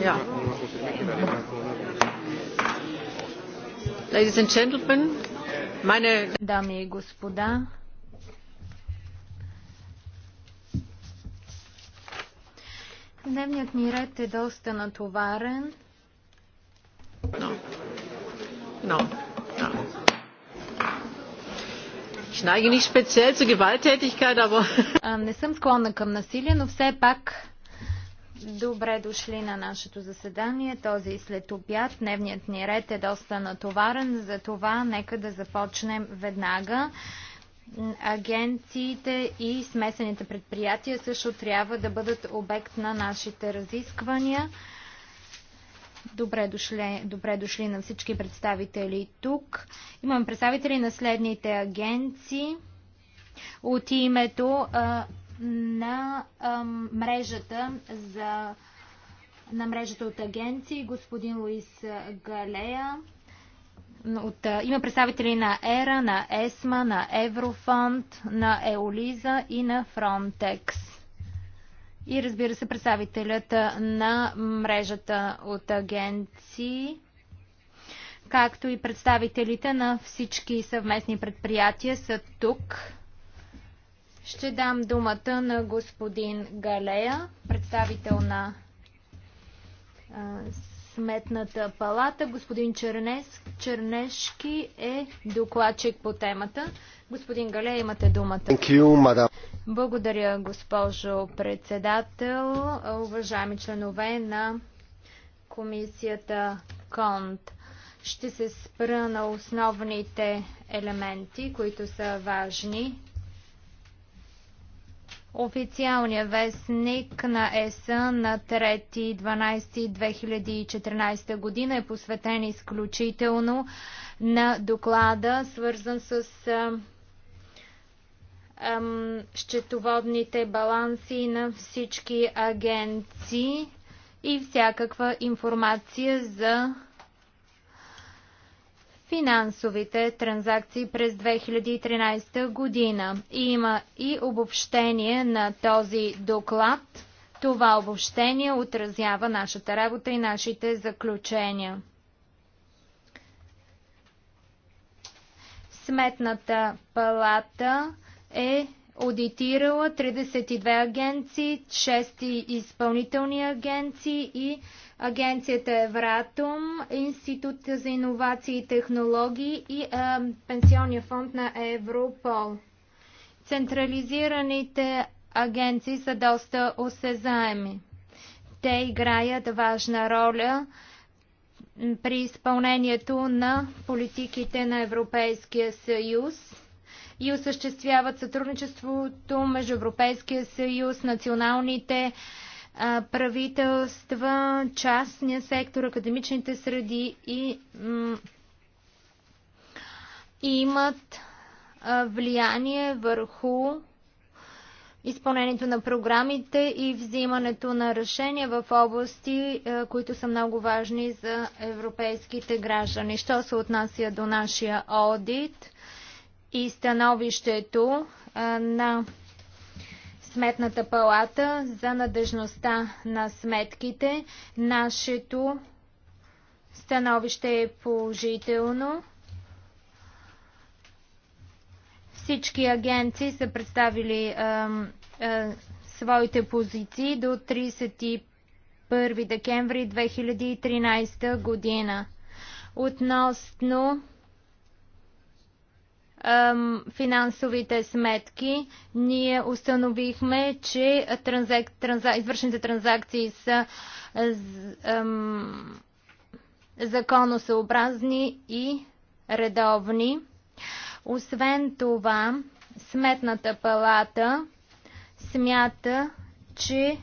Yeah. Ladies and gentlemen, meine Дами и господа, Дневният ни ред е доста натоварен. No. No. No. Ich neige nicht speziell zu Gewalttätigkeit, aber... Не съм склонна към насилие, но все пак Добре дошли на нашето заседание, този след обяд. Дневният ни ред е доста натоварен, За това, нека да започнем веднага. Агенциите и смесените предприятия също трябва да бъдат обект на нашите разисквания. Добре дошли, добре дошли на всички представители тук. Имам представители на следните агенции. От името на мрежата за на мрежата от агенции, господин Луис Галея. От, има представители на ЕРА, на ЕСМА, на Еврофонд, на Еолиза и на Фронтекс. И разбира се, представителят на мрежата от агенции, както и представителите на всички съвместни предприятия са тук. Ще дам думата на господин Галея, представител на Сметната палата. Господин Чернес, Чернешки е докладчик по темата. Господин Галея, имате думата. Благодаря, госпожо председател, уважаеми членове на комисията КОНТ. Ще се спра на основните елементи, които са важни Официалният вестник на ЕС на 3.12.2014 година е посветен изключително на доклада, свързан с счетоводните баланси на всички агенции и всякаква информация за финансовите транзакции през 2013 година. има и обобщение на този доклад. Това обобщение отразява нашата работа и нашите заключения. Сметната палата е аудитирала 32 агенции, 6 изпълнителни агенции и агенцията Евратум, Институт за иновации и технологии и а, Пенсионния фонд на Европол. Централизираните агенции са доста осезаеми. Те играят важна роля при изпълнението на политиките на Европейския съюз и осъществяват сътрудничеството между Европейския съюз, националните агенции, правителства, частния сектор, академичните среди и имат влияние върху изпълнението на програмите и взимането на решения в области, които са много важни за европейските граждани. Що се отнася до нашия аудит и становището на Сметната палата за надежността на сметките. Нашето становище е положително. Всички агенции са представили а, а, своите позиции до 31 декември 2013 година. Относно финансовите сметки, ние установихме, че транзак... извършените транзакции са ам... законосъобразни и редовни. Освен това, Сметната палата смята, че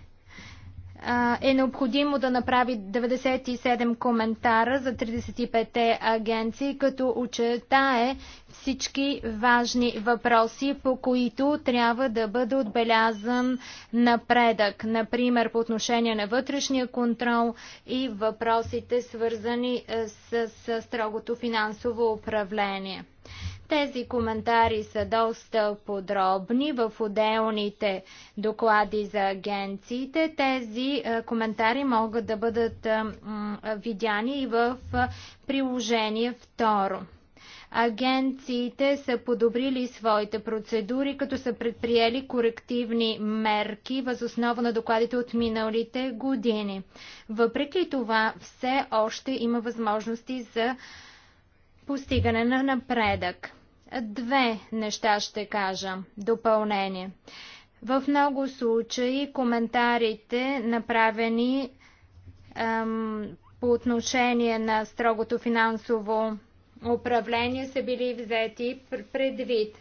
е необходимо да направи 97 коментара за 35-те агенции, като очертае всички важни въпроси, по които трябва да бъде отбелязан напредък, например по отношение на вътрешния контрол и въпросите свързани с, с строгото финансово управление. Тези коментари са доста подробни в отделните доклади за агенциите. Тези е, коментари могат да бъдат е, видяни и в е, приложение второ. Агенциите са подобрили своите процедури, като са предприели корективни мерки въз основа на докладите от миналите години. Въпреки това, все още има възможности за постигане на напредък. Две неща ще кажа. Допълнение. В много случаи коментарите, направени ем, по отношение на строгото финансово управление, са били взети предвид.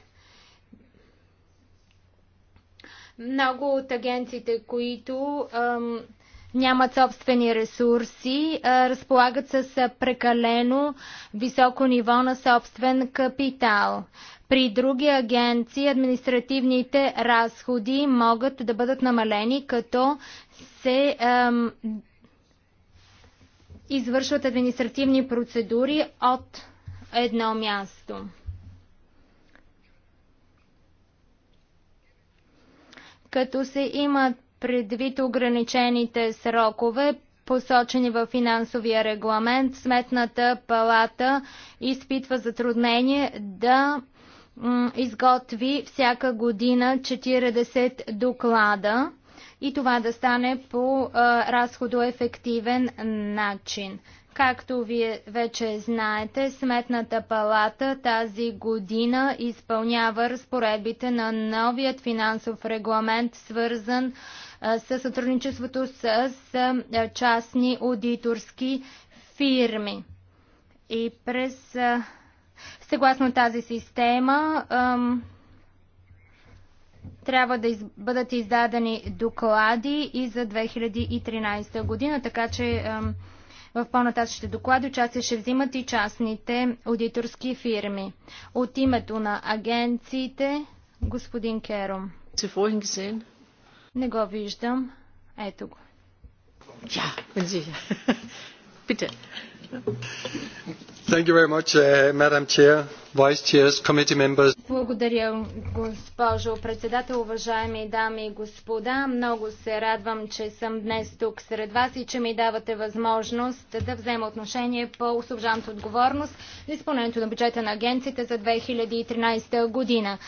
Много от агенциите, които ем, нямат собствени ресурси, разполагат с прекалено високо ниво на собствен капитал. При други агенции административните разходи могат да бъдат намалени, като се ем, извършват административни процедури от едно място. Като се имат Предвид ограничените срокове, посочени в финансовия регламент, Сметната палата изпитва затруднение да изготви всяка година 40 доклада и това да стане по разходоефективен начин. Както вие вече знаете, Сметната палата тази година изпълнява разпоредбите на новият финансов регламент, свързан с със сътрудничеството с частни аудиторски фирми. И през, съгласно тази система, трябва да из, бъдат издадени доклади и за 2013 година, така че в по-нататъчните доклади участие ще взимат и частните аудиторски фирми. От името на агенциите, господин Кером. Не го виждам. Ето го. Ja, bin Bitte. Thank you very much, uh, Madam Chair, Vice Chairs, Committee Members. Благодаря, госпожо председател, уважаеми дами и господа. Много се радвам, че съм днес тук сред вас и че ми давате възможност да взема отношение по освобожданата отговорност за изпълнението на бюджета на агенцията за 2013 година.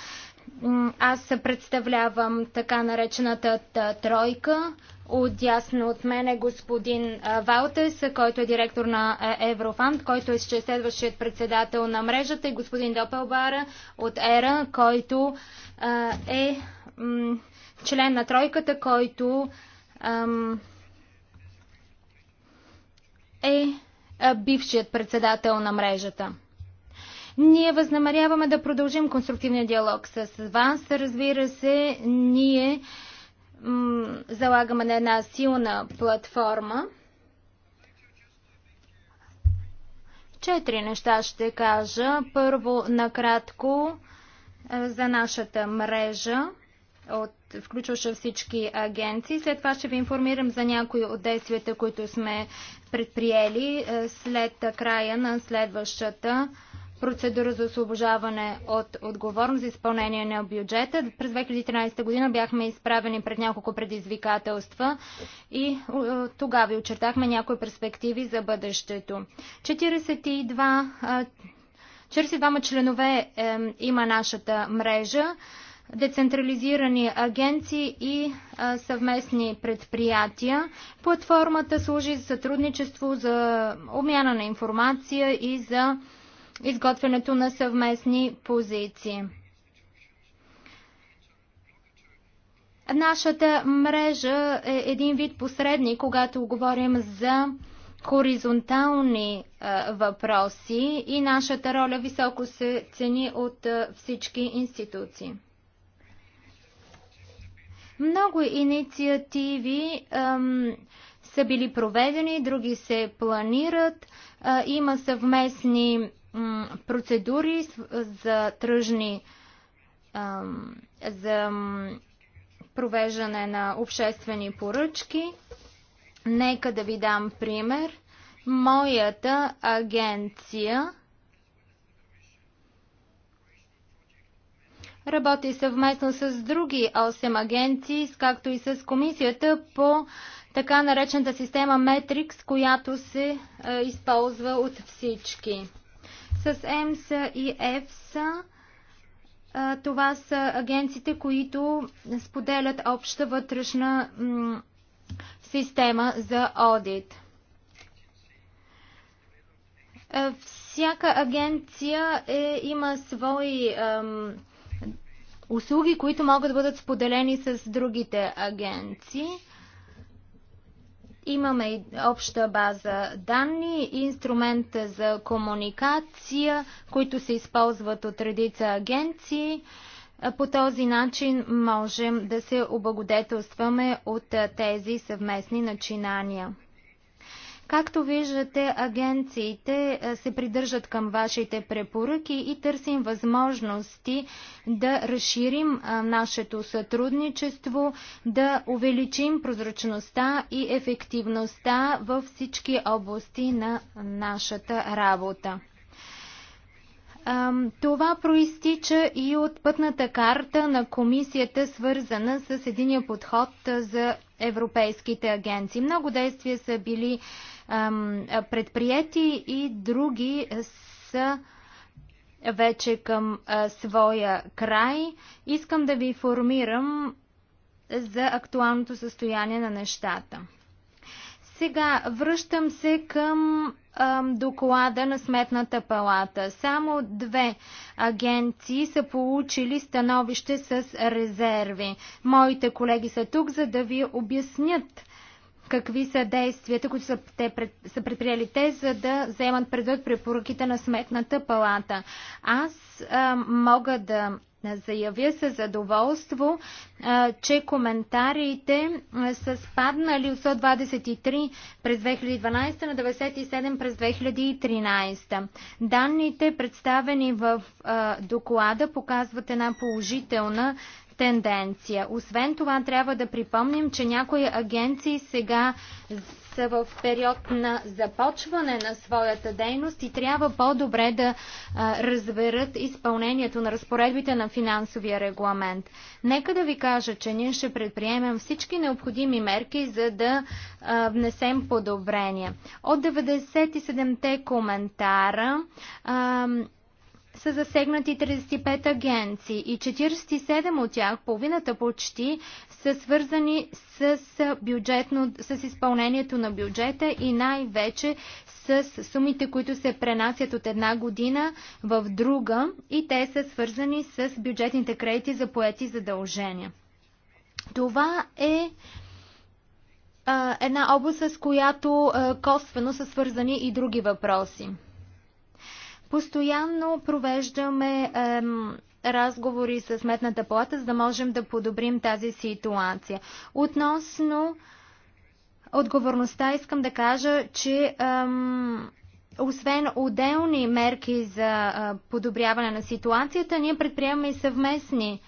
Аз представлявам така наречената тройка. Отясно от мен е господин Валтес, който е директор на Еврофанд, който е следващият председател на мрежата и господин Допелбара от ЕРА, който е член на тройката, който е бившият председател на мрежата. Ние възнамеряваме да продължим конструктивния диалог с вас. Разбира се, ние залагаме на една силна платформа. Четири неща ще кажа. Първо, накратко, е, за нашата мрежа, от, включваща всички агенции. След това ще ви информирам за някои от действията, които сме предприели е, след края на следващата процедура за освобождаване от отговорност за изпълнение на бюджета. През 2013 година бяхме изправени пред няколко предизвикателства и е, тогава очертахме някои перспективи за бъдещето. 42 42 е, членове е, има нашата мрежа, децентрализирани агенции и е, съвместни предприятия. Платформата служи за сътрудничество, за обмяна на информация и за е, изготвянето на съвместни позиции. Нашата мрежа е един вид посредник, когато говорим за хоризонтални а, въпроси и нашата роля високо се цени от а, всички институции. Много инициативи ам, са били проведени, други се планират. А, има съвместни процедури за тръжни за провеждане на обществени поръчки. Нека да ви дам пример. Моята агенция работи съвместно с други 8 агенции, както и с комисията по така наречената система Метрикс, която се е, използва от всички. С ЕМС и ЕФС това са агенците, които споделят обща вътрешна система за одит. Всяка агенция е, има свои ем, услуги, които могат да бъдат споделени с другите агенции. Имаме и обща база данни, инструмент за комуникация, които се използват от редица агенции. По този начин можем да се облагодетелстваме от тези съвместни начинания. Както виждате, агенциите е, се придържат към вашите препоръки и търсим възможности да разширим е, нашето сътрудничество, да увеличим прозрачността и ефективността във всички области на нашата работа. Това проистича и от пътната карта на комисията, свързана с единия подход е, за европейските агенции. Много действия са били предприяти и други са вече към своя край. Искам да ви информирам за актуалното състояние на нещата. Сега връщам се към доклада на Сметната палата. Само две агенции са получили становище с резерви. Моите колеги са тук, за да ви обяснят какви са действията, които са, те пред, са предприели те, за да вземат предвид препоръките на Сметната палата. Аз а, мога да заявя със задоволство, а, че коментарите а, са спаднали от 123 през 2012 на 97 през 2013. Данните, представени в а, доклада, показват една положителна тенденция. Освен това, трябва да припомним, че някои агенции сега са в период на започване на своята дейност и трябва по-добре да а, разберат изпълнението на разпоредбите на финансовия регламент. Нека да ви кажа, че ние ще предприемем всички необходими мерки, за да а, внесем подобрения. От 97-те коментара а, са засегнати 35 агенции и 47 от тях, половината почти, са свързани с, бюджетно, с изпълнението на бюджета и най-вече с сумите, които се пренасят от една година в друга и те са свързани с бюджетните кредити за поети задължения. Това е а, една област, с която а, косвено са свързани и други въпроси. Постоянно провеждаме ем, разговори с Сметната плата, за да можем да подобрим тази ситуация. Относно отговорността искам да кажа, че ем, освен отделни мерки за подобряване на ситуацията, ние предприемаме и съвместни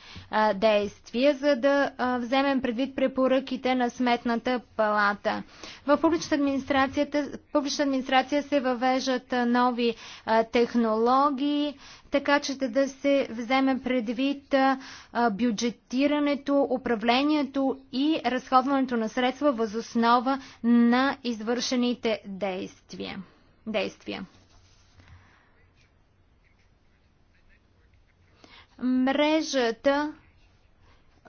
действия, за да вземем предвид препоръките на Сметната палата. В публичната администрация, публична администрация се въвеждат нови технологии, така че да се вземе предвид бюджетирането, управлението и разходването на средства възоснова на извършените действия действия. Мрежата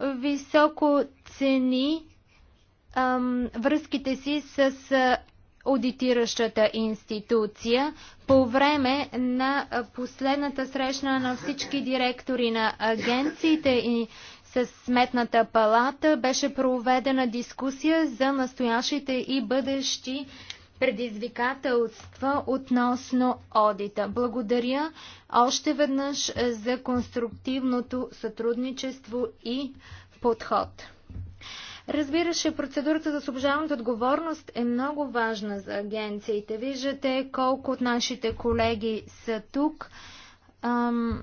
високо цени ам, връзките си с аудитиращата институция. По време на последната срещна на всички директори на агенциите и с Сметната палата беше проведена дискусия за настоящите и бъдещи предизвикателства относно одита. Благодаря още веднъж за конструктивното сътрудничество и подход. Разбира се, процедурата за освобождаването отговорност е много важна за агенциите. Виждате колко от нашите колеги са тук. Ам,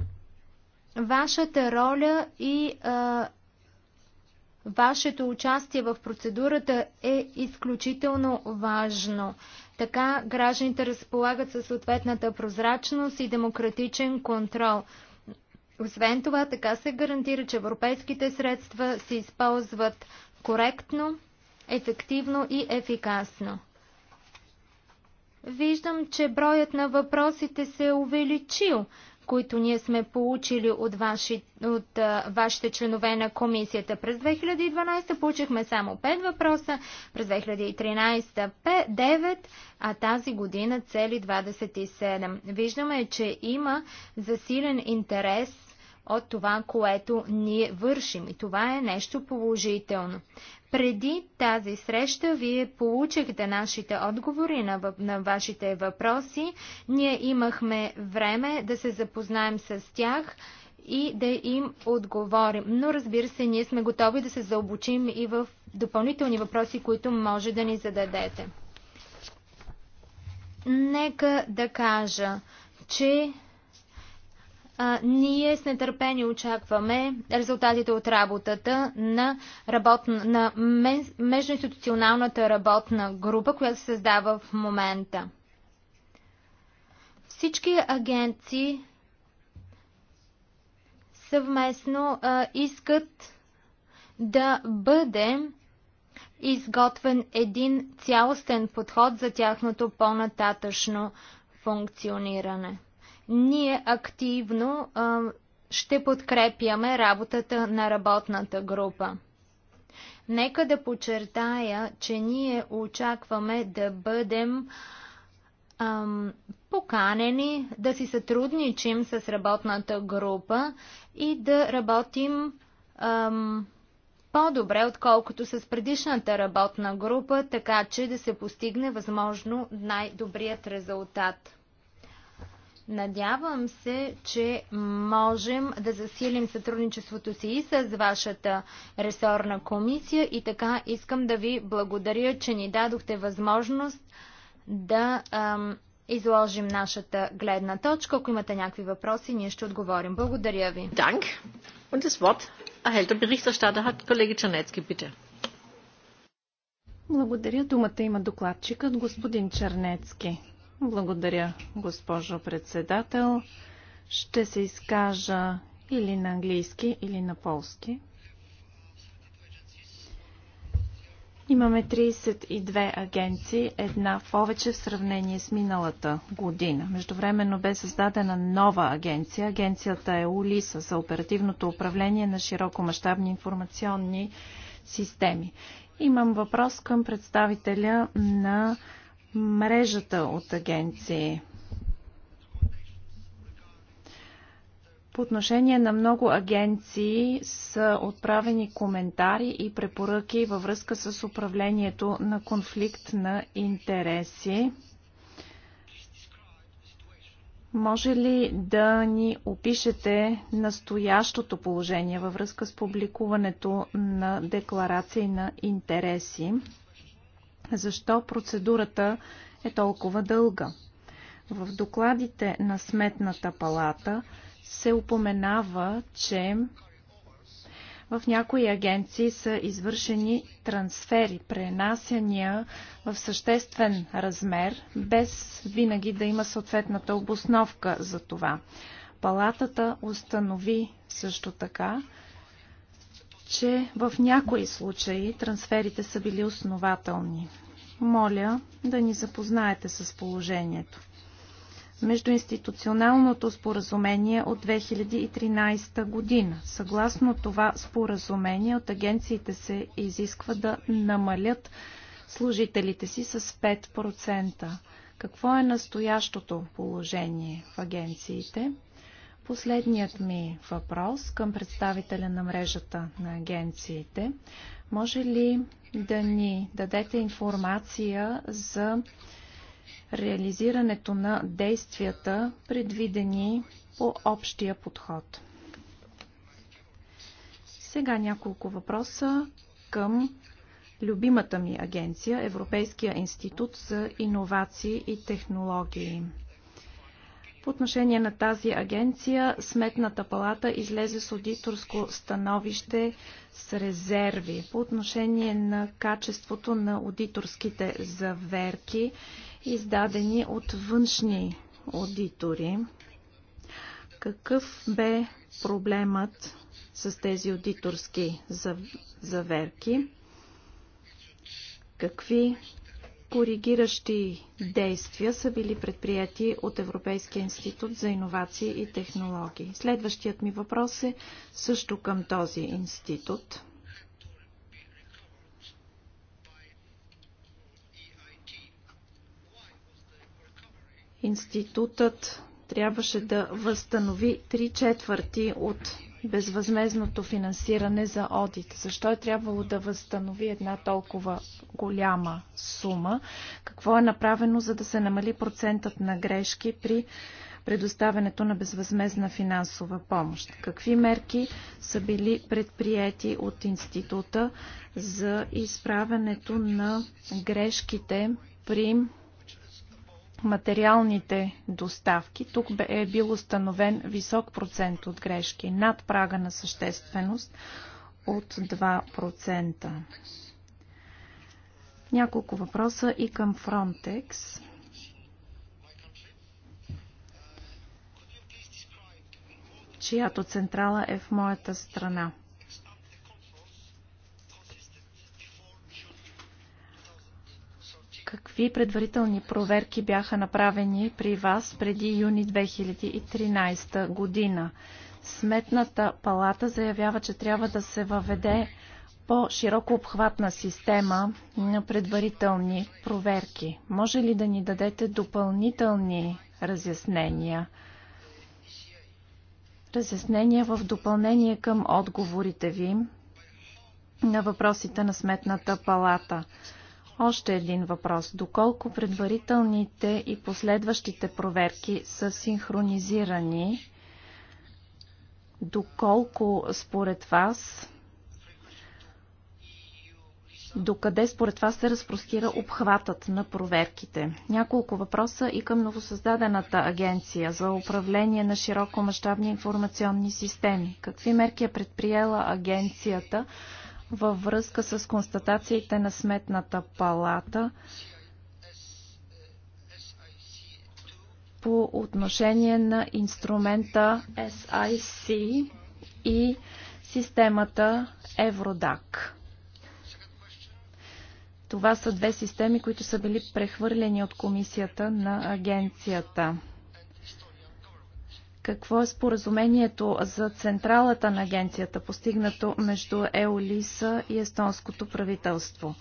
вашата роля и а, Вашето участие в процедурата е изключително важно. Така гражданите разполагат със съответната прозрачност и демократичен контрол. Освен това, така се гарантира, че европейските средства се използват коректно, ефективно и ефикасно. Виждам, че броят на въпросите се е увеличил които ние сме получили от, ваши, от а, вашите членове на комисията. През 2012 получихме само 5 въпроса, през 2013 9, а тази година цели 27. Виждаме, че има засилен интерес от това, което ние вършим. И това е нещо положително. Преди тази среща вие получихте нашите отговори на, на вашите въпроси. Ние имахме време да се запознаем с тях и да им отговорим. Но разбира се, ние сме готови да се заобучим и в допълнителни въпроси, които може да ни зададете. Нека да кажа, че а, ние с нетърпение очакваме резултатите от работата на, работна, на междуинституционалната работна група, която се създава в момента. Всички агенции съвместно а, искат да бъде изготвен един цялостен подход за тяхното по-нататъчно функциониране. Ние активно а, ще подкрепяме работата на работната група. Нека да подчертая, че ние очакваме да бъдем ам, поканени да си сътрудничим с работната група и да работим ам, по-добре, отколкото с предишната работна група, така че да се постигне възможно най-добрият резултат. Надявам се, че можем да засилим сътрудничеството си и с вашата ресорна комисия и така искам да ви благодаря, че ни дадохте възможност да ам, изложим нашата гледна точка. Ако имате някакви въпроси, ние ще отговорим. Благодаря ви. Данк. Und das Wort erhält der Berichterstatter hat Kollege bitte. Благодаря. Думата има докладчикът господин Чернецки. Благодаря, госпожо председател. Ще се изкажа или на английски, или на полски. Имаме 32 агенции, една повече в сравнение с миналата година. Междувременно бе създадена нова агенция. Агенцията е УЛИСА за оперативното управление на широкомащабни информационни системи. Имам въпрос към представителя на мрежата от агенции. По отношение на много агенции са отправени коментари и препоръки във връзка с управлението на конфликт на интереси. Може ли да ни опишете настоящото положение във връзка с публикуването на декларации на интереси? защо процедурата е толкова дълга. В докладите на Сметната палата се упоменава, че в някои агенции са извършени трансфери, пренасяния в съществен размер, без винаги да има съответната обосновка за това. Палатата установи също така, че в някои случаи трансферите са били основателни. Моля да ни запознаете с положението. Междуинституционалното споразумение от 2013 година. Съгласно това споразумение от агенциите се изисква да намалят служителите си с 5%. Какво е настоящото положение в агенциите? Последният ми въпрос към представителя на мрежата на агенциите. Може ли да ни дадете информация за реализирането на действията, предвидени по общия подход? Сега няколко въпроса към любимата ми агенция, Европейския институт за иновации и технологии. По отношение на тази агенция, Сметната палата излезе с аудиторско становище с резерви. По отношение на качеството на аудиторските заверки, издадени от външни аудитори, какъв бе проблемът с тези аудиторски заверки? Какви Коригиращи действия са били предприяти от Европейския институт за иновации и технологии. Следващият ми въпрос е също към този институт. Институтът трябваше да възстанови три четвърти от безвъзмезното финансиране за одит? Защо е трябвало да възстанови една толкова голяма сума? Какво е направено, за да се намали процентът на грешки при предоставянето на безвъзмезна финансова помощ? Какви мерки са били предприяти от института за изправянето на грешките при материалните доставки. Тук е бил установен висок процент от грешки, над прага на същественост от 2%. Няколко въпроса и към Frontex. чиято централа е в моята страна. Какви предварителни проверки бяха направени при вас преди юни 2013 година? Сметната палата заявява, че трябва да се въведе по-широко обхватна система на предварителни проверки. Може ли да ни дадете допълнителни разяснения? Разяснения в допълнение към отговорите ви на въпросите на Сметната палата. Още един въпрос. Доколко предварителните и последващите проверки са синхронизирани? Доколко според вас Докъде според вас се разпростира обхватът на проверките? Няколко въпроса и към новосъздадената агенция за управление на широкомащабни информационни системи. Какви мерки е предприела агенцията във връзка с констатациите на Сметната палата по отношение на инструмента SIC и системата Евродак. Това са две системи, които са били прехвърлени от комисията на агенцията. Какво е споразумението за централата на агенцията, постигнато между Еолиса и естонското правителство?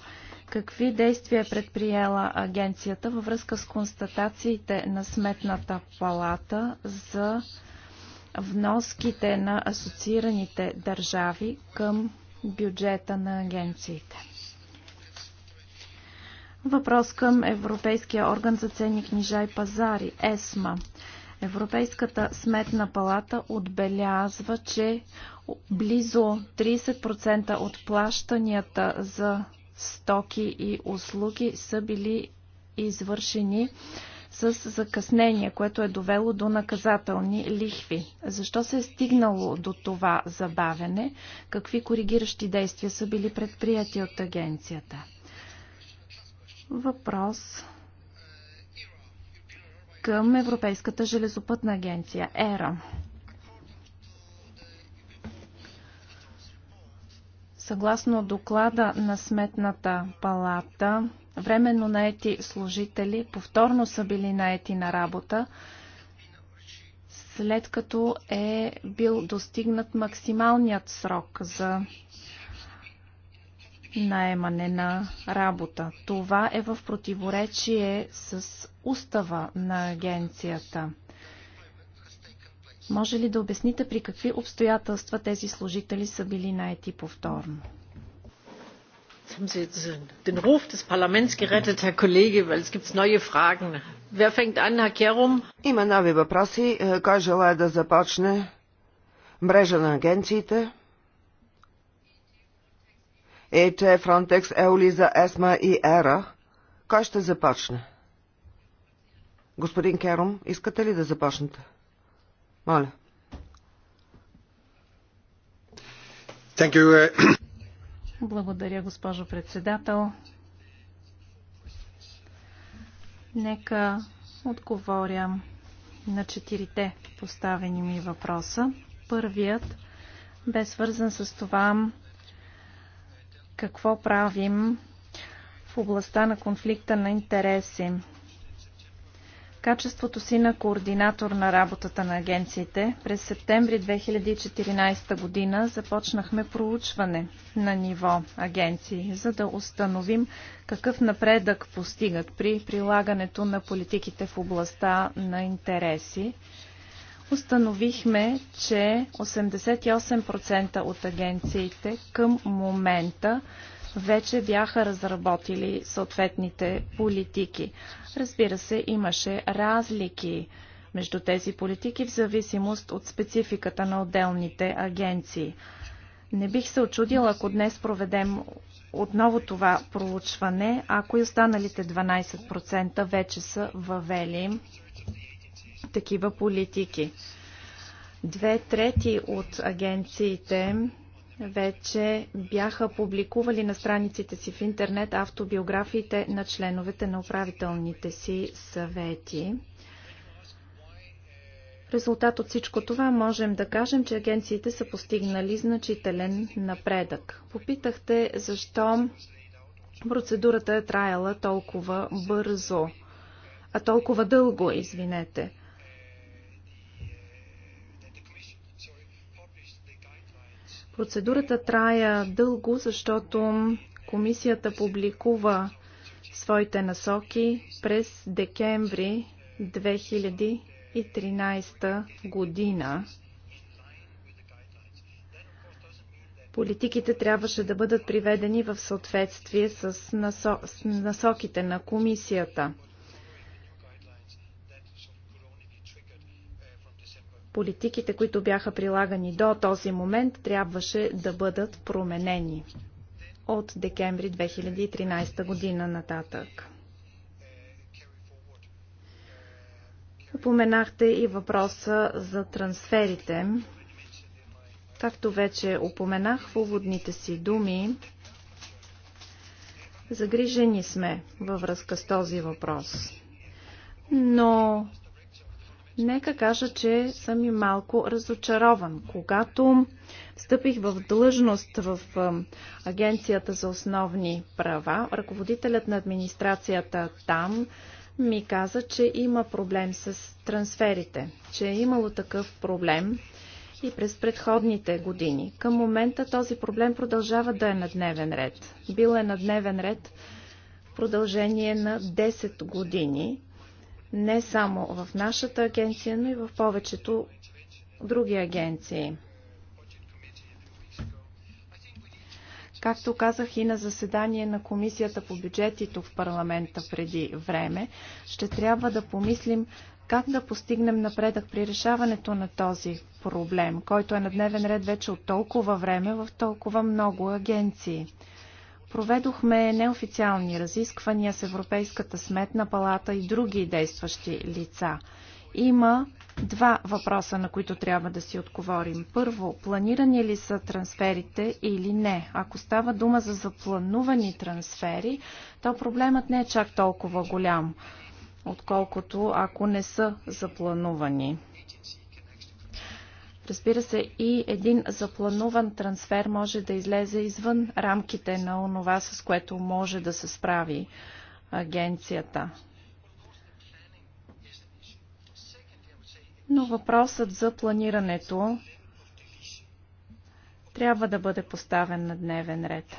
Какви действия е предприела агенцията във връзка с констатациите на Сметната палата за вноските на асоциираните държави към бюджета на агенциите? Въпрос към Европейския орган за ценни книжа и пазари, ЕСМА. Европейската сметна палата отбелязва, че близо 30% от плащанията за стоки и услуги са били извършени с закъснение, което е довело до наказателни лихви. Защо се е стигнало до това забавене? Какви коригиращи действия са били предприяти от агенцията? Въпрос към Европейската железопътна агенция ЕРА. Съгласно доклада на Сметната палата, временно наети служители повторно са били наети на работа, след като е бил достигнат максималният срок за наемане на работа. Това е в противоречие с устава на агенцията. Може ли да обясните при какви обстоятелства тези служители са били наети повторно? Има нови въпроси. Кой желая да започне? Мрежа на агенциите. ЕЧ, Фронтекс, Еолиза, ЕСМА и ЕРА. Кой ще започне? Господин Керум, искате ли да започнете? Моля. Thank you. Uh, Благодаря, госпожо председател. Нека отговоря на четирите поставени ми въпроса. Първият бе свързан с това какво правим в областта на конфликта на интереси. Качеството си на координатор на работата на агенциите, през септември 2014 година започнахме проучване на ниво агенции, за да установим какъв напредък постигат при прилагането на политиките в областта на интереси установихме, че 88% от агенциите към момента вече бяха разработили съответните политики. Разбира се, имаше разлики между тези политики в зависимост от спецификата на отделните агенции. Не бих се очудила, ако днес проведем отново това проучване, ако и останалите 12% вече са въвели такива политики. Две трети от агенциите вече бяха публикували на страниците си в интернет автобиографиите на членовете на управителните си съвети. резултат от всичко това можем да кажем, че агенциите са постигнали значителен напредък. Попитахте защо процедурата е траяла толкова бързо, а толкова дълго, извинете. Процедурата трая дълго, защото комисията публикува своите насоки през декември 2013 година. Политиките трябваше да бъдат приведени в съответствие с, насоките на комисията. политиките, които бяха прилагани до този момент, трябваше да бъдат променени от декември 2013 година нататък. Упоменахте и въпроса за трансферите. Както вече упоменах в уводните си думи, загрижени сме във връзка с този въпрос. Но Нека кажа, че съм и малко разочарован. Когато встъпих в длъжност в Агенцията за основни права, ръководителят на администрацията там ми каза, че има проблем с трансферите, че е имало такъв проблем и през предходните години. Към момента този проблем продължава да е на дневен ред. Бил е на дневен ред в продължение на 10 години не само в нашата агенция, но и в повечето други агенции. Както казах и на заседание на Комисията по бюджетито в парламента преди време, ще трябва да помислим как да постигнем напредък при решаването на този проблем, който е на дневен ред вече от толкова време в толкова много агенции. Проведохме неофициални разисквания с Европейската сметна палата и други действащи лица. Има два въпроса, на които трябва да си отговорим. Първо, планирани ли са трансферите или не? Ако става дума за запланувани трансфери, то проблемът не е чак толкова голям, отколкото ако не са запланувани. Разбира се, и един заплануван трансфер може да излезе извън рамките на онова, с което може да се справи агенцията. Но въпросът за планирането трябва да бъде поставен на дневен ред.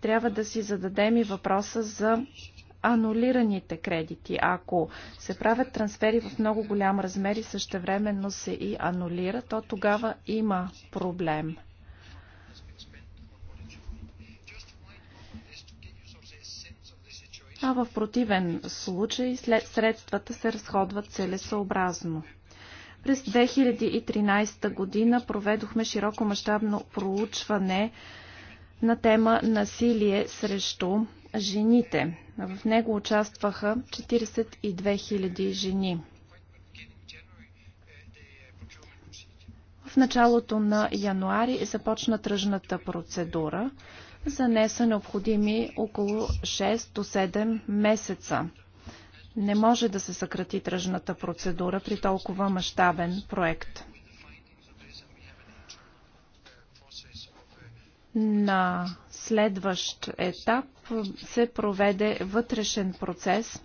Трябва да си зададем и въпроса за анулираните кредити. Ако се правят трансфери в много голям размер и същевременно се и анулира, то тогава има проблем. А в противен случай след средствата се разходват целесообразно. През 2013 година проведохме широко мащабно проучване на тема насилие срещу жените. В него участваха 42 000 жени. В началото на януари започна тръжната процедура. За нея са необходими около 6 до 7 месеца. Не може да се съкрати тръжната процедура при толкова мащабен проект. На следващ етап се проведе вътрешен процес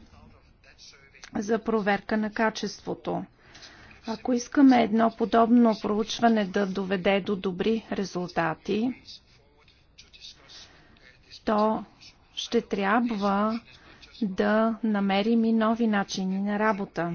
за проверка на качеството. Ако искаме едно подобно проучване да доведе до добри резултати, то ще трябва да намерим и нови начини на работа.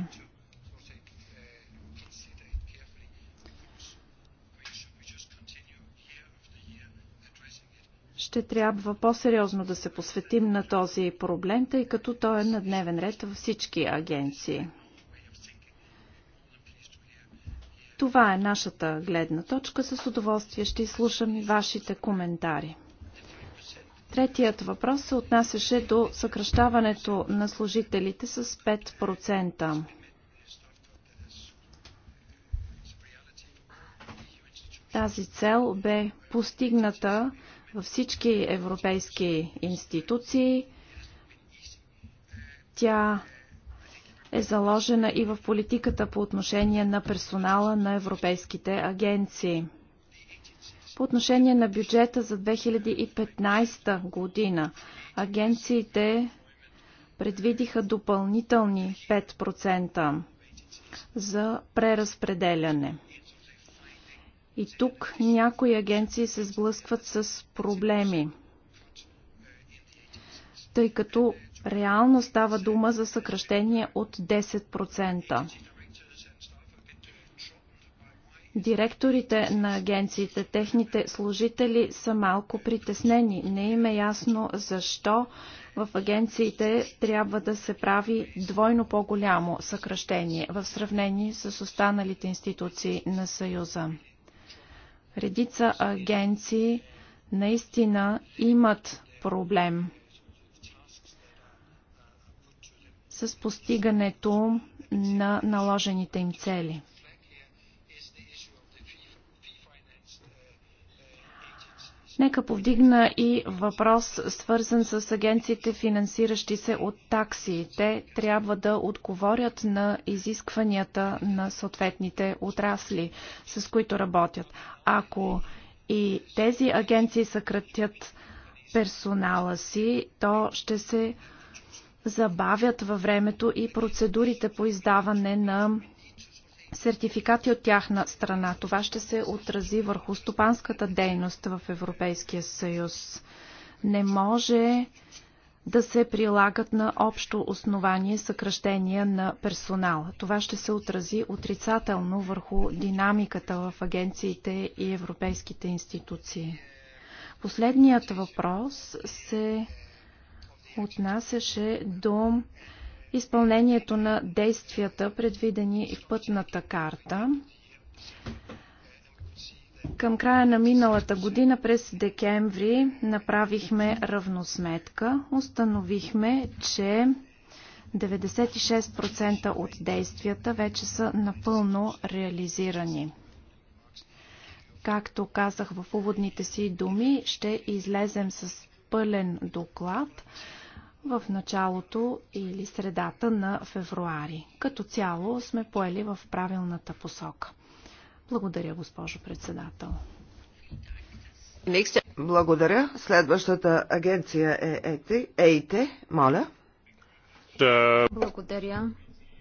ще трябва по-сериозно да се посветим на този проблем, тъй като той е на дневен ред във всички агенции. Това е нашата гледна точка. С удоволствие ще изслушам и вашите коментари. Третият въпрос се отнасяше до съкръщаването на служителите с 5%. Тази цел бе постигната във всички европейски институции. Тя е заложена и в политиката по отношение на персонала на европейските агенции. По отношение на бюджета за 2015 година, агенциите предвидиха допълнителни 5% за преразпределяне. И тук някои агенции се сблъскват с проблеми, тъй като реално става дума за съкръщение от 10%. Директорите на агенциите, техните служители са малко притеснени. Не им е ясно защо в агенциите трябва да се прави двойно по-голямо съкръщение в сравнение с останалите институции на Съюза. Редица агенции наистина имат проблем с постигането на наложените им цели. Нека повдигна и въпрос, свързан с агенциите, финансиращи се от такси. Те трябва да отговорят на изискванията на съответните отрасли, с които работят. Ако и тези агенции съкратят персонала си, то ще се забавят във времето и процедурите по издаване на сертификати от тяхна страна. Това ще се отрази върху стопанската дейност в Европейския съюз. Не може да се прилагат на общо основание съкръщения на персонала. Това ще се отрази отрицателно върху динамиката в агенциите и европейските институции. Последният въпрос се отнасяше до изпълнението на действията, предвидени в пътната карта. Към края на миналата година, през декември, направихме равносметка. Установихме, че 96% от действията вече са напълно реализирани. Както казах в уводните си думи, ще излезем с пълен доклад, в началото или средата на февруари. Като цяло сме поели в правилната посока. Благодаря, госпожо председател. Благодаря. Следващата агенция е ЕТИ. ЕИТЕ. Моля. Благодаря.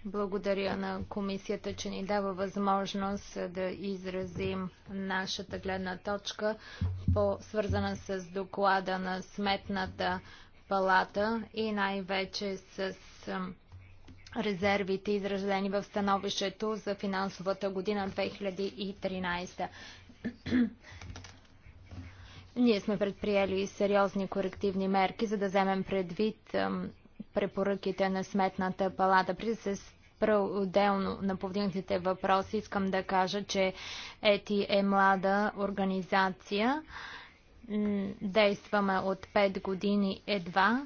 Благодаря на комисията, че ни дава възможност да изразим нашата гледна точка, по, свързана с доклада на Сметната палата и най-вече с резервите, изразени в становището за финансовата година 2013. Ние сме предприели сериозни корективни мерки, за да вземем предвид препоръките на Сметната палата. При да се спра отделно на повдигнатите въпроси, искам да кажа, че ЕТИ е млада организация действаме от 5 години едва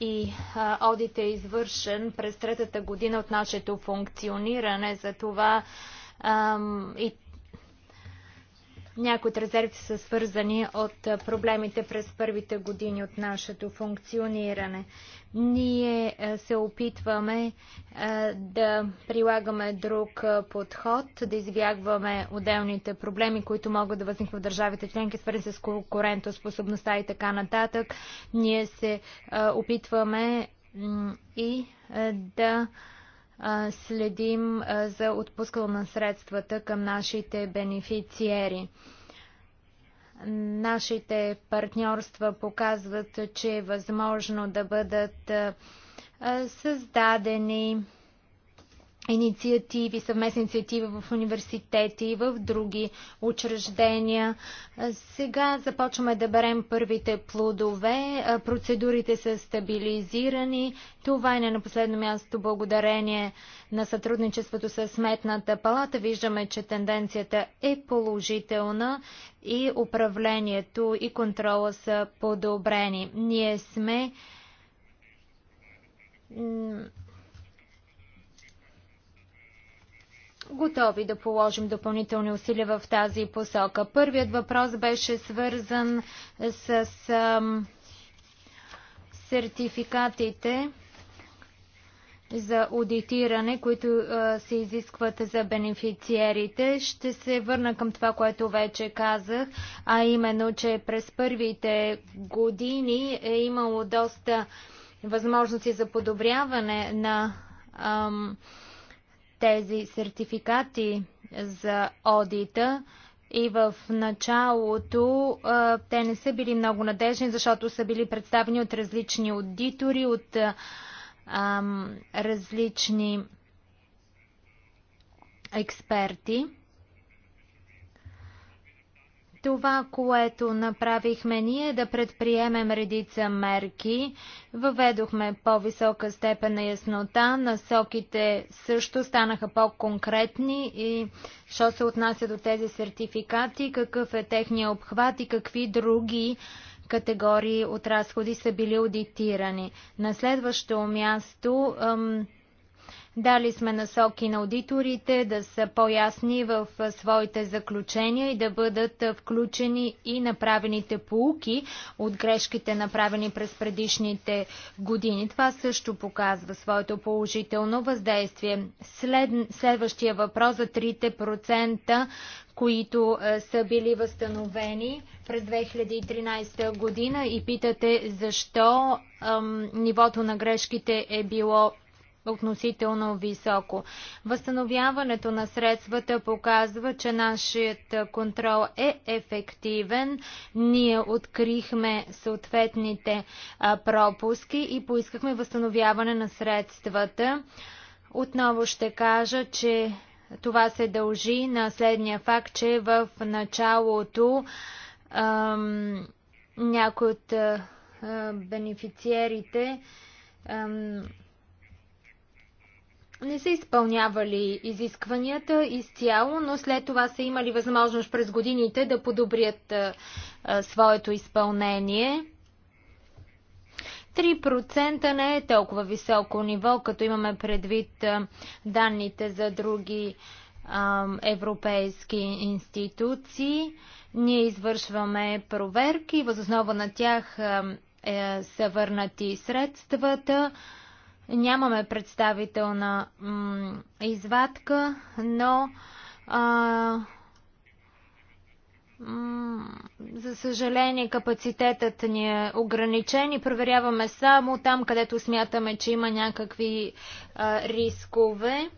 и одит е извършен през третата година от нашето функциониране. За това и някои от резерви са свързани от проблемите през първите години от нашето функциониране. Ние се опитваме да прилагаме друг подход, да избягваме отделните проблеми, които могат да възникнат в държавите членки, свързани с конкурентоспособността и така нататък. Ние се опитваме и да следим за отпускало на средствата към нашите бенефициери. Нашите партньорства показват, че е възможно да бъдат създадени инициативи, съвместни инициативи в университети и в други учреждения. Сега започваме да берем първите плодове. Процедурите са стабилизирани. Това е не на последно място благодарение на сътрудничеството с Сметната палата. Виждаме, че тенденцията е положителна и управлението и контрола са подобрени. Ние сме готови да положим допълнителни усилия в тази посока. Първият въпрос беше свързан с сертификатите за аудитиране, които се изискват за бенефициерите. Ще се върна към това, което вече казах, а именно, че през първите години е имало доста възможности за подобряване на ам, тези сертификати за одита и в началото те не са били много надежни, защото са били представени от различни аудитори, от различни експерти. Това, което направихме ние е да предприемем редица мерки, въведохме по-висока степен на яснота, насоките също станаха по-конкретни и що се отнася до тези сертификати, какъв е техния обхват и какви други категории от разходи са били аудитирани. На следващо място дали сме насоки на аудиторите да са по-ясни в своите заключения и да бъдат включени и направените полуки от грешките, направени през предишните години. Това също показва своето положително въздействие. След, следващия въпрос за 3%, които са били възстановени през 2013 година и питате защо ам, нивото на грешките е било относително високо. Възстановяването на средствата показва, че нашият контрол е ефективен. Ние открихме съответните пропуски и поискахме възстановяване на средствата. Отново ще кажа, че това се дължи на следния факт, че в началото ам, някои от бенефициерите ам, не са изпълнявали изискванията изцяло, но след това са имали възможност през годините да подобрят а, а, своето изпълнение. 3% не е толкова високо ниво, като имаме предвид а, данните за други европейски институции. Ние извършваме проверки, възоснова на тях е, са върнати средствата. Нямаме представителна извадка, но а, за съжаление, капацитетът ни е ограничен и проверяваме само там, където смятаме, че има някакви а, рискове.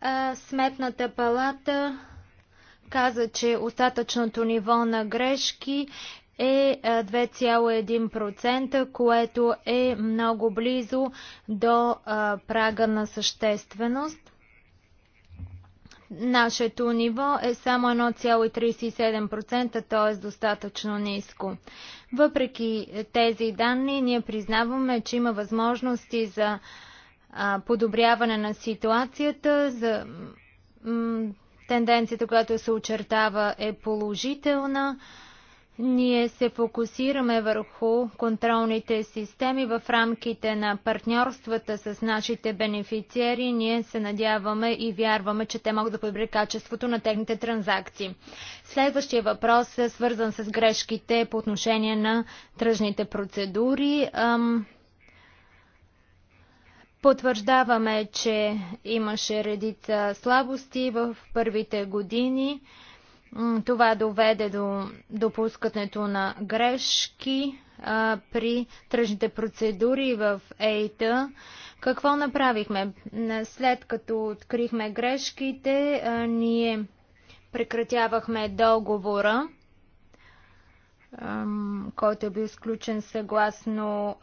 А, сметната палата каза, че остатъчното ниво на грешки е 2,1%, е, което е много близо до е, прага на същественост. Нашето ниво е само 1,37%, т.е. достатъчно ниско. Въпреки тези данни, ние признаваме, че има възможности за е, подобряване на ситуацията, за тенденцията, която се очертава е положителна. Ние се фокусираме върху контролните системи в рамките на партньорствата с нашите бенефициери. Ние се надяваме и вярваме, че те могат да подобри качеството на техните транзакции. Следващия въпрос е свързан с грешките по отношение на тръжните процедури. Потвърждаваме, че имаше редица слабости в първите години. Това доведе до допускането на грешки а, при тръжните процедури в ЕИТА. Какво направихме? След като открихме грешките, а, ние прекратявахме договора който е бил изключен съгласно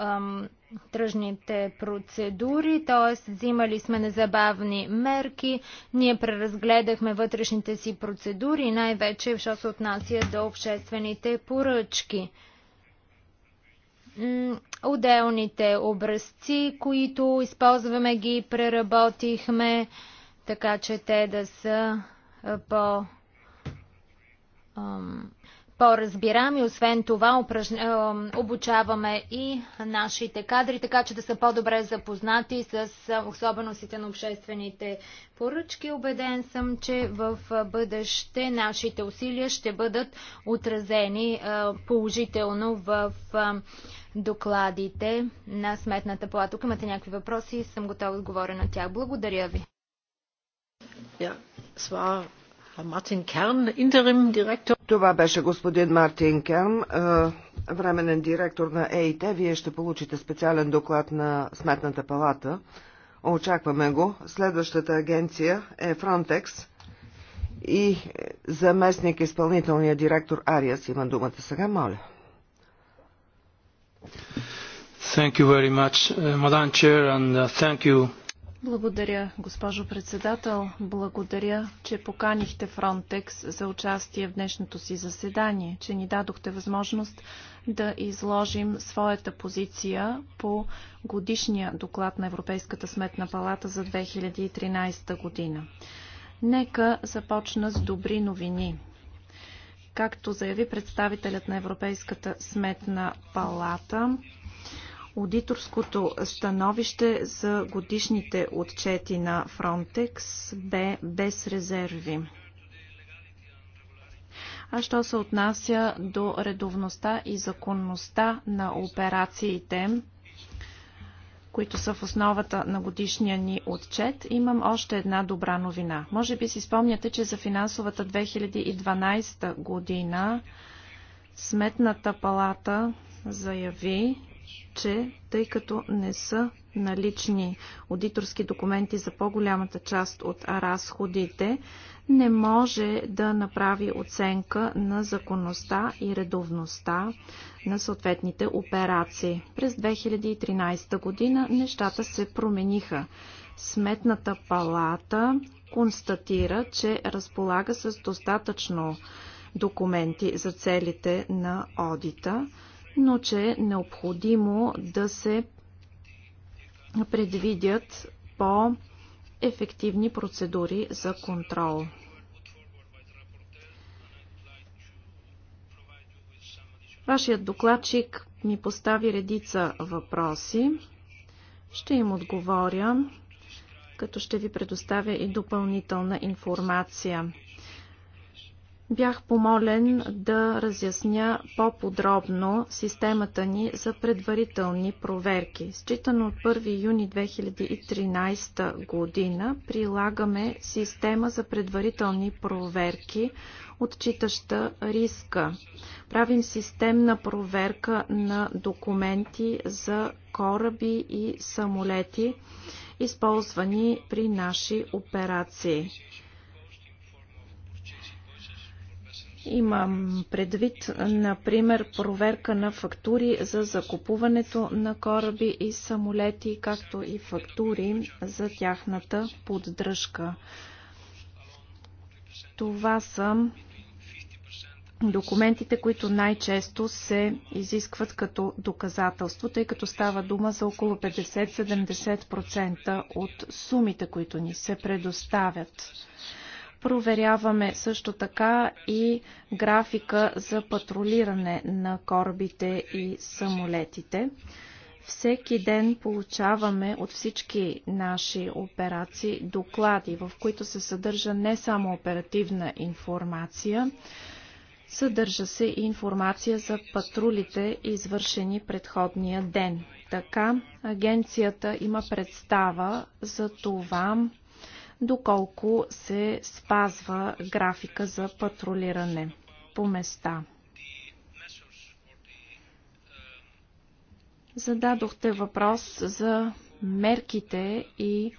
тръжните процедури, т.е. взимали сме незабавни мерки, ние преразгледахме вътрешните си процедури, най-вече, що се отнася до обществените поръчки. Отделните образци, които използваме, ги преработихме, така че те да са по... Ам, по и Освен това, е, обучаваме и нашите кадри, така че да са по-добре запознати с е, особеностите на обществените поръчки. Обеден съм, че в бъдеще нашите усилия ще бъдат отразени е, положително в докладите на Сметната плата. Ако имате някакви въпроси, съм готова да отговоря на тях. Благодаря ви. Yeah, това беше господин Мартин Керн, временен директор на ЕИТ. Вие ще получите специален доклад на Сметната палата. Очакваме го. Следващата агенция е Frontex и заместник изпълнителния директор Ариас има думата сега, моля. Thank you very much, uh, Madam Chair, and uh, thank you благодаря, госпожо председател. Благодаря, че поканихте Фронтекс за участие в днешното си заседание, че ни дадохте възможност да изложим своята позиция по годишния доклад на Европейската сметна палата за 2013 година. Нека започна с добри новини. Както заяви представителят на Европейската сметна палата, Аудиторското становище за годишните отчети на Фронтекс бе без резерви. А що се отнася до редовността и законността на операциите, които са в основата на годишния ни отчет, имам още една добра новина. Може би си спомняте, че за финансовата 2012 година Сметната палата заяви, че тъй като не са налични аудиторски документи за по-голямата част от разходите, не може да направи оценка на законността и редовността на съответните операции. През 2013 година нещата се промениха. Сметната палата констатира, че разполага с достатъчно документи за целите на одита но че е необходимо да се предвидят по-ефективни процедури за контрол. Вашият докладчик ми постави редица въпроси. Ще им отговоря, като ще ви предоставя и допълнителна информация бях помолен да разясня по-подробно системата ни за предварителни проверки. Считано от 1 юни 2013 година прилагаме система за предварителни проверки, отчитаща риска. Правим системна проверка на документи за кораби и самолети, използвани при наши операции. Имам предвид, например, проверка на фактури за закупуването на кораби и самолети, както и фактури за тяхната поддръжка. Това са документите, които най-често се изискват като доказателство, тъй като става дума за около 50-70% от сумите, които ни се предоставят. Проверяваме също така и графика за патрулиране на корабите и самолетите. Всеки ден получаваме от всички наши операции доклади, в които се съдържа не само оперативна информация, съдържа се и информация за патрулите, извършени предходния ден. Така агенцията има представа за това доколко се спазва графика за патрулиране по места. Зададохте въпрос за мерките и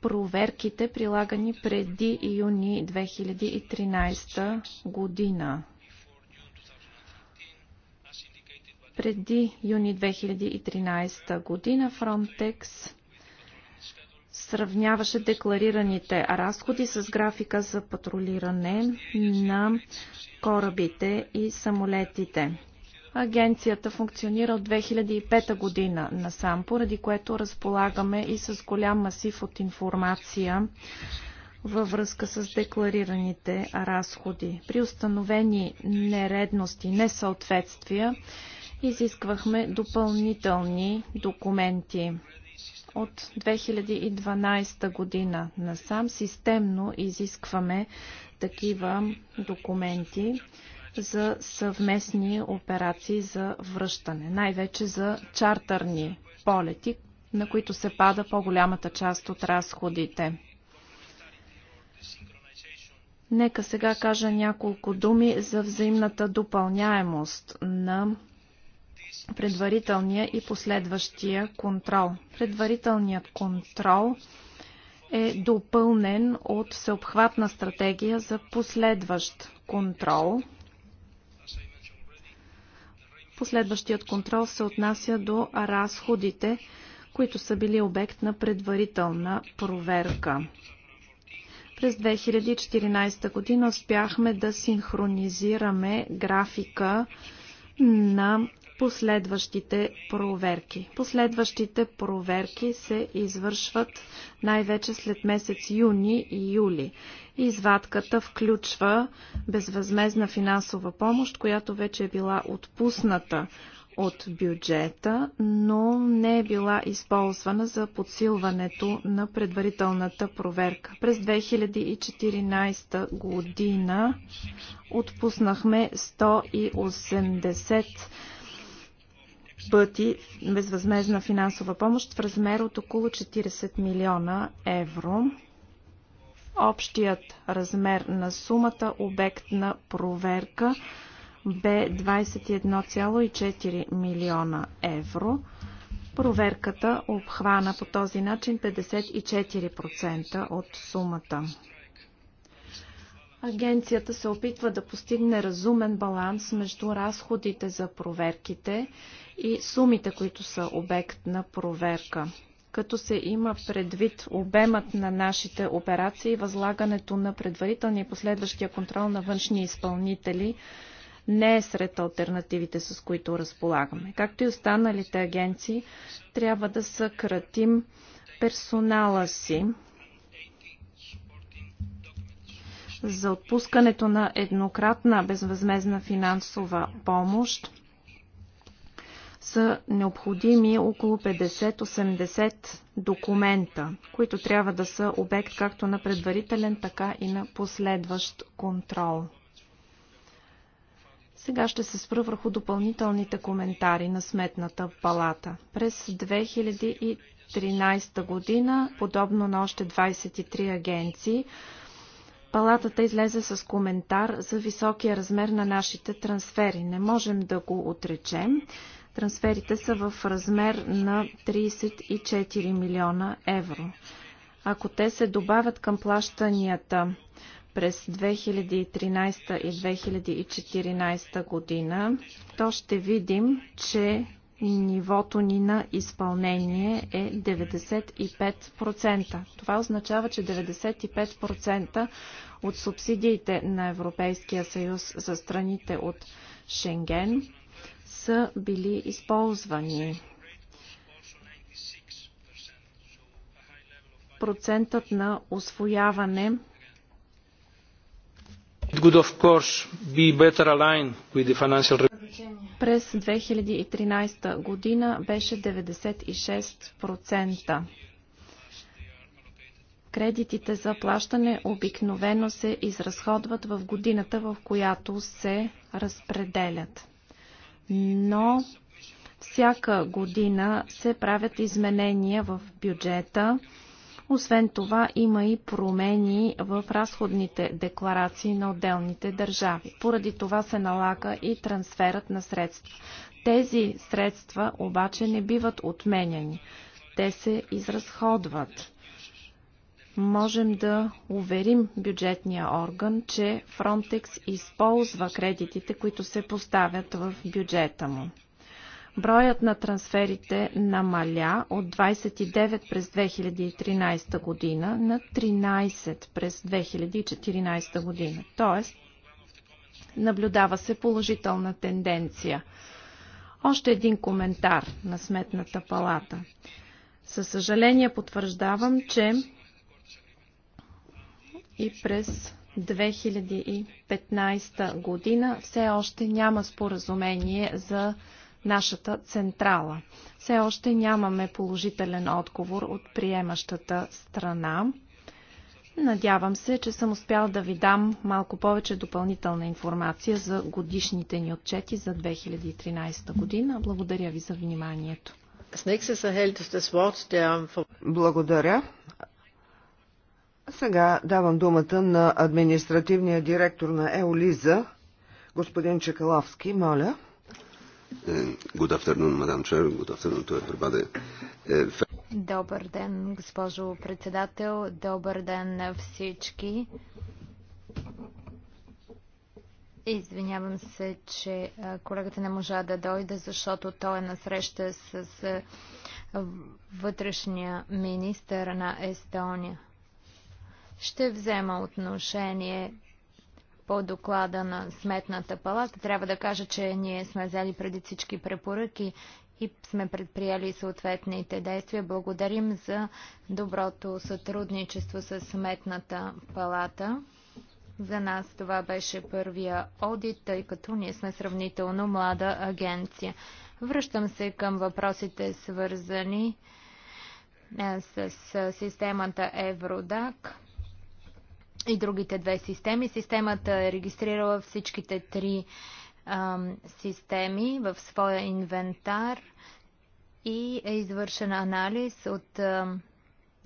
проверките, прилагани преди юни 2013 година. Преди юни 2013 година Frontex сравняваше декларираните разходи с графика за патрулиране на корабите и самолетите. Агенцията функционира от 2005 година насам, поради което разполагаме и с голям масив от информация във връзка с декларираните разходи. При установени нередности, несъответствия, изисквахме допълнителни документи от 2012 година насам системно изискваме такива документи за съвместни операции за връщане, най-вече за чартърни полети, на които се пада по-голямата част от разходите. Нека сега кажа няколко думи за взаимната допълняемост на предварителния и последващия контрол. Предварителният контрол е допълнен от всеобхватна стратегия за последващ контрол. Последващият контрол се отнася до разходите, които са били обект на предварителна проверка. През 2014 година успяхме да синхронизираме графика на последващите проверки. Последващите проверки се извършват най-вече след месец юни и юли. Извадката включва безвъзмезна финансова помощ, която вече е била отпусната от бюджета, но не е била използвана за подсилването на предварителната проверка. През 2014 година отпуснахме 180 пъти безвъзмезна финансова помощ в размер от около 40 милиона евро. Общият размер на сумата обект на проверка бе 21,4 милиона евро. Проверката обхвана по този начин 54% от сумата. Агенцията се опитва да постигне разумен баланс между разходите за проверките и сумите, които са обект на проверка. Като се има предвид обемът на нашите операции, възлагането на предварителния и последващия контрол на външни изпълнители не е сред альтернативите, с които разполагаме. Както и останалите агенции, трябва да съкратим персонала си, за отпускането на еднократна безвъзмезна финансова помощ са необходими около 50-80 документа, които трябва да са обект както на предварителен, така и на последващ контрол. Сега ще се спра върху допълнителните коментари на Сметната палата. През 2013 година, подобно на още 23 агенции, Палатата излезе с коментар за високия размер на нашите трансфери. Не можем да го отречем. Трансферите са в размер на 34 милиона евро. Ако те се добавят към плащанията през 2013 и 2014 година, то ще видим, че нивото ни на изпълнение е 95%. Това означава, че 95% от субсидиите на Европейския съюз за страните от Шенген са били използвани. Процентът на освояване It of course be better aligned with the financial през 2013 година беше 96%. Кредитите за плащане обикновено се изразходват в годината, в която се разпределят. Но всяка година се правят изменения в бюджета освен това има и промени в разходните декларации на отделните държави. Поради това се налага и трансферът на средства. Тези средства обаче не биват отменяни. Те се изразходват можем да уверим бюджетния орган, че Frontex използва кредитите, които се поставят в бюджета му. Броят на трансферите намаля от 29 през 2013 година на 13 през 2014 година. Тоест, наблюдава се положителна тенденция. Още един коментар на Сметната палата. Със съжаление потвърждавам, че и през 2015 година все още няма споразумение за нашата централа. Все още нямаме положителен отговор от приемащата страна. Надявам се, че съм успял да ви дам малко повече допълнителна информация за годишните ни отчети за 2013 година. Благодаря ви за вниманието. Благодаря. Сега давам думата на административния директор на Еолиза, господин Чекалавски, моля. Eh, good afternoon, Madam Chair. Good afternoon to everybody. Eh, Добър ден, госпожо председател. Добър ден на всички. Извинявам се, че колегата не можа да дойде, защото той е на среща с вътрешния министър на Естония. Ще взема отношение по доклада на Сметната палата. Трябва да кажа, че ние сме взели преди всички препоръки и сме предприели съответните действия. Благодарим за доброто сътрудничество с Сметната палата. За нас това беше първия одит, тъй като ние сме сравнително млада агенция. Връщам се към въпросите свързани е, с системата Евродак и другите две системи. Системата е регистрирала всичките три а, системи в своя инвентар и е извършен анализ от а,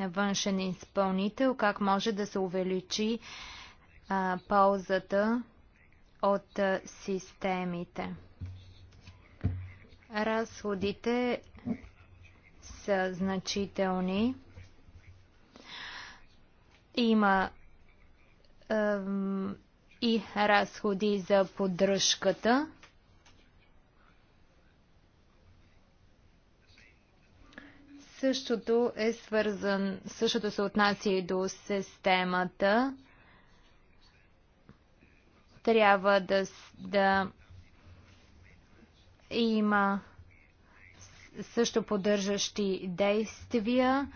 външен изпълнител как може да се увеличи а, ползата от а, системите. Разходите са значителни. Има и разходи за поддръжката. Същото е свързан, същото се отнася и до системата. Трябва да, да има също поддържащи действия.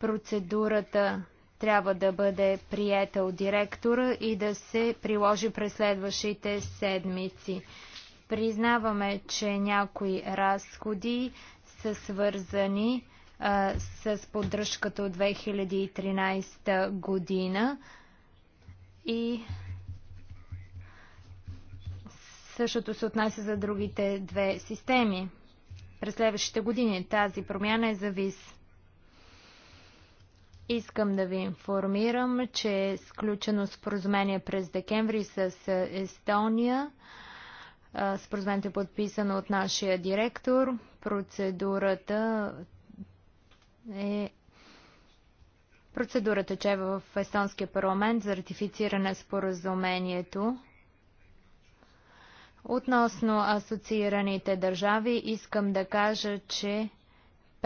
Процедурата трябва да бъде приета от директора и да се приложи през следващите седмици. Признаваме, че някои разходи са свързани а, с поддръжката от 2013 година и същото се отнася за другите две системи. През следващите години тази промяна е завис. Искам да ви информирам, че е сключено споразумение през декември с е, Естония. Споразумението е подписано от нашия директор. Процедурата е Процедурата че е в Естонския парламент за ратифициране споразумението. Относно асоциираните държави, искам да кажа, че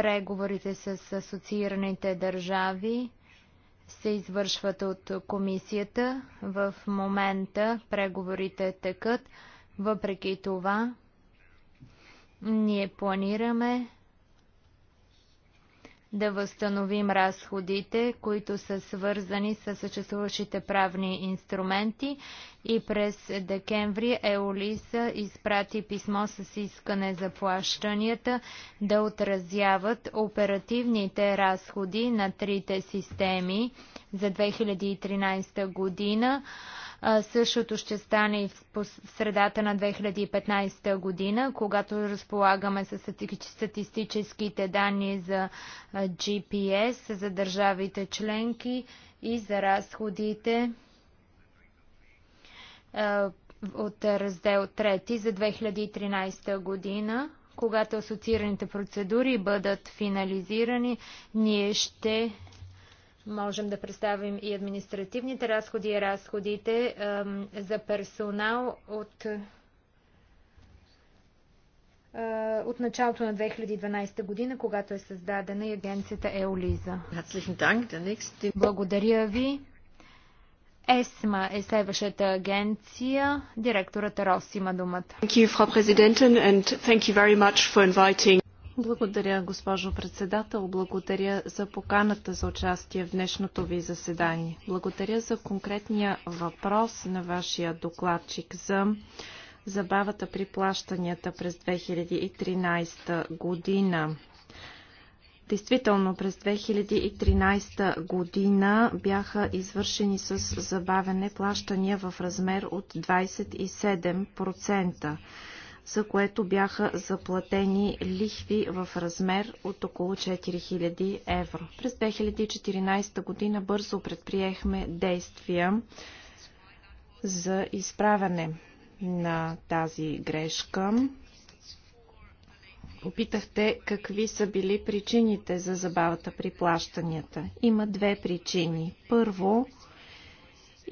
Преговорите с асоциираните държави се извършват от комисията. В момента преговорите текат. Въпреки това, ние планираме да възстановим разходите, които са свързани с съществуващите правни инструменти и през декември Еолиса изпрати писмо с искане за плащанията да отразяват оперативните разходи на трите системи за 2013 година. Същото ще стане и в средата на 2015 година, когато разполагаме с статистическите данни за GPS, за държавите членки и за разходите от раздел 3 за 2013 година. Когато асоциираните процедури бъдат финализирани, ние ще Можем да представим и административните разходи и разходите за персонал от, от началото на 2012 година, когато е създадена и агенцията Еолиза. Благодаря ви. ЕСМА е следващата агенция. Директорът Рос има думата. Благодаря, госпожо председател. Благодаря за поканата за участие в днешното ви заседание. Благодаря за конкретния въпрос на вашия докладчик за забавата при плащанията през 2013 година. Действително, през 2013 година бяха извършени с забавене плащания в размер от 27% за което бяха заплатени лихви в размер от около 4000 евро. През 2014 година бързо предприехме действия за изправяне на тази грешка. Опитахте какви са били причините за забавата при плащанията. Има две причини. Първо,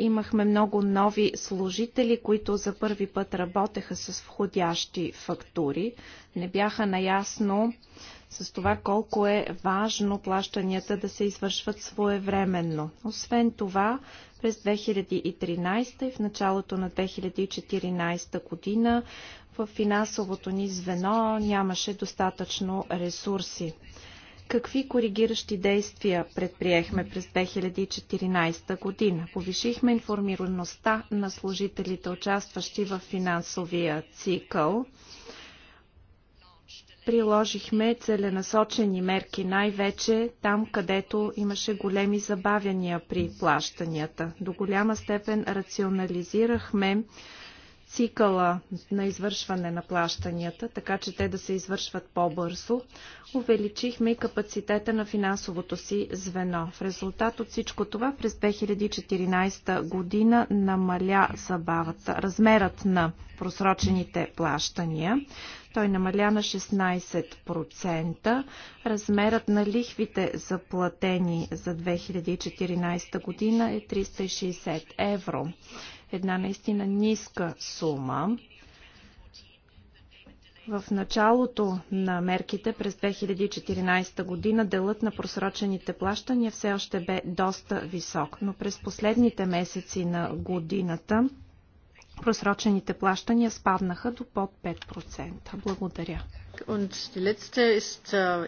Имахме много нови служители, които за първи път работеха с входящи фактури. Не бяха наясно с това колко е важно плащанията да се извършват своевременно. Освен това, през 2013 и в началото на 2014 година в финансовото ни звено нямаше достатъчно ресурси. Какви коригиращи действия предприехме през 2014 година? Повишихме информираността на служителите, участващи в финансовия цикъл. Приложихме целенасочени мерки, най-вече там, където имаше големи забавяния при плащанията. До голяма степен рационализирахме цикъла на извършване на плащанията, така че те да се извършват по-бързо, увеличихме и капацитета на финансовото си звено. В резултат от всичко това през 2014 година намаля забавата, размерът на просрочените плащания. Той намаля на 16%. Размерът на лихвите платени за 2014 година е 360 евро една наистина ниска сума. В началото на мерките през 2014 година делът на просрочените плащания все още бе доста висок, но през последните месеци на годината просрочените плащания спаднаха до под 5%. Благодаря. Äh,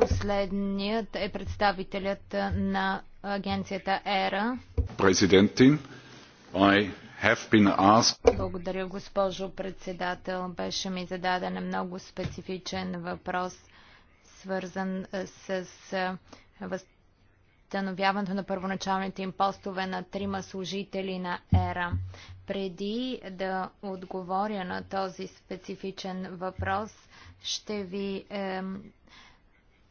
Последният е представителят на агенцията ЕРА. Президентин. Благодаря, госпожо председател. Беше ми зададен много специфичен въпрос, свързан е, с е, възстановяването на първоначалните им постове на трима служители на ЕРА. Преди да отговоря на този специфичен въпрос, ще ви е,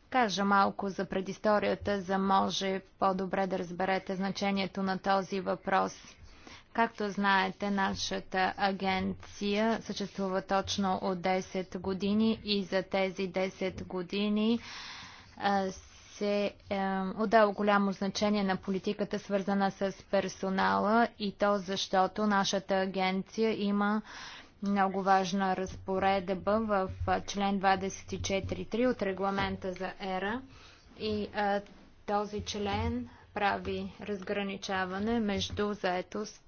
кажа малко за предисторията, за може по-добре да разберете значението на този въпрос – Както знаете, нашата агенция съществува точно от 10 години и за тези 10 години се е, отдава голямо значение на политиката, свързана с персонала и то защото нашата агенция има много важна разпоредба в член 24.3 от регламента за ЕРА и този член прави разграничаване между заетост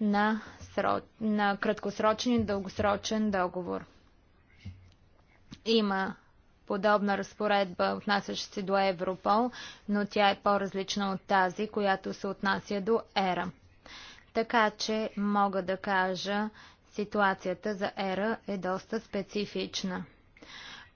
на, сро... на краткосрочен и дългосрочен договор. Има подобна разпоредба, отнасяща се до Европол, но тя е по-различна от тази, която се отнася до ЕРА. Така че мога да кажа, ситуацията за ЕРА е доста специфична.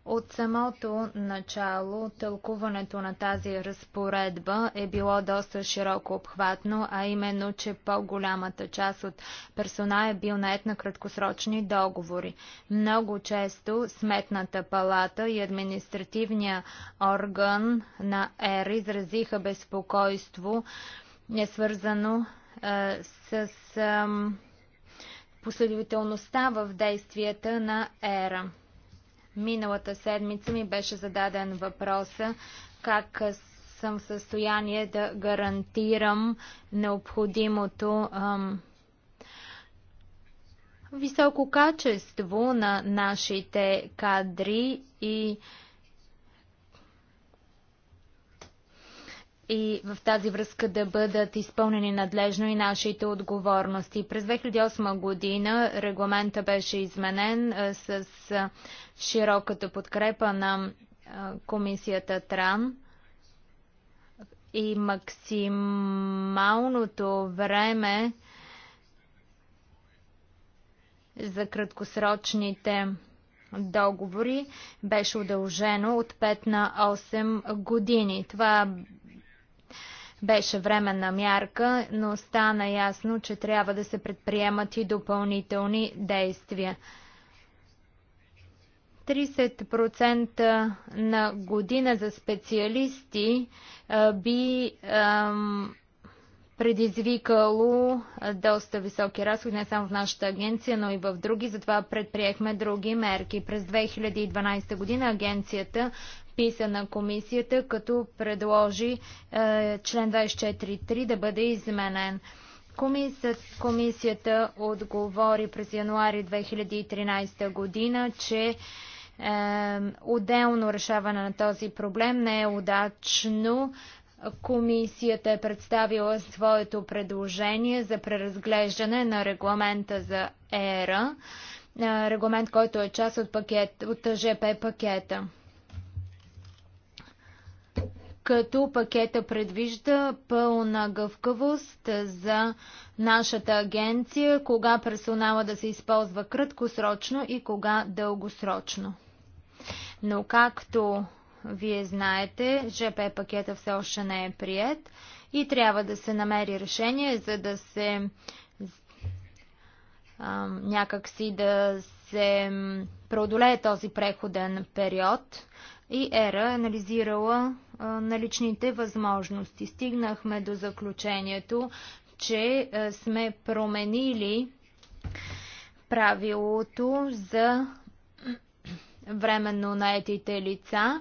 От самото начало тълкуването на тази разпоредба е било доста широко обхватно, а именно, че по-голямата част от персона е бил наед на краткосрочни договори. Много често Сметната палата и административния орган на ЕР изразиха безпокойство, не свързано е, с е, последователността в действията на ЕРА. Миналата седмица ми беше зададен въпроса как съм в състояние да гарантирам необходимото ам, високо качество на нашите кадри и и в тази връзка да бъдат изпълнени надлежно и нашите отговорности. През 2008 година регламента беше изменен с широката подкрепа на комисията ТРАН и максималното време за краткосрочните договори беше удължено от 5 на 8 години. Това беше временна мярка, но стана ясно, че трябва да се предприемат и допълнителни действия. 30% на година за специалисти би предизвикало доста високи разходи, не само в нашата агенция, но и в други. Затова предприехме други мерки. През 2012 година агенцията писа на комисията, като предложи е, член 24.3 да бъде изменен. Комисията, комисията отговори през януари 2013 година, че е, отделно решаване на този проблем не е удачно. Комисията е представила своето предложение за преразглеждане на регламента за ЕРА, е, регламент, който е част от, пакет, от ЖП пакета като пакета предвижда пълна гъвкавост за нашата агенция, кога персонала да се използва краткосрочно и кога дългосрочно. Но както вие знаете, ЖП пакета все още не е прият и трябва да се намери решение, за да се а, някакси да се преодолее този преходен период и ЕРА е анализирала наличните възможности. Стигнахме до заключението, че сме променили правилото за временно наетите лица.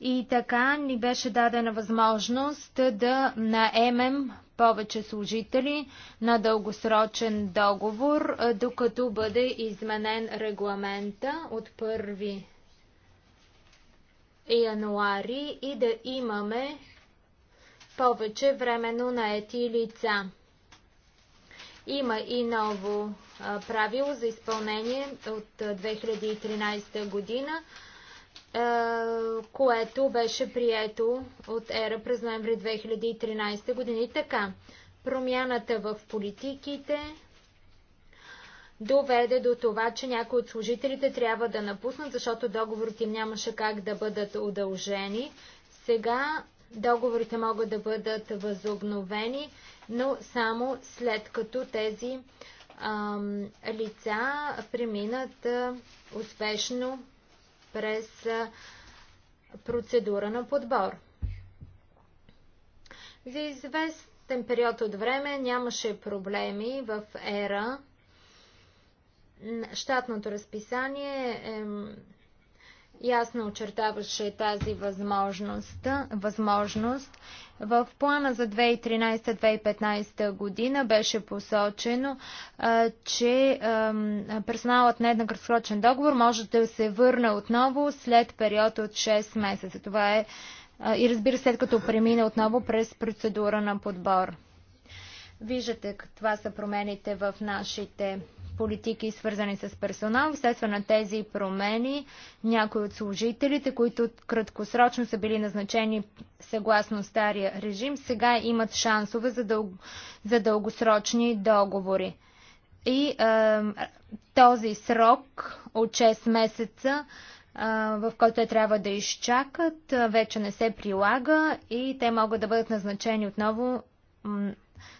И така ни беше дадена възможност да наемем повече служители на дългосрочен договор, докато бъде изменен регламента от 1 януари и да имаме повече на наети лица. Има и ново правило за изпълнение от 2013 година, е, което беше прието от ЕРА през ноември 2013 години. Така, промяната в политиките доведе до това, че някои от служителите трябва да напуснат, защото договорите им нямаше как да бъдат удължени. Сега договорите могат да бъдат възобновени, но само след като тези ам, лица преминат а, успешно през процедура на подбор. За известен период от време нямаше проблеми в ера. Штатното разписание е ясно очертаваше тази възможност. възможност. В плана за 2013-2015 година беше посочено, че персоналът на еднакратсрочен договор може да се върне отново след период от 6 месеца. Това е и разбира се, след като премине отново през процедура на подбор. Виждате, това са промените в нашите политики, свързани с персонал. Вследствие на тези промени някои от служителите, които краткосрочно са били назначени съгласно стария режим, сега имат шансове за, дъл... за дългосрочни договори. И е, този срок от 6 месеца в който те трябва да изчакат, вече не се прилага и те могат да бъдат назначени отново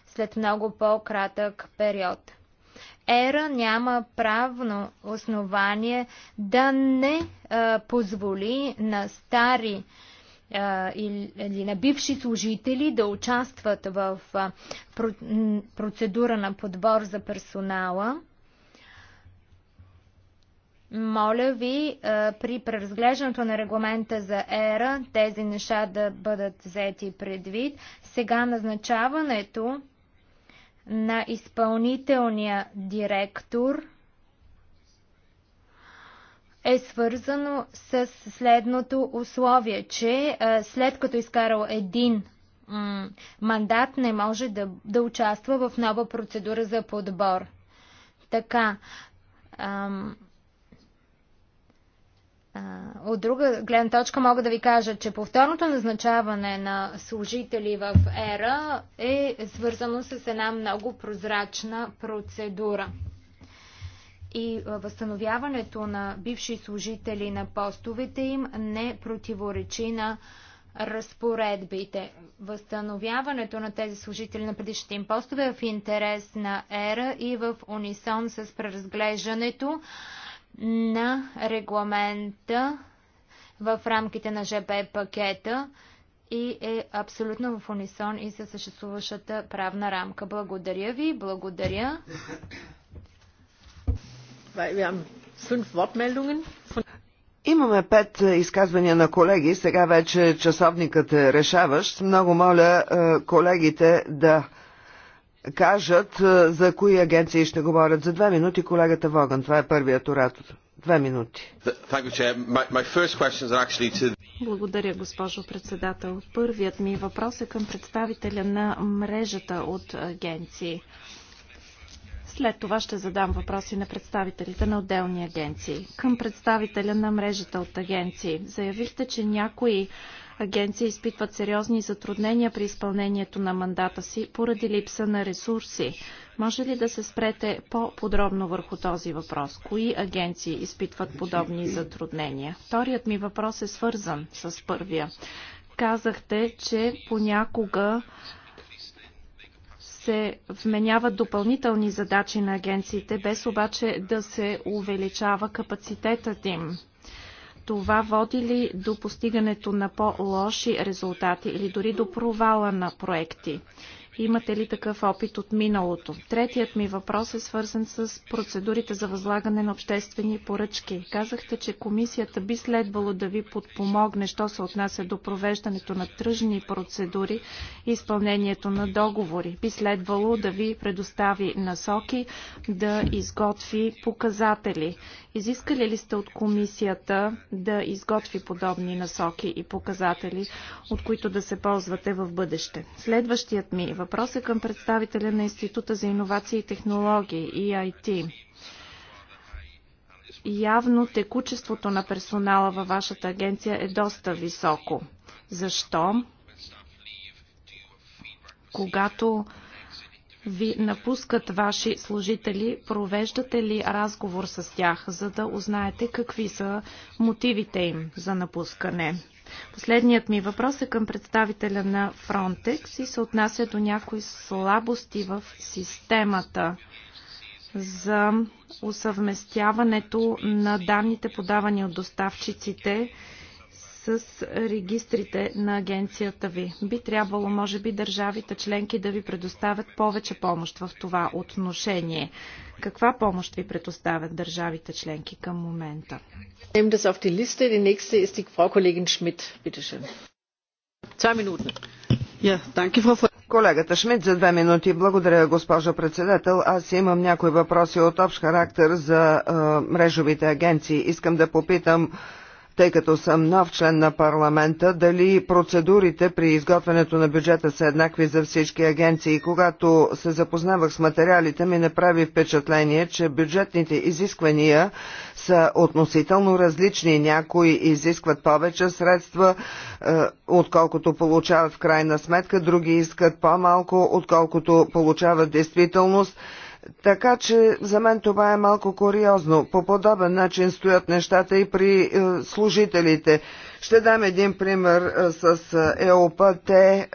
след много по-кратък период ера няма правно основание да не а, е, позволи на стари а, е, или на бивши служители да участват в а, е, процедура на подбор за персонала. Моля ви при преразглеждането на регламента за ЕРА тези неща да бъдат взети предвид. Сега назначаването на изпълнителния директор е свързано с следното условие, че след като е изкарал един мандат не може да, да участва в нова процедура за подбор. Така, ам, от друга гледна точка мога да ви кажа, че повторното назначаване на служители в ЕРА е свързано с една много прозрачна процедура. И възстановяването на бивши служители на постовете им не противоречи на разпоредбите. Възстановяването на тези служители на предишните им постове е в интерес на ЕРА и в унисон с преразглеждането на регламента в рамките на ЖП пакета и е абсолютно в унисон и със съществуващата правна рамка. Благодаря ви, благодаря. Имаме пет изказвания на колеги. Сега вече часовникът е решаващ. Много моля е, колегите да кажат е, за кои агенции ще говорят. За две минути колегата Воган. Това е първият оратор. Две минути. Благодаря, госпожо председател. Първият ми въпрос е към представителя на мрежата от агенции. След това ще задам въпроси на представителите на отделни агенции. Към представителя на мрежата от агенции. Заявихте, че някои агенции изпитват сериозни затруднения при изпълнението на мандата си поради липса на ресурси. Може ли да се спрете по-подробно върху този въпрос? Кои агенции изпитват подобни затруднения? Вторият ми въпрос е свързан с първия. Казахте, че понякога се вменяват допълнителни задачи на агенциите, без обаче да се увеличава капацитетът им това води ли до постигането на по-лоши резултати или дори до провала на проекти? Имате ли такъв опит от миналото? Третият ми въпрос е свързан с процедурите за възлагане на обществени поръчки. Казахте, че комисията би следвало да ви подпомогне, що се отнася до провеждането на тръжни процедури и изпълнението на договори. Би следвало да ви предостави насоки, да изготви показатели. Изискали ли сте от комисията да изготви подобни насоки и показатели, от които да се ползвате в бъдеще? Следващият ми въпрос е към представителя на Института за иновации и технологии, EIT. Явно текучеството на персонала във вашата агенция е доста високо. Защо? Когато ви напускат ваши служители, провеждате ли разговор с тях, за да узнаете какви са мотивите им за напускане? Последният ми въпрос е към представителя на Frontex и се отнася до някои слабости в системата за усъвместяването на данните подавани от доставчиците с регистрите на агенцията ви. Би трябвало, може би, държавите членки да ви предоставят повече помощ в това отношение. Каква помощ ви предоставят държавите членки към момента? Колегата Шмидт за две минути. Благодаря, госпожо председател. Аз имам някои въпроси от общ характер за мрежовите агенции. Искам да попитам тъй като съм нов член на парламента, дали процедурите при изготвянето на бюджета са еднакви за всички агенции. Когато се запознавах с материалите, ми направи впечатление, че бюджетните изисквания са относително различни. Някои изискват повече средства, е, отколкото получават в крайна сметка, други искат по-малко, отколкото получават действителност. Така че за мен това е малко куриозно. По подобен начин стоят нещата и при е, служителите. Ще дам един пример е, с ЕОП. Е Те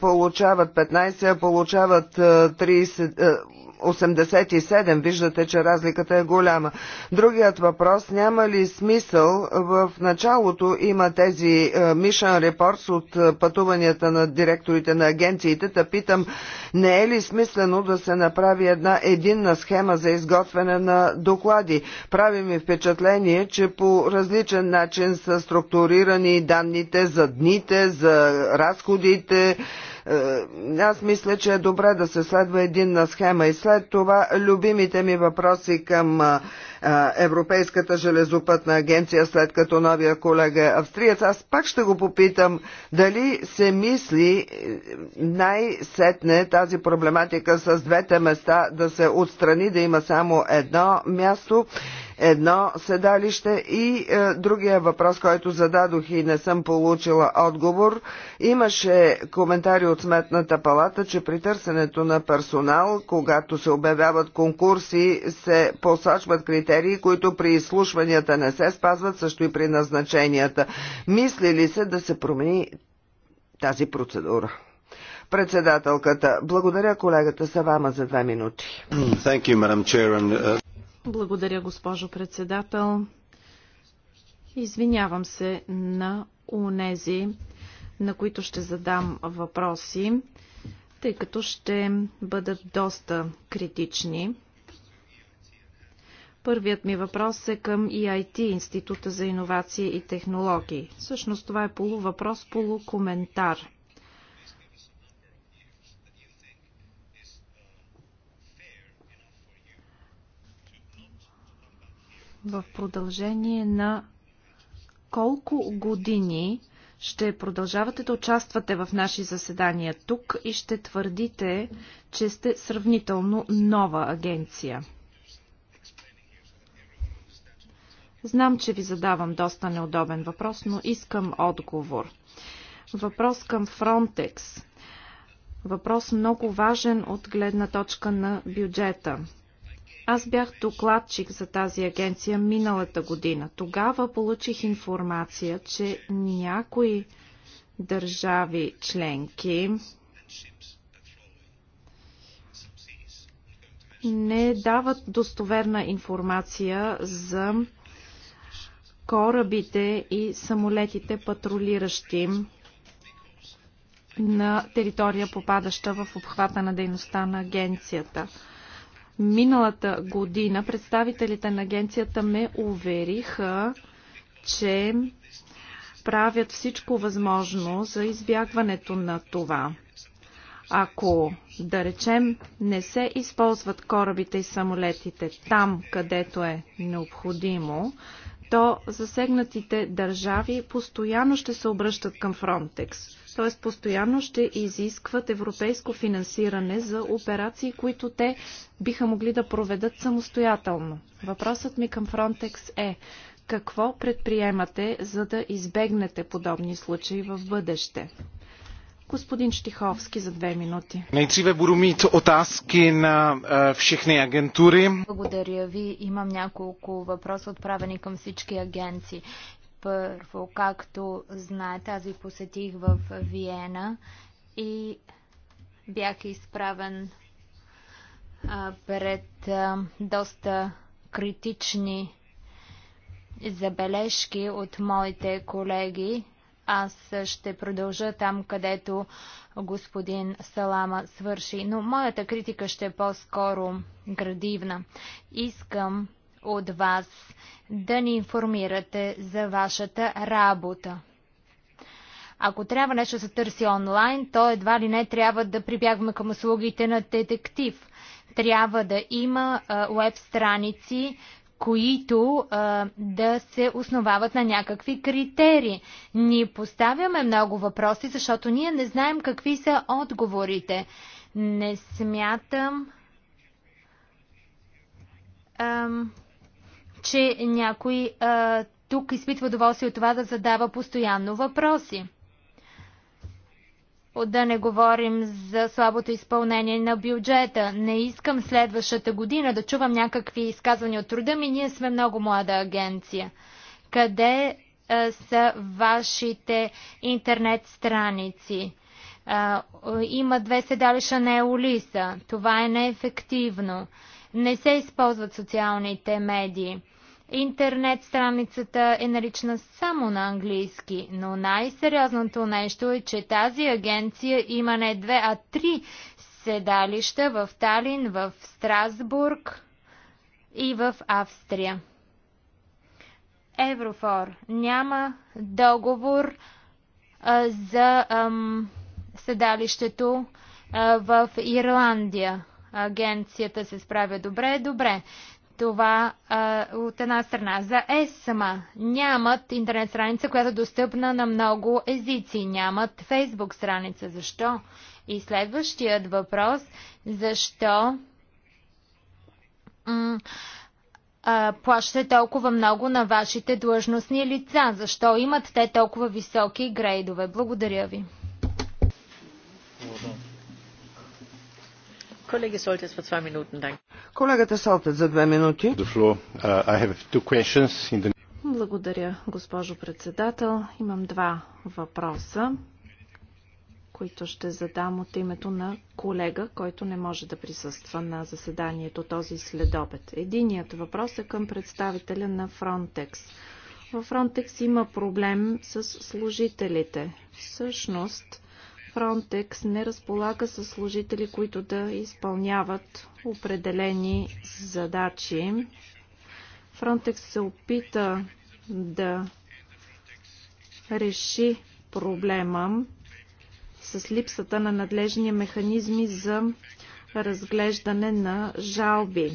получават 15, получават 30, 87. Виждате, че разликата е голяма. Другият въпрос, няма ли смисъл в началото има тези мишен репорт от е, пътуванията на директорите на агенциите, да питам, не е ли смислено да се направи една единна схема за изготвяне на доклади? Прави ми впечатление, че по различен начин са структурирани данните за дните, за разходите, е, аз мисля, че е добре да се следва единна схема и след това любимите ми въпроси към е, е, Европейската железопътна агенция, след като новия колега е австриец. Аз пак ще го попитам дали се мисли най-сетне тази проблематика с двете места да се отстрани, да има само едно място едно седалище и е, другия въпрос, който зададох и не съм получила отговор, имаше коментари от Сметната палата, че при търсенето на персонал, когато се обявяват конкурси, се посочват критерии, които при изслушванията не се спазват, също и при назначенията. Мисли ли се да се промени тази процедура? Председателката, благодаря колегата Савама за две минути. Thank you, uh, благодаря, госпожо председател. Извинявам се на унези, на които ще задам въпроси, тъй като ще бъдат доста критични. Първият ми въпрос е към EIT, Института за иновации и технологии. Всъщност това е полувъпрос, полукоментар. в продължение на колко години ще продължавате да участвате в наши заседания тук и ще твърдите, че сте сравнително нова агенция. Знам, че ви задавам доста неудобен въпрос, но искам отговор. Въпрос към Фронтекс. Въпрос много важен от гледна точка на бюджета. Аз бях докладчик за тази агенция миналата година. Тогава получих информация, че някои държави членки не дават достоверна информация за корабите и самолетите патрулиращи на територия попадаща в обхвата на дейността на агенцията. Миналата година представителите на агенцията ме увериха, че правят всичко възможно за избягването на това. Ако, да речем, не се използват корабите и самолетите там, където е необходимо, то засегнатите държави постоянно ще се обръщат към Frontex. Т.е. постоянно ще изискват европейско финансиране за операции, които те биха могли да проведат самостоятелно. Въпросът ми към Frontex е какво предприемате, за да избегнете подобни случаи в бъдеще? Господин Штиховски за две минути. Nejdříve буду мит отаски на všechny агентури. Благодаря ви. Имам няколко въпроса отправени към всички агенции. Първо, както знаете, аз ви посетих в Виена и бях изправен а, пред а, доста критични забележки от моите колеги аз ще продължа там, където господин Салама свърши, но моята критика ще е по-скоро градивна. Искам от вас да ни информирате за вашата работа. Ако трябва нещо да се търси онлайн, то едва ли не трябва да прибягваме към услугите на детектив. Трябва да има уеб страници, които а, да се основават на някакви критерии. Ние поставяме много въпроси, защото ние не знаем какви са отговорите. Не смятам, ам, че някой а, тук изпитва удоволствие от това да задава постоянно въпроси. Да не говорим за слабото изпълнение на бюджета. Не искам следващата година да чувам някакви изказвания от труда ми. Ние сме много млада агенция. Къде а, са вашите интернет страници? А, има две седалища на Еолиса. Това е неефективно. Не се използват социалните медии. Интернет страницата е налична само на английски, но най-сериозното нещо е, че тази агенция има не две, а три седалища в Талин, в Страсбург и в Австрия. Еврофор няма договор а, за ам, седалището а, в Ирландия. Агенцията се справя добре, добре. Това а, от една страна. За ЕСМА нямат интернет страница, която е достъпна на много езици. Нямат фейсбук страница. Защо? И следващият въпрос. Защо м- а, плащате толкова много на вашите длъжностни лица? Защо имат те толкова високи грейдове? Благодаря ви. Колегата Солтът за две минути. Uh, Благодаря, госпожо председател. Имам два въпроса, които ще задам от името на колега, който не може да присъства на заседанието този следобед. Единият въпрос е към представителя на Frontex. Във Frontex има проблем с служителите. Всъщност, Фронтекс не разполага с служители, които да изпълняват определени задачи. Фронтекс се опита да реши проблема с липсата на надлежни механизми за разглеждане на жалби.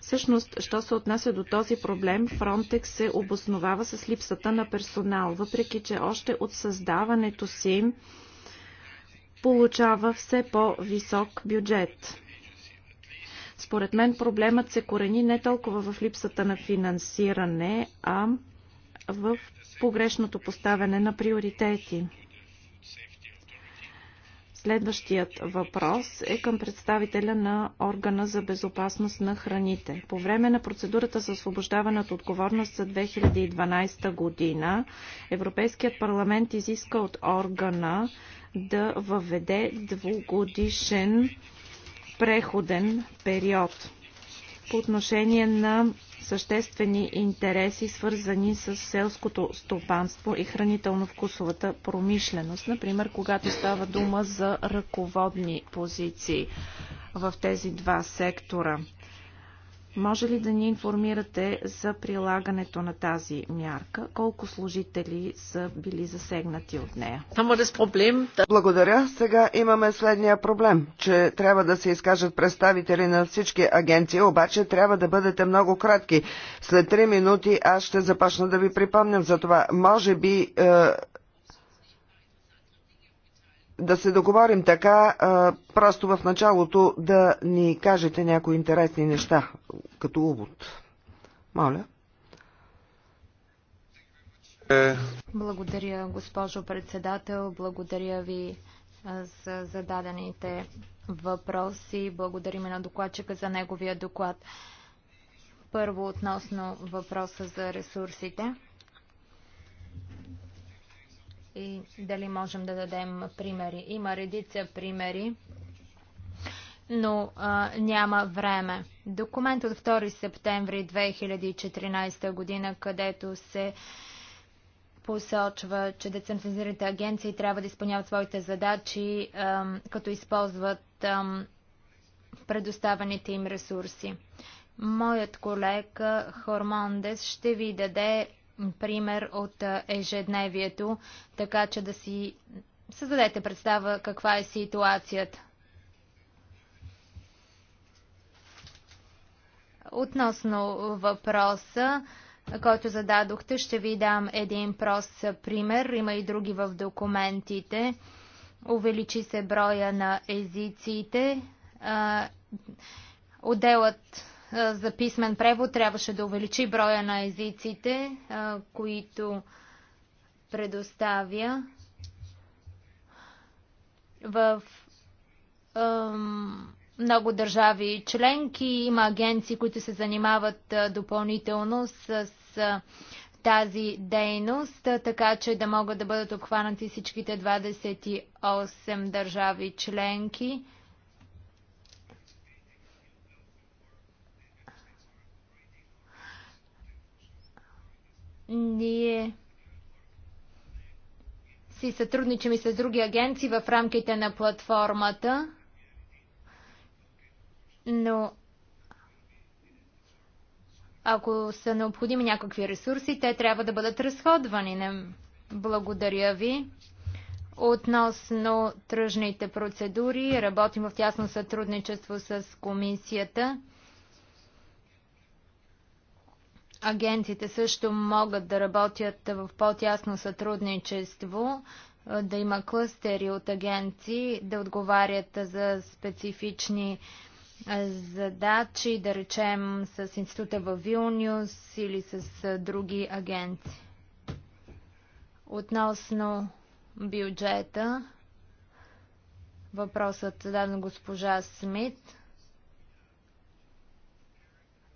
Всъщност, що се отнася до този проблем, Фронтекс се обосновава с липсата на персонал, въпреки че още от създаването си получава все по-висок бюджет. Според мен проблемът се корени не толкова в липсата на финансиране, а в погрешното поставяне на приоритети. Следващият въпрос е към представителя на органа за безопасност на храните. По време на процедурата за освобождаване от отговорност за 2012 година, Европейският парламент изиска от органа да въведе двугодишен преходен период по отношение на съществени интереси, свързани с селското стопанство и хранително-вкусовата промишленост, например, когато става дума за ръководни позиции в тези два сектора. Може ли да ни информирате за прилагането на тази мярка? Колко служители са били засегнати от нея? Е Благодаря. Сега имаме следния проблем, че трябва да се изкажат представители на всички агенции, обаче трябва да бъдете много кратки. След 3 минути аз ще започна да ви припомням за това. Може би е, да се договорим така, просто в началото да ни кажете някои интересни неща, като увод. Моля. Е. Благодаря, госпожо председател. Благодаря ви за зададените въпроси. Благодарим на докладчика за неговия доклад. Първо относно въпроса за ресурсите и дали можем да дадем примери. Има редица примери, но а, няма време. Документ от 2 септември 2014 година, където се посочва, че децентрализираните агенции трябва да изпълняват своите задачи, а, като използват а, предоставените им ресурси. Моят колега Хормондес ще ви даде пример от ежедневието, така че да си създадете представа каква е ситуацията. Относно въпроса, който зададохте, ще ви дам един прост пример. Има и други в документите. Увеличи се броя на езиците. Отделът за писмен превод трябваше да увеличи броя на езиците, които предоставя. В много държави членки има агенции, които се занимават допълнително с тази дейност, така че да могат да бъдат обхванати всичките 28 държави членки. Ние си сътрудничим и с други агенции в рамките на платформата, но ако са необходими някакви ресурси, те трябва да бъдат разходвани. Не... Благодаря ви. Относно тръжните процедури, работим в тясно сътрудничество с комисията. Агентите също могат да работят в по-тясно сътрудничество, да има клъстери от агенции, да отговарят за специфични задачи, да речем с института в Вилнюс или с други агенции. Относно бюджета, въпросът зададен госпожа Смит –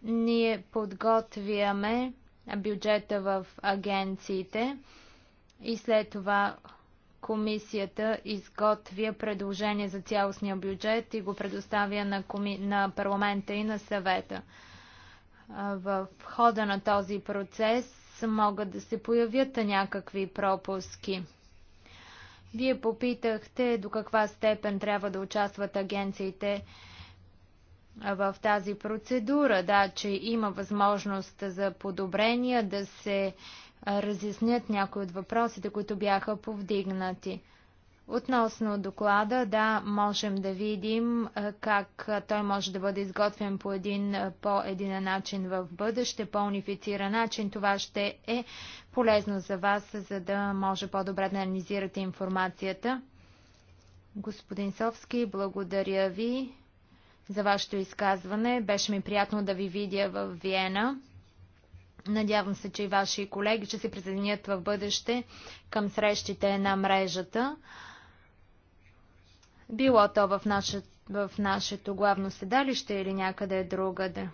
ние подготвяме бюджета в агенциите и след това комисията изготвя предложение за цялостния бюджет и го предоставя на, коми... на парламента и на съвета. В хода на този процес могат да се появят някакви пропуски. Вие попитахте до каква степен трябва да участват агенциите в тази процедура. Да, че има възможност за подобрения, да се разяснят някои от въпросите, които бяха повдигнати. Относно доклада, да, можем да видим как той може да бъде изготвен по един по един начин в бъдеще, по-унифициран начин. Това ще е полезно за вас, за да може по-добре да анализирате информацията. Господин Совски, благодаря ви за вашето изказване. Беше ми приятно да ви видя в Виена. Надявам се, че и ваши колеги ще се присъединят в бъдеще към срещите на мрежата. Било то в, наше, в нашето главно седалище или някъде другаде.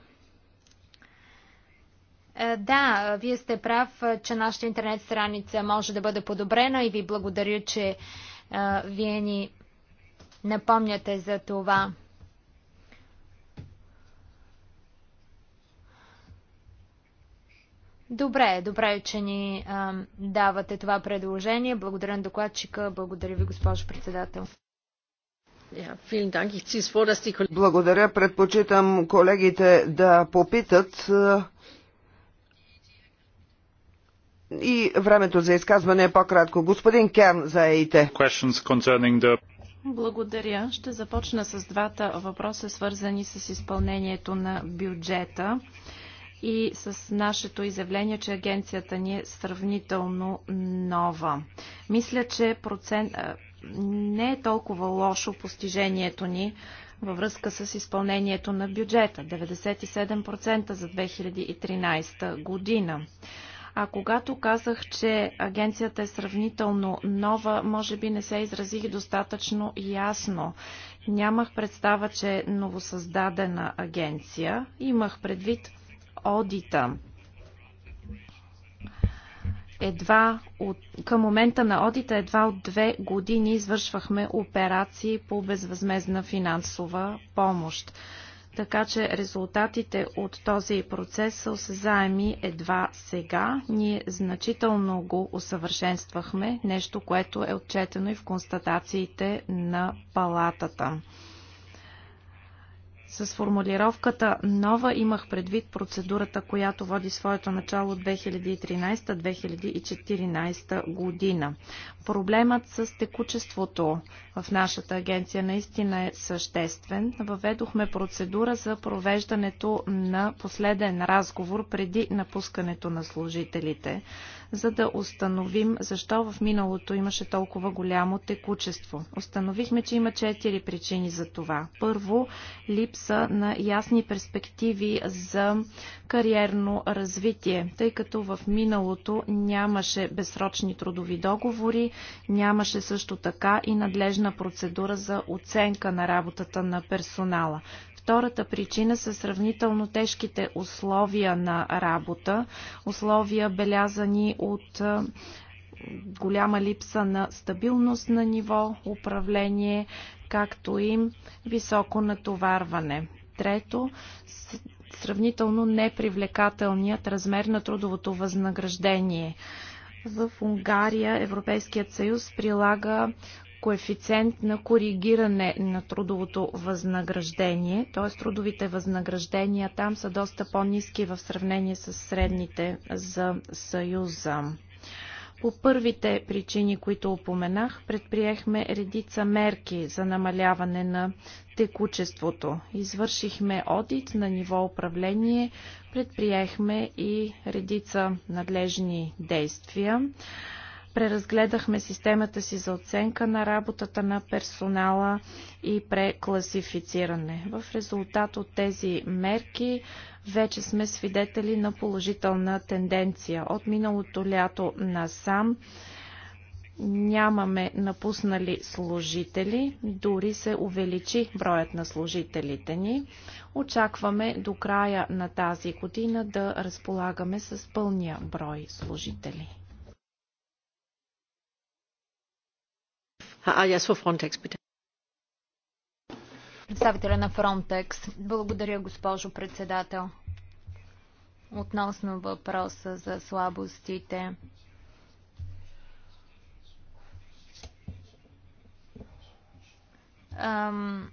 Е, да, вие сте прав, е, че нашата интернет страница може да бъде подобрена и ви благодаря, че е, вие ни напомняте за това. Добре, добре, че ни а, давате това предложение. Благодаря на докладчика. Благодаря ви, госпожо председател. Благодаря. Предпочитам колегите да попитат и времето за изказване е по-кратко. Господин Керн, заеите. Благодаря. Ще започна с двата въпроса, свързани с изпълнението на бюджета и с нашето изявление, че агенцията ни е сравнително нова. Мисля, че процент... не е толкова лошо постижението ни във връзка с изпълнението на бюджета 97% за 2013 година. А когато казах, че агенцията е сравнително нова, може би не се изразих достатъчно ясно. Нямах представа, че е новосъздадена агенция. Имах предвид одита. Едва от, към момента на одита едва от две години извършвахме операции по безвъзмезна финансова помощ. Така че резултатите от този процес са осезаеми едва сега. Ние значително го усъвършенствахме, нещо, което е отчетено и в констатациите на палатата. С формулировката нова имах предвид процедурата, която води своето начало от 2013-2014 година. Проблемът с текучеството в нашата агенция наистина е съществен. Въведохме процедура за провеждането на последен разговор преди напускането на служителите за да установим защо в миналото имаше толкова голямо текучество. Установихме, че има четири причини за това. Първо, липса на ясни перспективи за кариерно развитие, тъй като в миналото нямаше безсрочни трудови договори, нямаше също така и надлежна процедура за оценка на работата на персонала. Втората причина са сравнително тежките условия на работа, условия белязани от голяма липса на стабилност на ниво управление, както и високо натоварване. Трето, сравнително непривлекателният размер на трудовото възнаграждение. В Унгария Европейският съюз прилага коефициент на коригиране на трудовото възнаграждение, т.е. трудовите възнаграждения там са доста по-низки в сравнение с средните за Съюза. По първите причини, които упоменах, предприехме редица мерки за намаляване на текучеството. Извършихме одит на ниво управление, предприехме и редица надлежни действия. Преразгледахме системата си за оценка на работата на персонала и прекласифициране. В резултат от тези мерки вече сме свидетели на положителна тенденция. От миналото лято насам нямаме напуснали служители, дори се увеличи броят на служителите ни. Очакваме до края на тази година да разполагаме с пълния брой служители. Представителя на Frontex. Благодаря, госпожо председател. Относно въпроса за слабостите. Ам,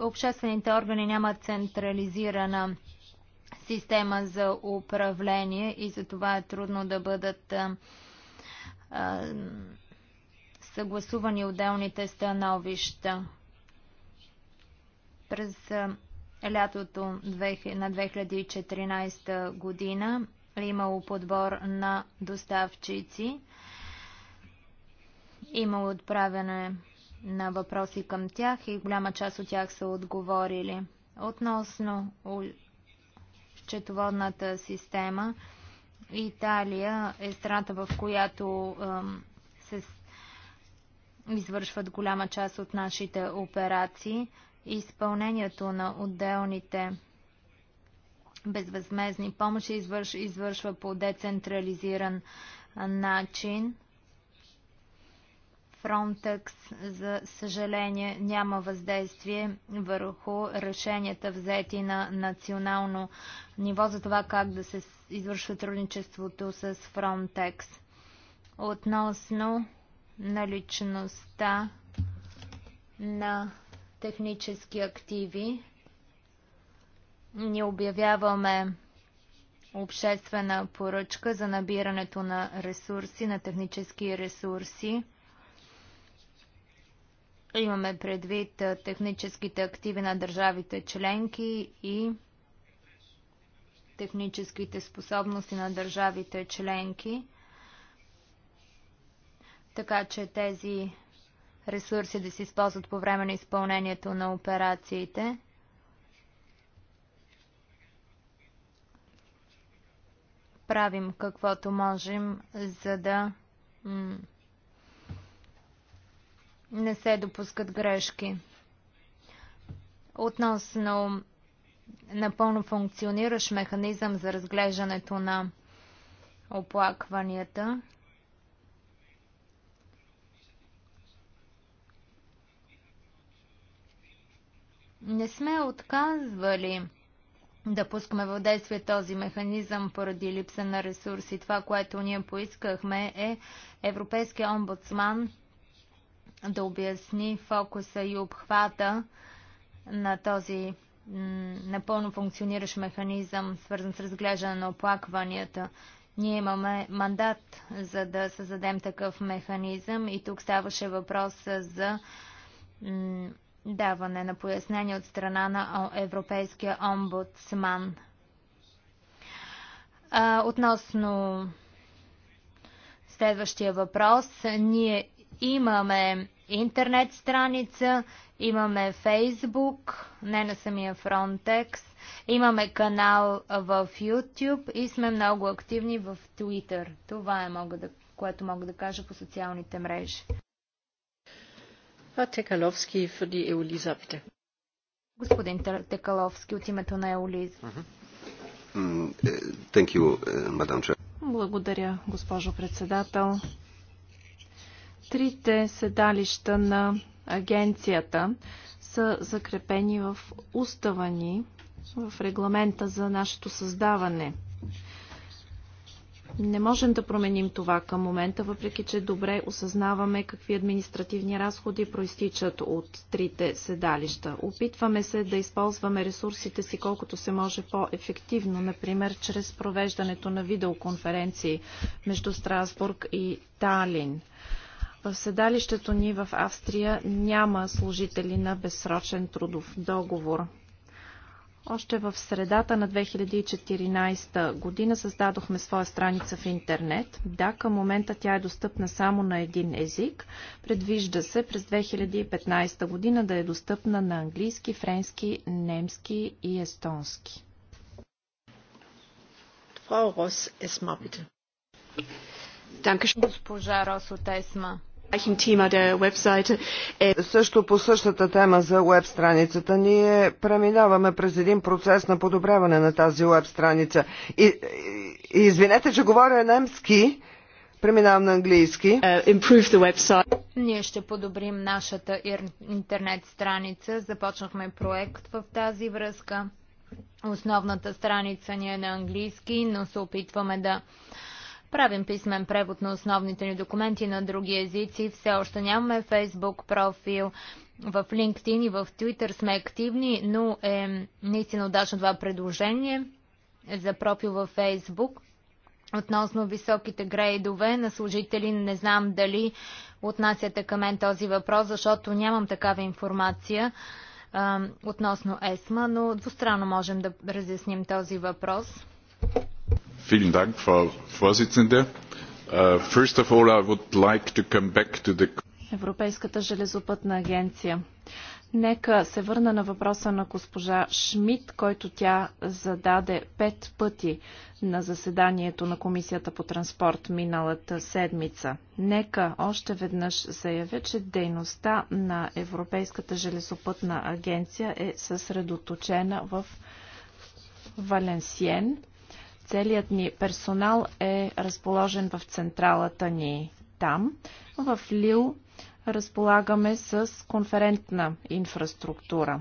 обществените органи нямат централизирана система за управление и за това е трудно да бъдат съгласувани гласувани отделните становища. През лятото на 2014 година е имало подбор на доставчици. Имало отправяне на въпроси към тях и голяма част от тях са отговорили. Относно счетоводната система, Италия е страната, в която се извършват голяма част от нашите операции. Изпълнението на отделните безвъзмезни помощи извърш, извършва по децентрализиран начин. Frontex, за съжаление, няма въздействие върху решенията взети на национално ниво за това как да се извършва трудничеството с Frontex. Относно на личността на технически активи. ни обявяваме обществена поръчка за набирането на ресурси, на технически ресурси. Имаме предвид техническите активи на държавите членки и техническите способности на държавите членки така че тези ресурси да се използват по време на изпълнението на операциите. Правим каквото можем, за да не се допускат грешки. Относно напълно функциониращ механизъм за разглеждането на оплакванията, Не сме отказвали да пускаме в действие този механизъм поради липса на ресурси. Това, което ние поискахме е Европейския омбудсман да обясни фокуса и обхвата на този напълно функциониращ механизъм, свързан с разглеждане на оплакванията. Ние имаме мандат за да създадем такъв механизъм и тук ставаше въпрос за даване на пояснение от страна на Европейския омбудсман. Относно следващия въпрос, ние имаме интернет страница, имаме Фейсбук, не на самия Frontex, имаме канал в YouTube и сме много активни в Twitter. Това е мога да, което мога да кажа по социалните мрежи. E Господин Текаловски от името на e ЕОЛИЗ. Е, Благодаря, госпожо председател. Трите седалища на агенцията са закрепени в устава ни, в регламента за нашето създаване. Не можем да променим това към момента, въпреки че добре осъзнаваме какви административни разходи проистичат от трите седалища. Опитваме се да използваме ресурсите си колкото се може по-ефективно, например чрез провеждането на видеоконференции между Страсбург и Талин. В седалището ни в Австрия няма служители на безсрочен трудов договор. Още в средата на 2014 година създадохме своя страница в интернет. Да, към момента тя е достъпна само на един език. Предвижда се през 2015 година да е достъпна на английски, френски, немски и естонски. Госпожа Рос от ЕСМА. Äh, Също по същата тема за веб страницата ние преминаваме през един процес на подобряване на тази веб страница. И, и, извинете, че говоря немски, преминавам на английски. Äh, ние ще подобрим нашата интернет страница. Започнахме проект в тази връзка. Основната страница ни е на английски, но се опитваме да uh, Правим писмен превод на основните ни документи на други езици. Все още нямаме Facebook профил. В LinkedIn и в Twitter сме активни, но е наистина удачно това предложение за профил във Facebook. Относно високите грейдове на служители, не знам дали отнасяте към мен този въпрос, защото нямам такава информация относно ЕСМА, но двустранно можем да разясним този въпрос. Vielen Dank, Frau Vorsitzende. Äh, first of all, I would like to come back to the... Европейската железопътна агенция. Нека се върна на въпроса на госпожа Шмидт, който тя зададе пет пъти на заседанието на Комисията по транспорт миналата седмица. Нека още веднъж заявя, че дейността на Европейската железопътна агенция е съсредоточена в Валенсиен, Целият ни персонал е разположен в централата ни там. В Лил разполагаме с конферентна инфраструктура.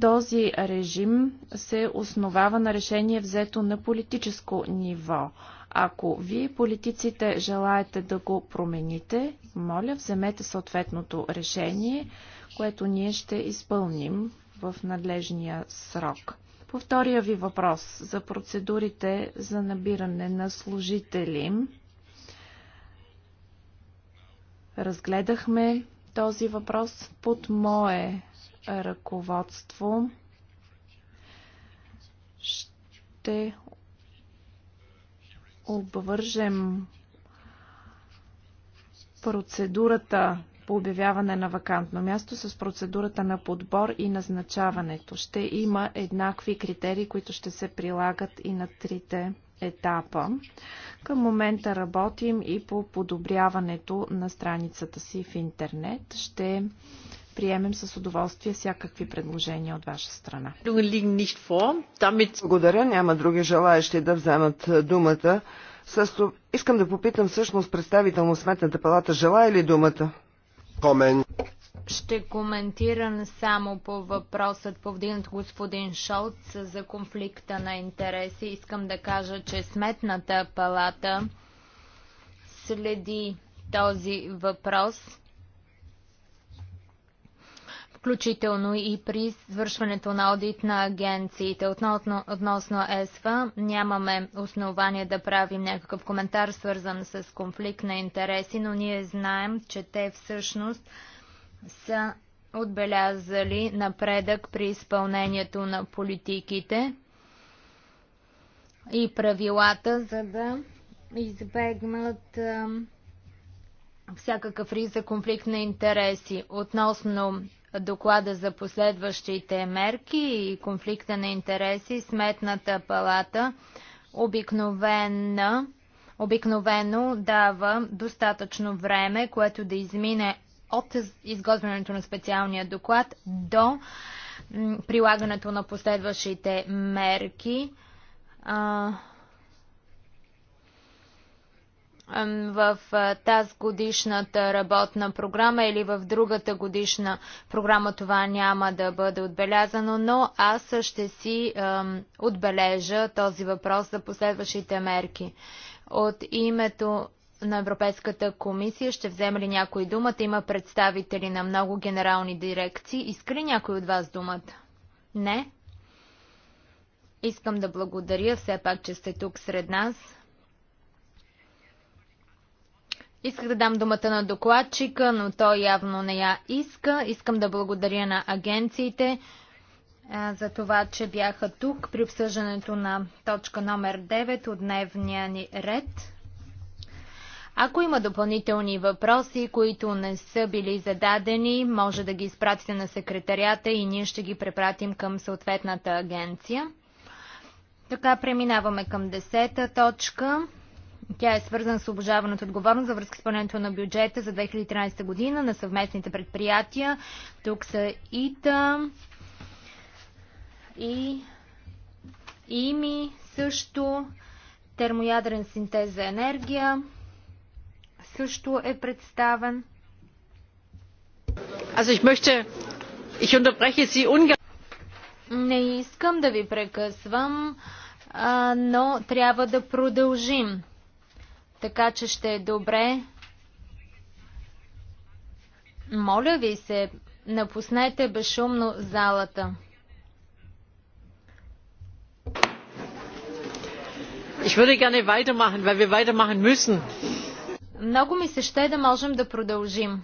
Този режим се основава на решение взето на политическо ниво. Ако вие, политиците, желаете да го промените, моля, вземете съответното решение, което ние ще изпълним в надлежния срок. По втория ви въпрос за процедурите за набиране на служители, разгледахме този въпрос под мое ръководство. Ще обвържем процедурата по обявяване на вакантно място с процедурата на подбор и назначаването. Ще има еднакви критерии, които ще се прилагат и на трите етапа. Към момента работим и по подобряването на страницата си в интернет. Ще приемем с удоволствие всякакви предложения от ваша страна. Благодаря, няма други желаящи да вземат е, думата. Искам да попитам всъщност представител на Сметната палата, желая ли думата? Ще коментирам само по въпросът повдигнат господин Шолц за конфликта на интереси. Искам да кажа, че Сметната палата следи този въпрос включително и при свършването на аудит на агенциите. Относно, относно ЕСФА нямаме основание да правим някакъв коментар, свързан с конфликт на интереси, но ние знаем, че те всъщност са отбелязали напредък при изпълнението на политиките и правилата, за да избегнат всякакъв риск за конфликт на интереси. Относно доклада за последващите мерки и конфликта на интереси, Сметната палата обикновена, обикновено дава достатъчно време, което да измине от изготвянето на специалния доклад до прилагането на последващите мерки в тази годишната работна програма или в другата годишна програма това няма да бъде отбелязано, но аз ще си отбележа този въпрос за последващите мерки. От името на Европейската комисия ще вземе ли някой думата? Има представители на много генерални дирекции. Иска ли някой от вас думата? Не? Искам да благодаря все пак, че сте тук сред нас. Исках да дам думата на докладчика, но той явно не я иска. Искам да благодаря на агенциите а, за това, че бяха тук при обсъждането на точка номер 9 от дневния ни ред. Ако има допълнителни въпроси, които не са били зададени, може да ги изпратите на секретарията и ние ще ги препратим към съответната агенция. Така преминаваме към десета точка. Тя е свързана с обожаваната отговорност за връзка с изпълнението на бюджета за 2013 година на съвместните предприятия. Тук са ИТА и ИМИ също, термоядрен синтез за енергия също е представен. Also ich möchte, ich unterbreche Sie unge... Не искам да ви прекъсвам, но трябва да продължим. Така че ще е добре. Моля ви се, напуснете безшумно залата. Ich würde gerne weitermachen, weil wir weitermachen müssen. Много ми се ще да можем да продължим.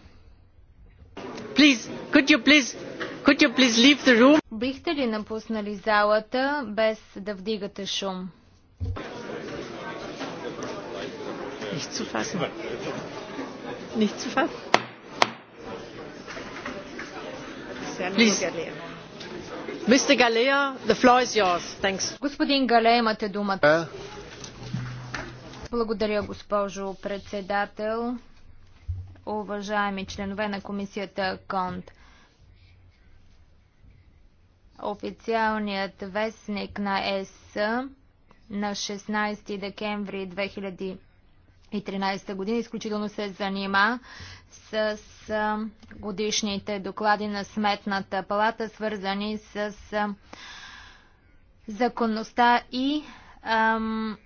Please, could you please, could you please leave the room? Бихте ли напуснали залата без да вдигате шум? Nicht zu fassen. Nicht zu fassen. Please. Mr. Galea, the floor is yours. Thanks. Господин Галея, имате думата. Благодаря, госпожо председател. Уважаеми членове на комисията КОНТ. Официалният вестник на ЕС на 16 декември 2000 2013 година изключително се занима с годишните доклади на Сметната палата, свързани с законността и ам,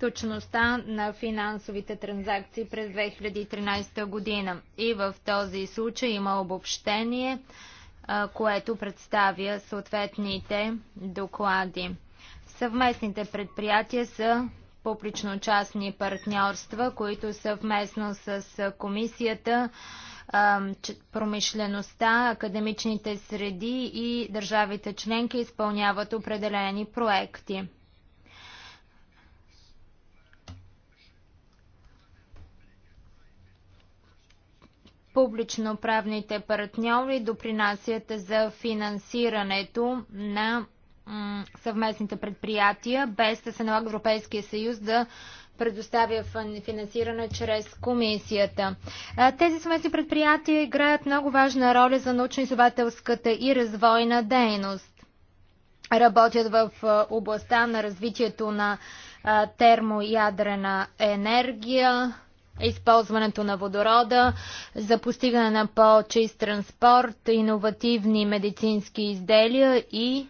точността на финансовите транзакции през 2013 година. И в този случай има обобщение, а, което представя съответните доклади. Съвместните предприятия са публично-частни партньорства, които съвместно с комисията, промишлеността, академичните среди и държавите членки изпълняват определени проекти. Публично-правните партньори допринасят за финансирането на съвместните предприятия, без да се налага Европейския съюз да предоставя финансиране чрез комисията. Тези съвместни предприятия играят много важна роля за научно изобателската и развойна дейност. Работят в областта на развитието на термоядрена енергия, използването на водорода, за постигане на по-чист транспорт, иновативни медицински изделия и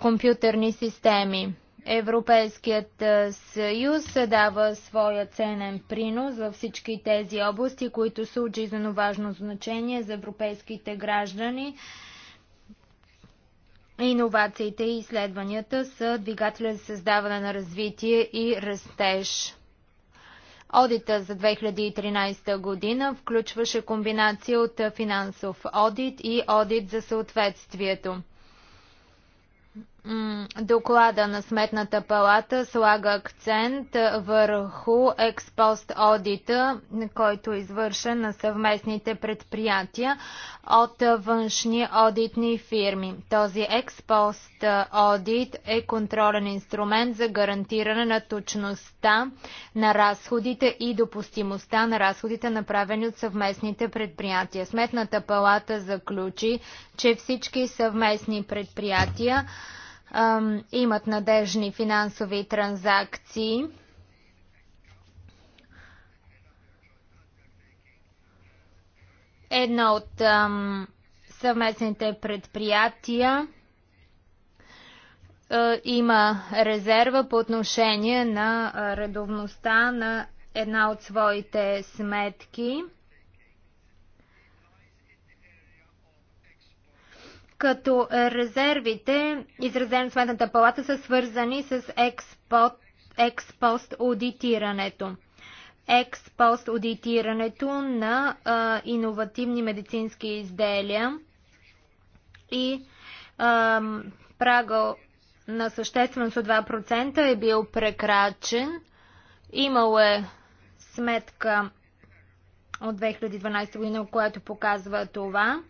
компютърни системи. Европейският съюз дава своя ценен принос във всички тези области, които са от жизненно важно значение за европейските граждани. Иновациите и изследванията са двигателя за създаване на развитие и растеж. Одита за 2013 година включваше комбинация от финансов одит и одит за съответствието. Доклада на Сметната палата слага акцент върху експост одита, който е извършен на съвместните предприятия от външни одитни фирми. Този експост одит е контролен инструмент за гарантиране на точността на разходите и допустимостта на разходите, направени от съвместните предприятия. Сметната палата заключи, че всички съвместни предприятия имат надежни финансови транзакции. Едно от ам, съвместните предприятия а, има резерва по отношение на редовността на една от своите сметки. като резервите, изразени в Сметната палата, са свързани с експост аудитирането. Експост аудитирането на а, иновативни медицински изделия и а, прага на същественост от 2% е бил прекрачен. Имало е сметка от 2012 година, която показва това.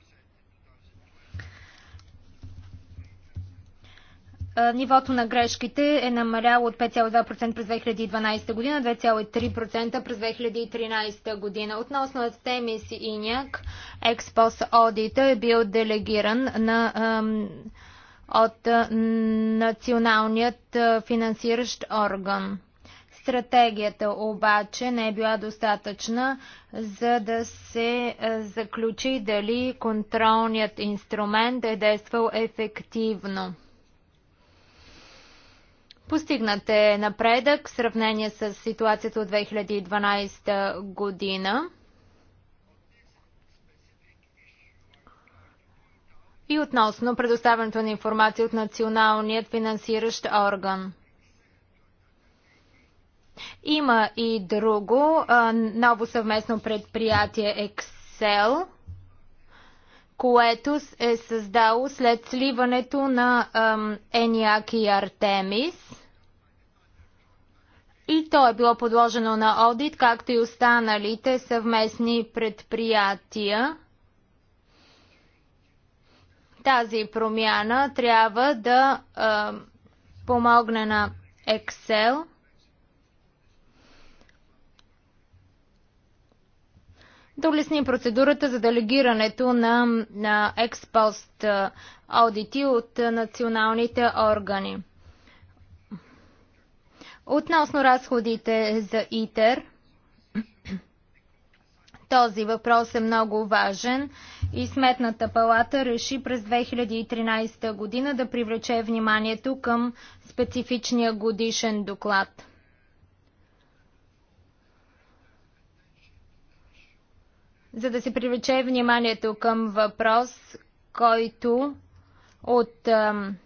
Нивото на грешките е намаляло от 5,2% през 2012 година, 2,3% през 2013 година. Относно теми си ИНЯК, експос одита е бил делегиран на, от националният финансиращ орган. Стратегията обаче не е била достатъчна, за да се заключи дали контролният инструмент е действал ефективно. Постигнат е напредък в сравнение с ситуацията от 2012 година. И относно предоставянето на информация от националният финансиращ орган. Има и друго ново съвместно предприятие Excel, което е създало след сливането на ЕНИАК и Артемис и то е било подложено на аудит, както и останалите съвместни предприятия. Тази промяна трябва да е, помогне на Excel. да улесни процедурата за делегирането на, на експост аудити от националните органи. Относно разходите за ИТЕР, този въпрос е много важен и Сметната палата реши през 2013 година да привлече вниманието към специфичния годишен доклад. За да се привлече вниманието към въпрос, който от ам,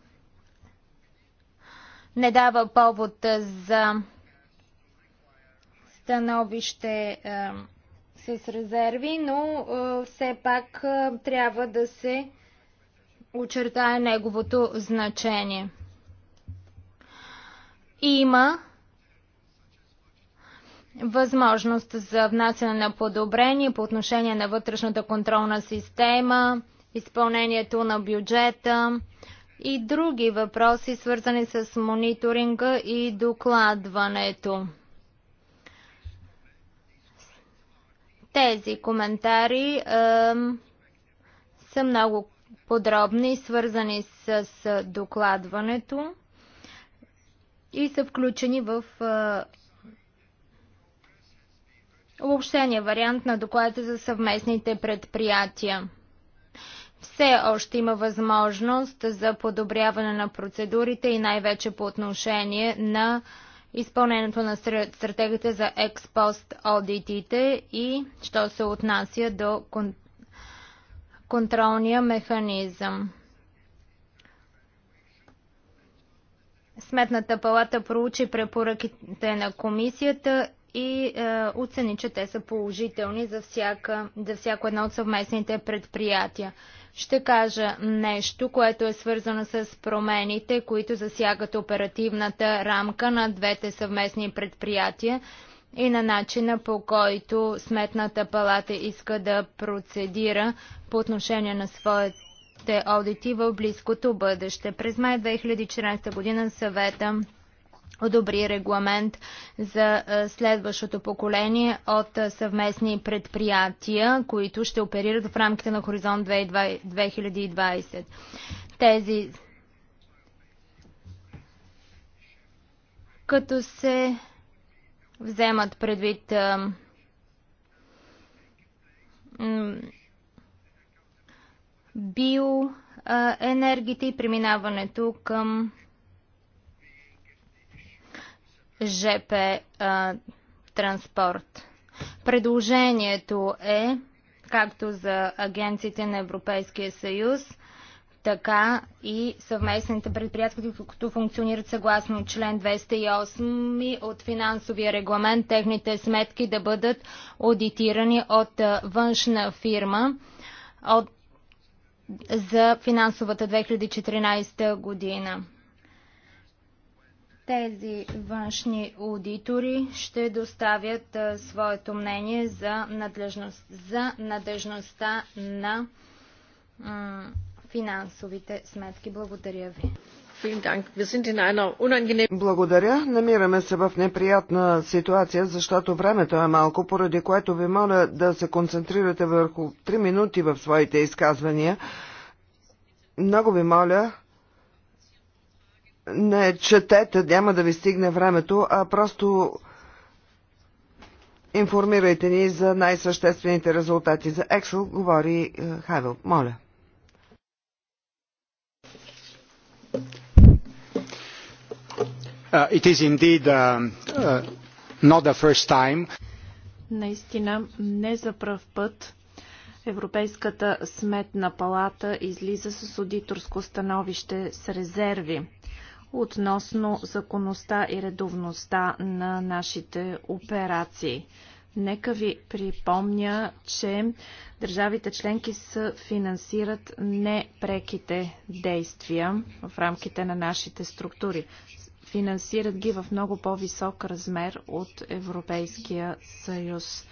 не дава повод за становище с резерви, но все пак трябва да се очертае неговото значение. Има възможност за внасяне на подобрение по отношение на вътрешната контролна система, изпълнението на бюджета, и други въпроси, свързани с мониторинга и докладването. Тези коментари е, са много подробни, свързани с, с докладването и са включени в е, обобщения вариант на докладите за съвместните предприятия. Все още има възможност за подобряване на процедурите и най-вече по отношение на изпълнението на стратегията за експост аудитите и що се отнася до кон... контролния механизъм. Сметната палата проучи препоръките на комисията и е, оцени, че те са положителни за, всяка, за всяко едно от съвместните предприятия. Ще кажа нещо, което е свързано с промените, които засягат оперативната рамка на двете съвместни предприятия и на начина по който Сметната палата иска да процедира по отношение на своите одити в близкото бъдеще. През май 2014 година съвета одобри регламент за следващото поколение от съвместни предприятия, които ще оперират в рамките на Хоризонт 2020. Тези като се вземат предвид биоенергите и преминаването към ЖП а, транспорт. Предложението е както за агенциите на Европейския съюз, така и съвместните предприятия, които функционират съгласно член 208 от финансовия регламент, техните сметки да бъдат аудитирани от външна фирма от, за финансовата 2014 година. Тези външни аудитори ще доставят своето мнение за, надлежност, за надежността на финансовите сметки. Благодаря ви. Благодаря. Намираме се в неприятна ситуация, защото времето е малко, поради което ви моля да се концентрирате върху 3 минути в своите изказвания. Много ви моля не четете, няма да ви стигне времето, а просто информирайте ни за най-съществените резултати. За Ексел говори е, Хавел. Моля. Uh, it is indeed uh, uh, not the first time. Наистина, не за пръв път Европейската сметна палата излиза с аудиторско становище с резерви относно законността и редовността на нашите операции. Нека ви припомня, че държавите членки се финансират непреките действия в рамките на нашите структури. Финансират ги в много по-висок размер от Европейския съюз.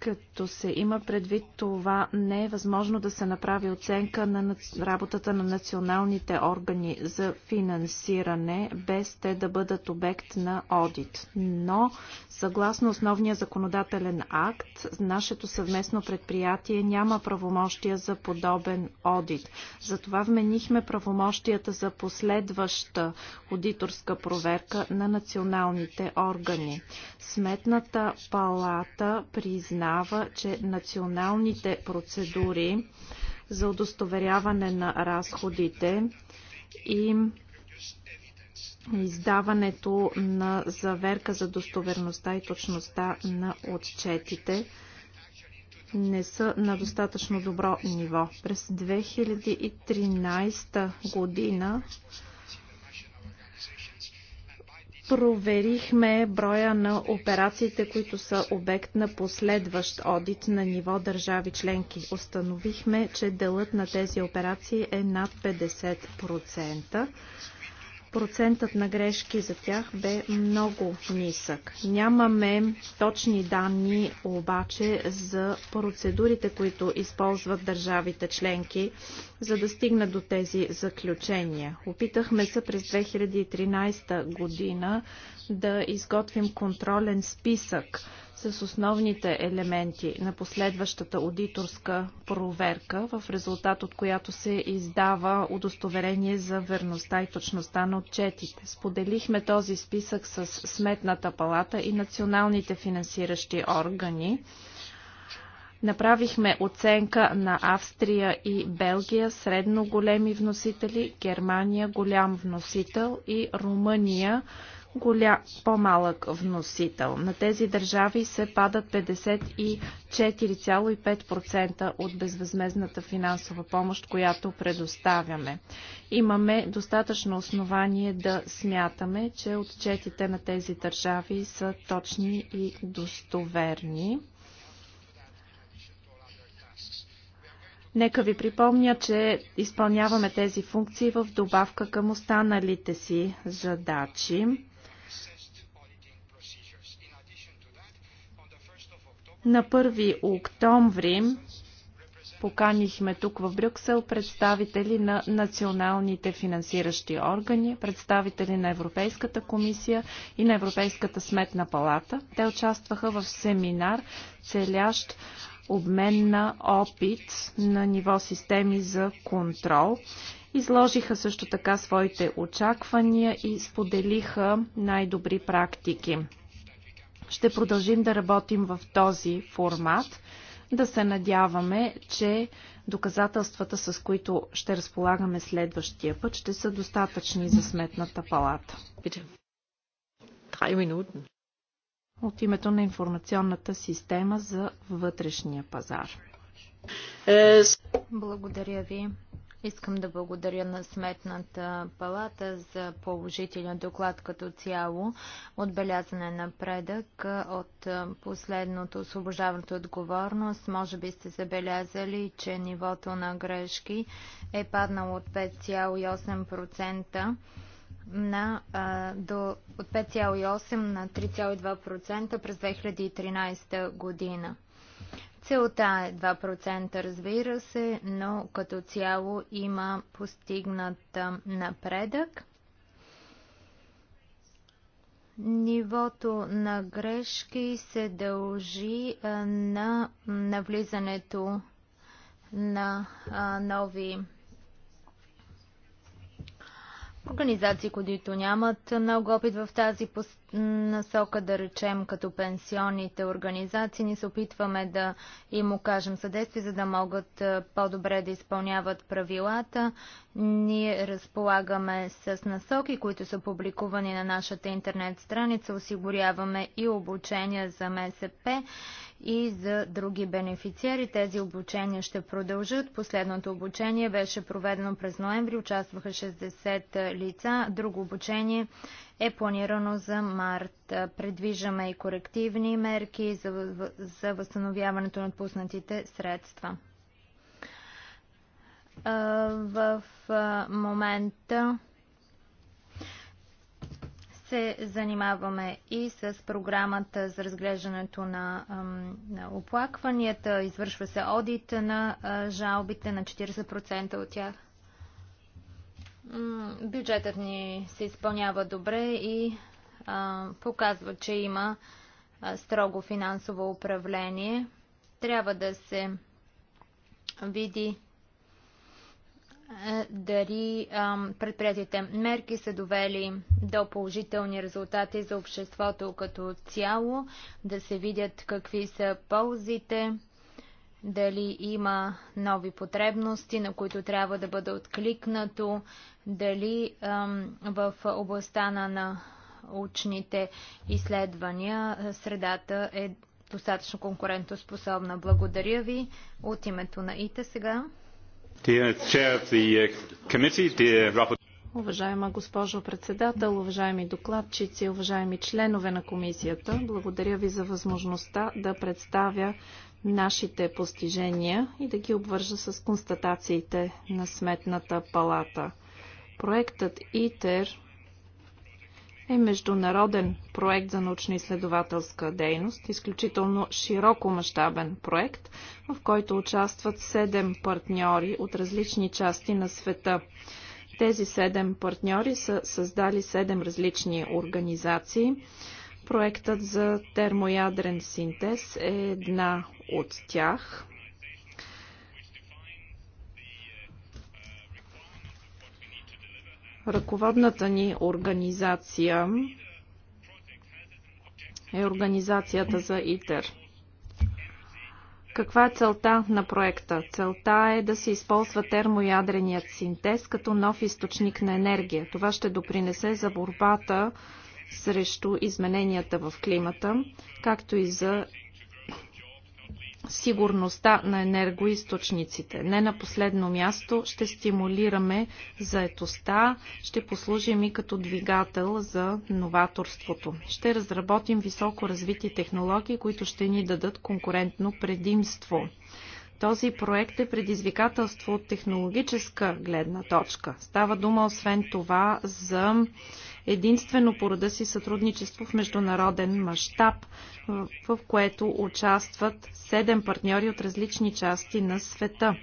като се има предвид това, не е възможно да се направи оценка на работата на националните органи за финансиране, без те да бъдат обект на одит. Но, съгласно основния законодателен акт, нашето съвместно предприятие няма правомощия за подобен одит. Затова вменихме правомощията за последваща аудиторска проверка на националните органи. Сметната палата призна, признава, че националните процедури за удостоверяване на разходите и издаването на заверка за достоверността и точността на отчетите не са на достатъчно добро ниво. През 2013 година проверихме броя на операциите, които са обект на последващ одит на ниво държави членки. Установихме, че делът на тези операции е над 50% процентът на грешки за тях бе много нисък. Нямаме точни данни обаче за процедурите, които използват държавите членки, за да стигнат до тези заключения. Опитахме се през 2013 година да изготвим контролен списък с основните елементи на последващата аудиторска проверка, в резултат от която се издава удостоверение за верността и точността на отчетите. Споделихме този списък с Сметната палата и националните финансиращи органи. Направихме оценка на Австрия и Белгия, средно големи вносители, Германия голям вносител и Румъния голя, по-малък вносител. На тези държави се падат 54,5% от безвъзмезната финансова помощ, която предоставяме. Имаме достатъчно основание да смятаме, че отчетите на тези държави са точни и достоверни. Нека ви припомня, че изпълняваме тези функции в добавка към останалите си задачи. На 1 октомври поканихме тук в Брюксел представители на националните финансиращи органи, представители на Европейската комисия и на Европейската сметна палата. Те участваха в семинар, целящ обмен на опит на ниво системи за контрол. Изложиха също така своите очаквания и споделиха най-добри практики. Ще продължим да работим в този формат. Да се надяваме, че доказателствата, с които ще разполагаме следващия път, ще са достатъчни за сметната палата. От името на информационната система за вътрешния пазар. Е, Благодаря ви. Искам да благодаря на Сметната палата за положителен доклад като цяло. Отбелязан е напредък от последното освобождаването отговорност. Може би сте забелязали, че нивото на грешки е паднало от 5,8% на, а, до, от 5,8 на 3,2% през 2013 година. Целта е 2%, разбира се, но като цяло има постигнат напредък. Нивото на грешки се дължи на навлизането на нови Организации, които нямат много опит в тази насока, да речем като пенсионните организации, ни се опитваме да им окажем съдействие, за да могат по-добре да изпълняват правилата. Ние разполагаме с насоки, които са публикувани на нашата интернет страница, осигуряваме и обучение за МСП и за други бенефициери. Тези обучения ще продължат. Последното обучение беше проведено през ноември. Участваха 60 лица. Друго обучение е планирано за март. Предвиждаме и корективни мерки за, за възстановяването на отпуснатите средства. В момента се занимаваме и с програмата за разглеждането на, на оплакванията. Извършва се одит на жалбите на 40% от тях. Бюджетът ни се изпълнява добре и а, показва, че има строго финансово управление. Трябва да се види е, дали предприятите мерки са довели до положителни резултати за обществото като цяло, да се видят какви са ползите, дали има нови потребности, на които трябва да бъде откликнато, дали в областта на научните изследвания е, средата е достатъчно конкурентоспособна. Благодаря ви от името на ИТА сега. Uh, Уважаема госпожо председател, уважаеми докладчици, уважаеми членове на комисията, благодаря ви за възможността да представя нашите постижения и да ги обвържа с констатациите на Сметната палата. Проектът ИТЕР е международен проект за научно-изследователска дейност, изключително широко мащабен проект, в който участват седем партньори от различни части на света. Тези седем партньори са създали седем различни организации. Проектът за термоядрен синтез е една от тях. Ръководната ни организация е организацията за ИТЕР. Каква е целта на проекта? Целта е да се използва термоядреният синтез като нов източник на енергия. Това ще допринесе за борбата срещу измененията в климата, както и за сигурността на енергоисточниците. Не на последно място ще стимулираме заетостта, ще послужим и като двигател за новаторството. Ще разработим високо развити технологии, които ще ни дадат конкурентно предимство. Този проект е предизвикателство от технологическа гледна точка. Става дума освен това за единствено порода си сътрудничество в международен мащаб, в което участват седем партньори от различни части на света.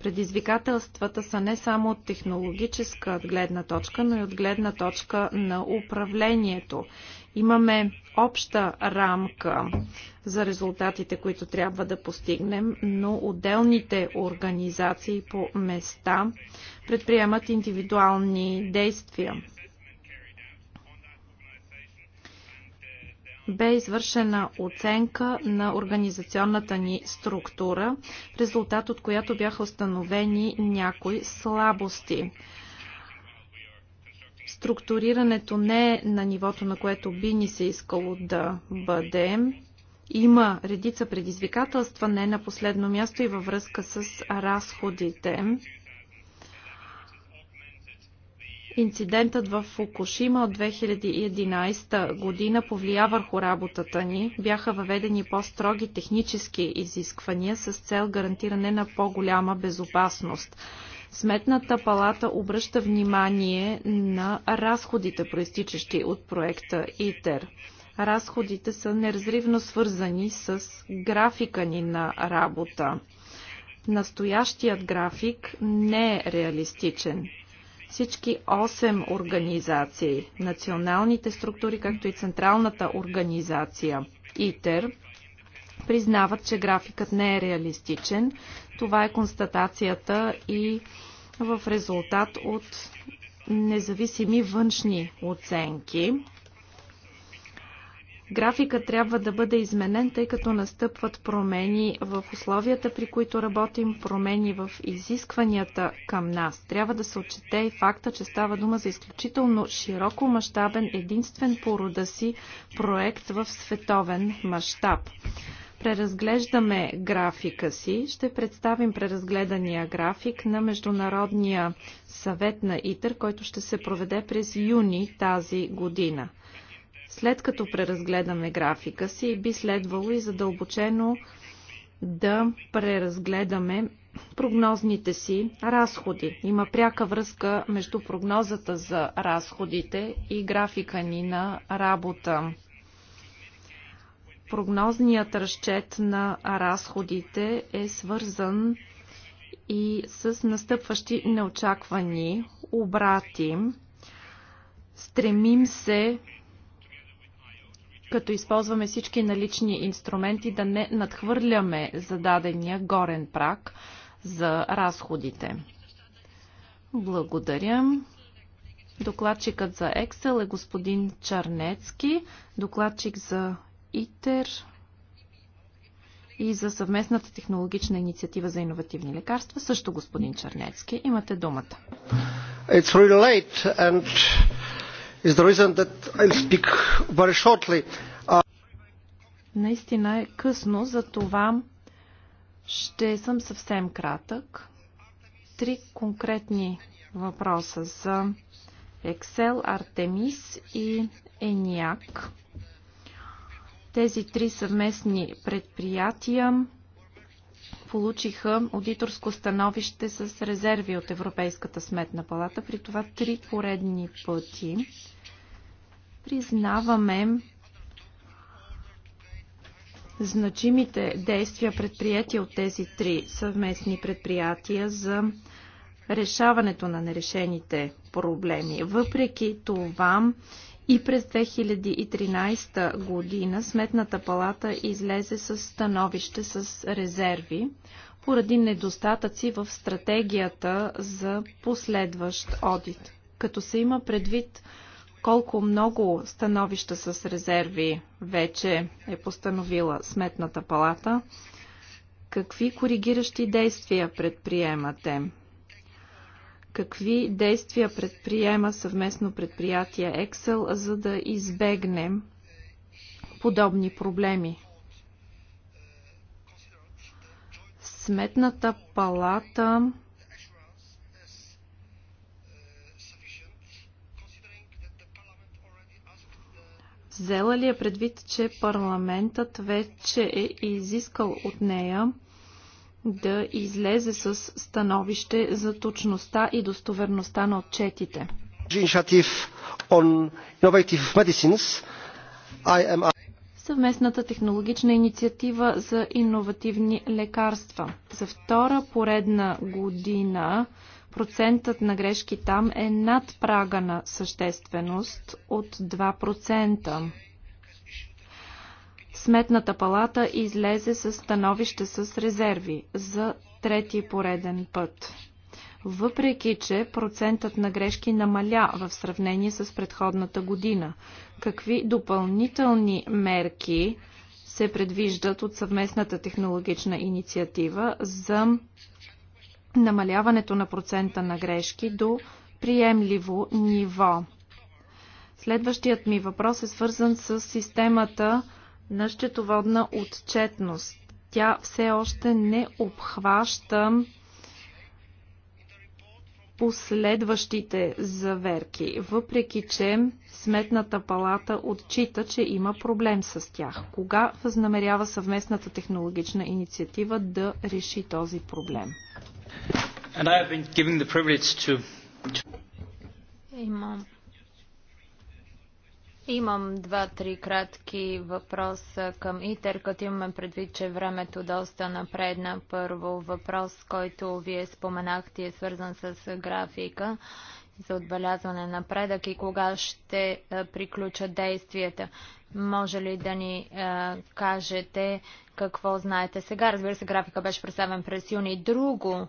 Предизвикателствата са не само от технологическа гледна точка, но и от гледна точка на управлението. Имаме обща рамка за резултатите, които трябва да постигнем, но отделните организации по места предприемат индивидуални действия. бе извършена оценка на организационната ни структура, в резултат от която бяха установени някои слабости. Структурирането не е на нивото, на което би ни се искало да бъдем. Има редица предизвикателства, не на последно място и във връзка с разходите. Инцидентът в Фукушима от 2011 година повлия върху работата ни. Бяха въведени по-строги технически изисквания с цел гарантиране на по-голяма безопасност. Сметната палата обръща внимание на разходите, проистичащи от проекта ИТЕР. Разходите са неразривно свързани с графика ни на работа. Настоящият график не е реалистичен. Всички 8 организации, националните структури, както и централната организация ИТЕР, признават, че графикът не е реалистичен. Това е констатацията и в резултат от независими външни оценки. Графика трябва да бъде изменен, тъй като настъпват промени в условията, при които работим, промени в изискванията към нас. Трябва да се отчете и факта, че става дума за изключително широко мащабен, единствен по рода си проект в световен мащаб преразглеждаме графика си. Ще представим преразгледания график на Международния съвет на ИТР, който ще се проведе през юни тази година. След като преразгледаме графика си, би следвало и задълбочено да преразгледаме прогнозните си разходи. Има пряка връзка между прогнозата за разходите и графика ни на работа. Прогнозният разчет на разходите е свързан и с настъпващи неочаквани обрати. Стремим се като използваме всички налични инструменти, да не надхвърляме зададения горен прак за разходите. Благодаря. Докладчикът за Excel е господин Чарнецки, докладчик за ИТЕР и за съвместната технологична инициатива за иновативни лекарства, също господин Чернецки. Имате думата. It's really late and is the reason that speak very shortly. Uh, Наистина е късно, за това ще съм съвсем кратък. Три конкретни въпроса за Excel, Artemis и ENIAC. Тези три съвместни предприятия получиха аудиторско становище с резерви от Европейската сметна палата, при това три поредни пъти. Признаваме значимите действия предприятия от тези три съвместни предприятия за решаването на нерешените проблеми. Въпреки това и през 2013 година Сметната палата излезе с становище с резерви поради недостатъци в стратегията за последващ одит. Като се има предвид колко много становища с резерви вече е постановила Сметната палата, какви коригиращи действия предприемате? какви действия предприема съвместно предприятие Excel, за да избегнем подобни проблеми. Сметната палата взела ли е предвид, че парламентът вече е изискал от нея да излезе с становище за точността и достоверността на отчетите. Съвместната технологична инициатива за иновативни лекарства. За втора поредна година процентът на грешки там е над прага на същественост от 2%. Сметната палата излезе с становище с резерви за трети пореден път. Въпреки, че процентът на грешки намаля в сравнение с предходната година, какви допълнителни мерки се предвиждат от съвместната технологична инициатива за намаляването на процента на грешки до приемливо ниво? Следващият ми въпрос е свързан с системата на счетоводна отчетност. Тя все още не обхваща последващите заверки, въпреки че Сметната палата отчита, че има проблем с тях. Кога възнамерява съвместната технологична инициатива да реши този проблем? Имам Имам два-три кратки въпроса към ИТЕР, като имаме предвид, че времето доста напредна. Първо въпрос, който вие споменахте, е свързан с графика за отбелязване на предък и кога ще е, приключат действията. Може ли да ни е, кажете какво знаете сега? Разбира се, графика беше представен през юни. Друго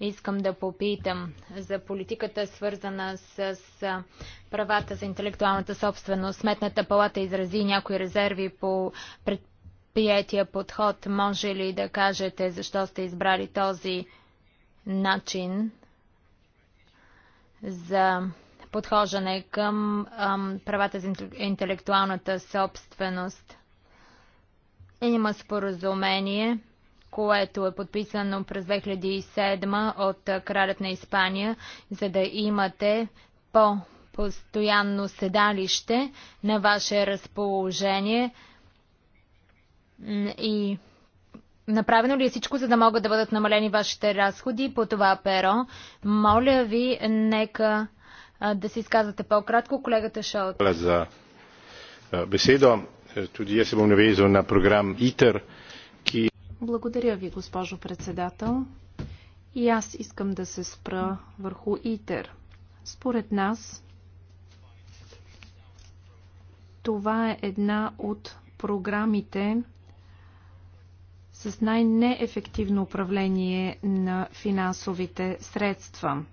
Искам да попитам за политиката, свързана с правата за интелектуалната собственост. Сметната палата изрази някои резерви по предприятия подход. Може ли да кажете защо сте избрали този начин за подхождане към ам, правата за интелектуалната собственост? Има споразумение което е подписано през 2007 от кралят на Испания, за да имате по-постоянно седалище на ваше разположение и Направено ли е всичко, за да могат да бъдат намалени вашите разходи по това перо? Моля ви, нека да се изказвате по-кратко. Колегата Шолт. Hvala благодаря ви, госпожо председател. И аз искам да се спра върху ИТЕР. Според нас, това е една от програмите с най-неефективно управление на финансовите средства.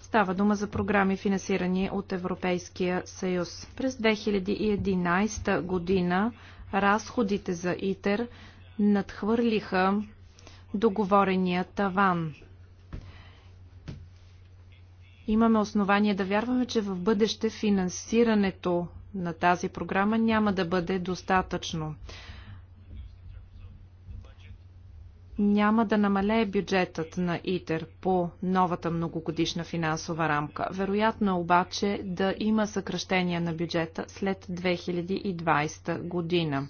Става дума за програми финансирани от Европейския съюз. През 2011 година разходите за ИТЕР надхвърлиха договорения таван. Имаме основание да вярваме, че в бъдеще финансирането на тази програма няма да бъде достатъчно. Няма да намалее бюджетът на ИТЕР по новата многогодишна финансова рамка. Вероятно е обаче да има съкръщение на бюджета след 2020 година.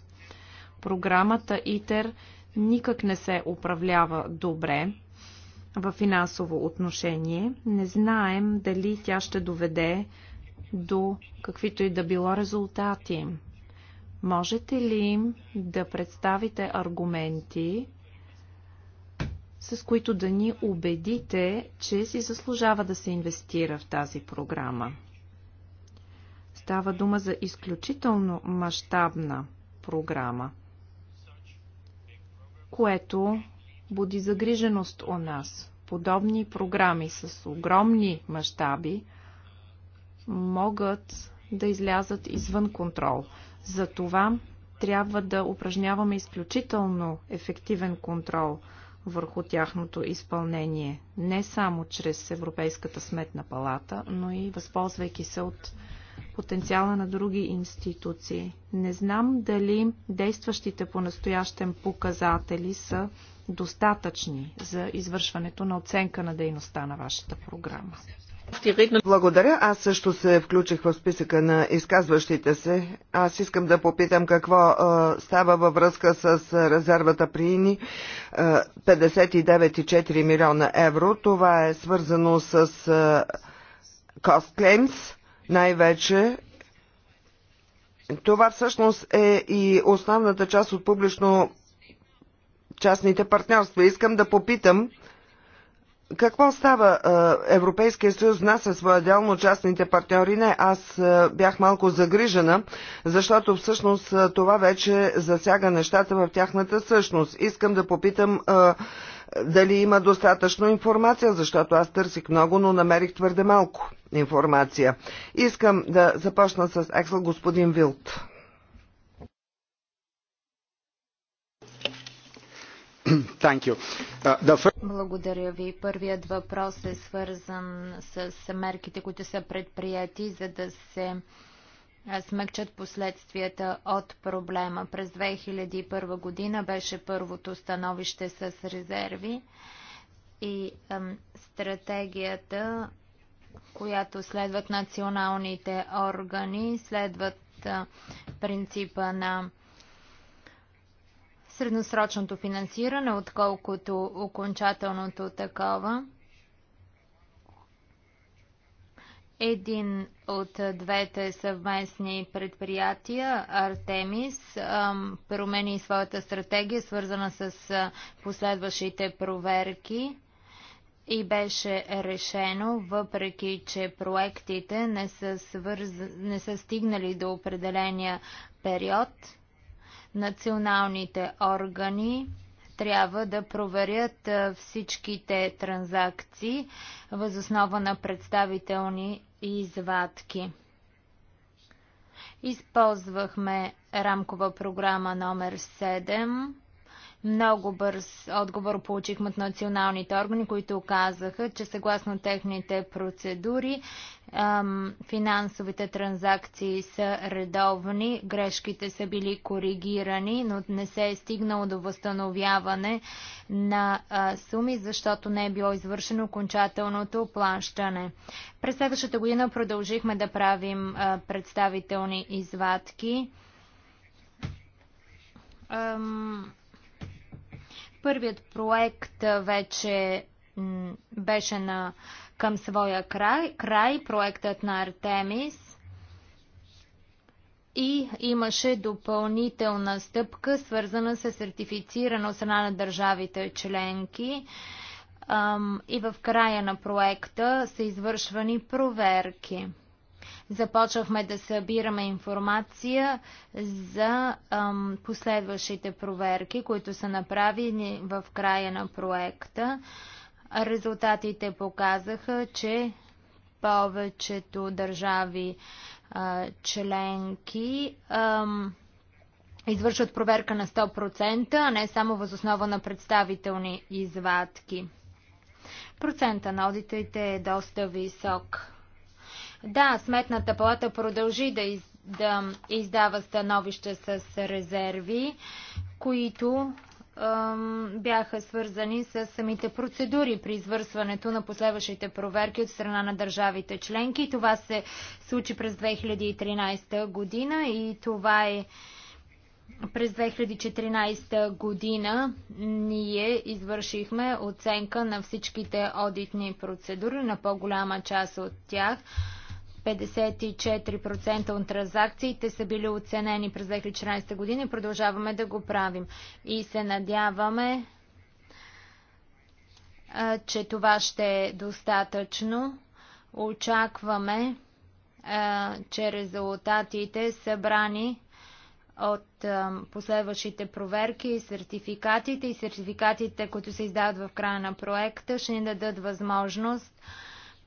Програмата ИТЕР никак не се управлява добре в финансово отношение. Не знаем дали тя ще доведе до каквито и да било резултати. Можете ли да представите аргументи, с които да ни убедите, че си заслужава да се инвестира в тази програма? Става дума за изключително мащабна програма което буди загриженост у нас. Подобни програми с огромни мащаби могат да излязат извън контрол. Затова трябва да упражняваме изключително ефективен контрол върху тяхното изпълнение, не само чрез Европейската сметна палата, но и възползвайки се от потенциала на други институции. Не знам дали действащите по настоящен показатели са достатъчни за извършването на оценка на дейността на вашата програма. Благодаря. Аз също се включих в списъка на изказващите се. Аз искам да попитам какво а, става във връзка с резервата при ИНИ. 59,4 милиона евро. Това е свързано с а, cost claims най-вече това всъщност е и основната част от публично-частните партньорства. Искам да попитам какво става? Европейския съюз внася своя дял, но частните партньори не. Аз бях малко загрижена, защото всъщност това вече засяга нещата в тяхната същност. Искам да попитам дали има достатъчно информация, защото аз търсих много, но намерих твърде малко информация. Искам да започна с Ексел господин Вилт. Uh, Благодаря ви. Първият въпрос е свързан с мерките, които са предприяти, за да се е, смъкчат последствията от проблема. През 2001 година беше първото становище с резерви и ем, стратегията, която следват националните органи, следват е, принципа на средносрочното финансиране, отколкото окончателното такова. един от двете съвместни предприятия, Артемис, промени своята стратегия, свързана с последващите проверки и беше решено, въпреки че проектите не са, свърз... не са стигнали до определения период, националните органи трябва да проверят всичките транзакции възоснова на представителни извадки. Използвахме рамкова програма номер 7 много бърз отговор получихме от националните органи, които казаха, че съгласно техните процедури финансовите транзакции са редовни, грешките са били коригирани, но не се е стигнало до възстановяване на суми, защото не е било извършено окончателното плащане. През следващата година продължихме да правим представителни извадки. Първият проект вече беше на, към своя край, край, проектът на Артемис и имаше допълнителна стъпка, свързана с сертифициране от страна на държавите членки. И в края на проекта са извършвани проверки започвахме да събираме информация за ам, последващите проверки, които са направени в края на проекта. Резултатите показаха, че повечето държави а, членки ам, извършват проверка на 100%, а не само възоснова на представителни извадки. Процента на одитите е доста висок. Да, Сметната палата продължи да, из, да издава становища с резерви, които ем, бяха свързани с самите процедури при извършването на последващите проверки от страна на държавите членки. Това се случи през 2013 година и това е през 2014 година ние извършихме оценка на всичките одитни процедури, на по-голяма част от тях. 54% от транзакциите са били оценени през 2014 година и продължаваме да го правим. И се надяваме, че това ще е достатъчно. Очакваме, че резултатите събрани от последващите проверки и сертификатите и сертификатите, които се издават в края на проекта, ще ни дадат възможност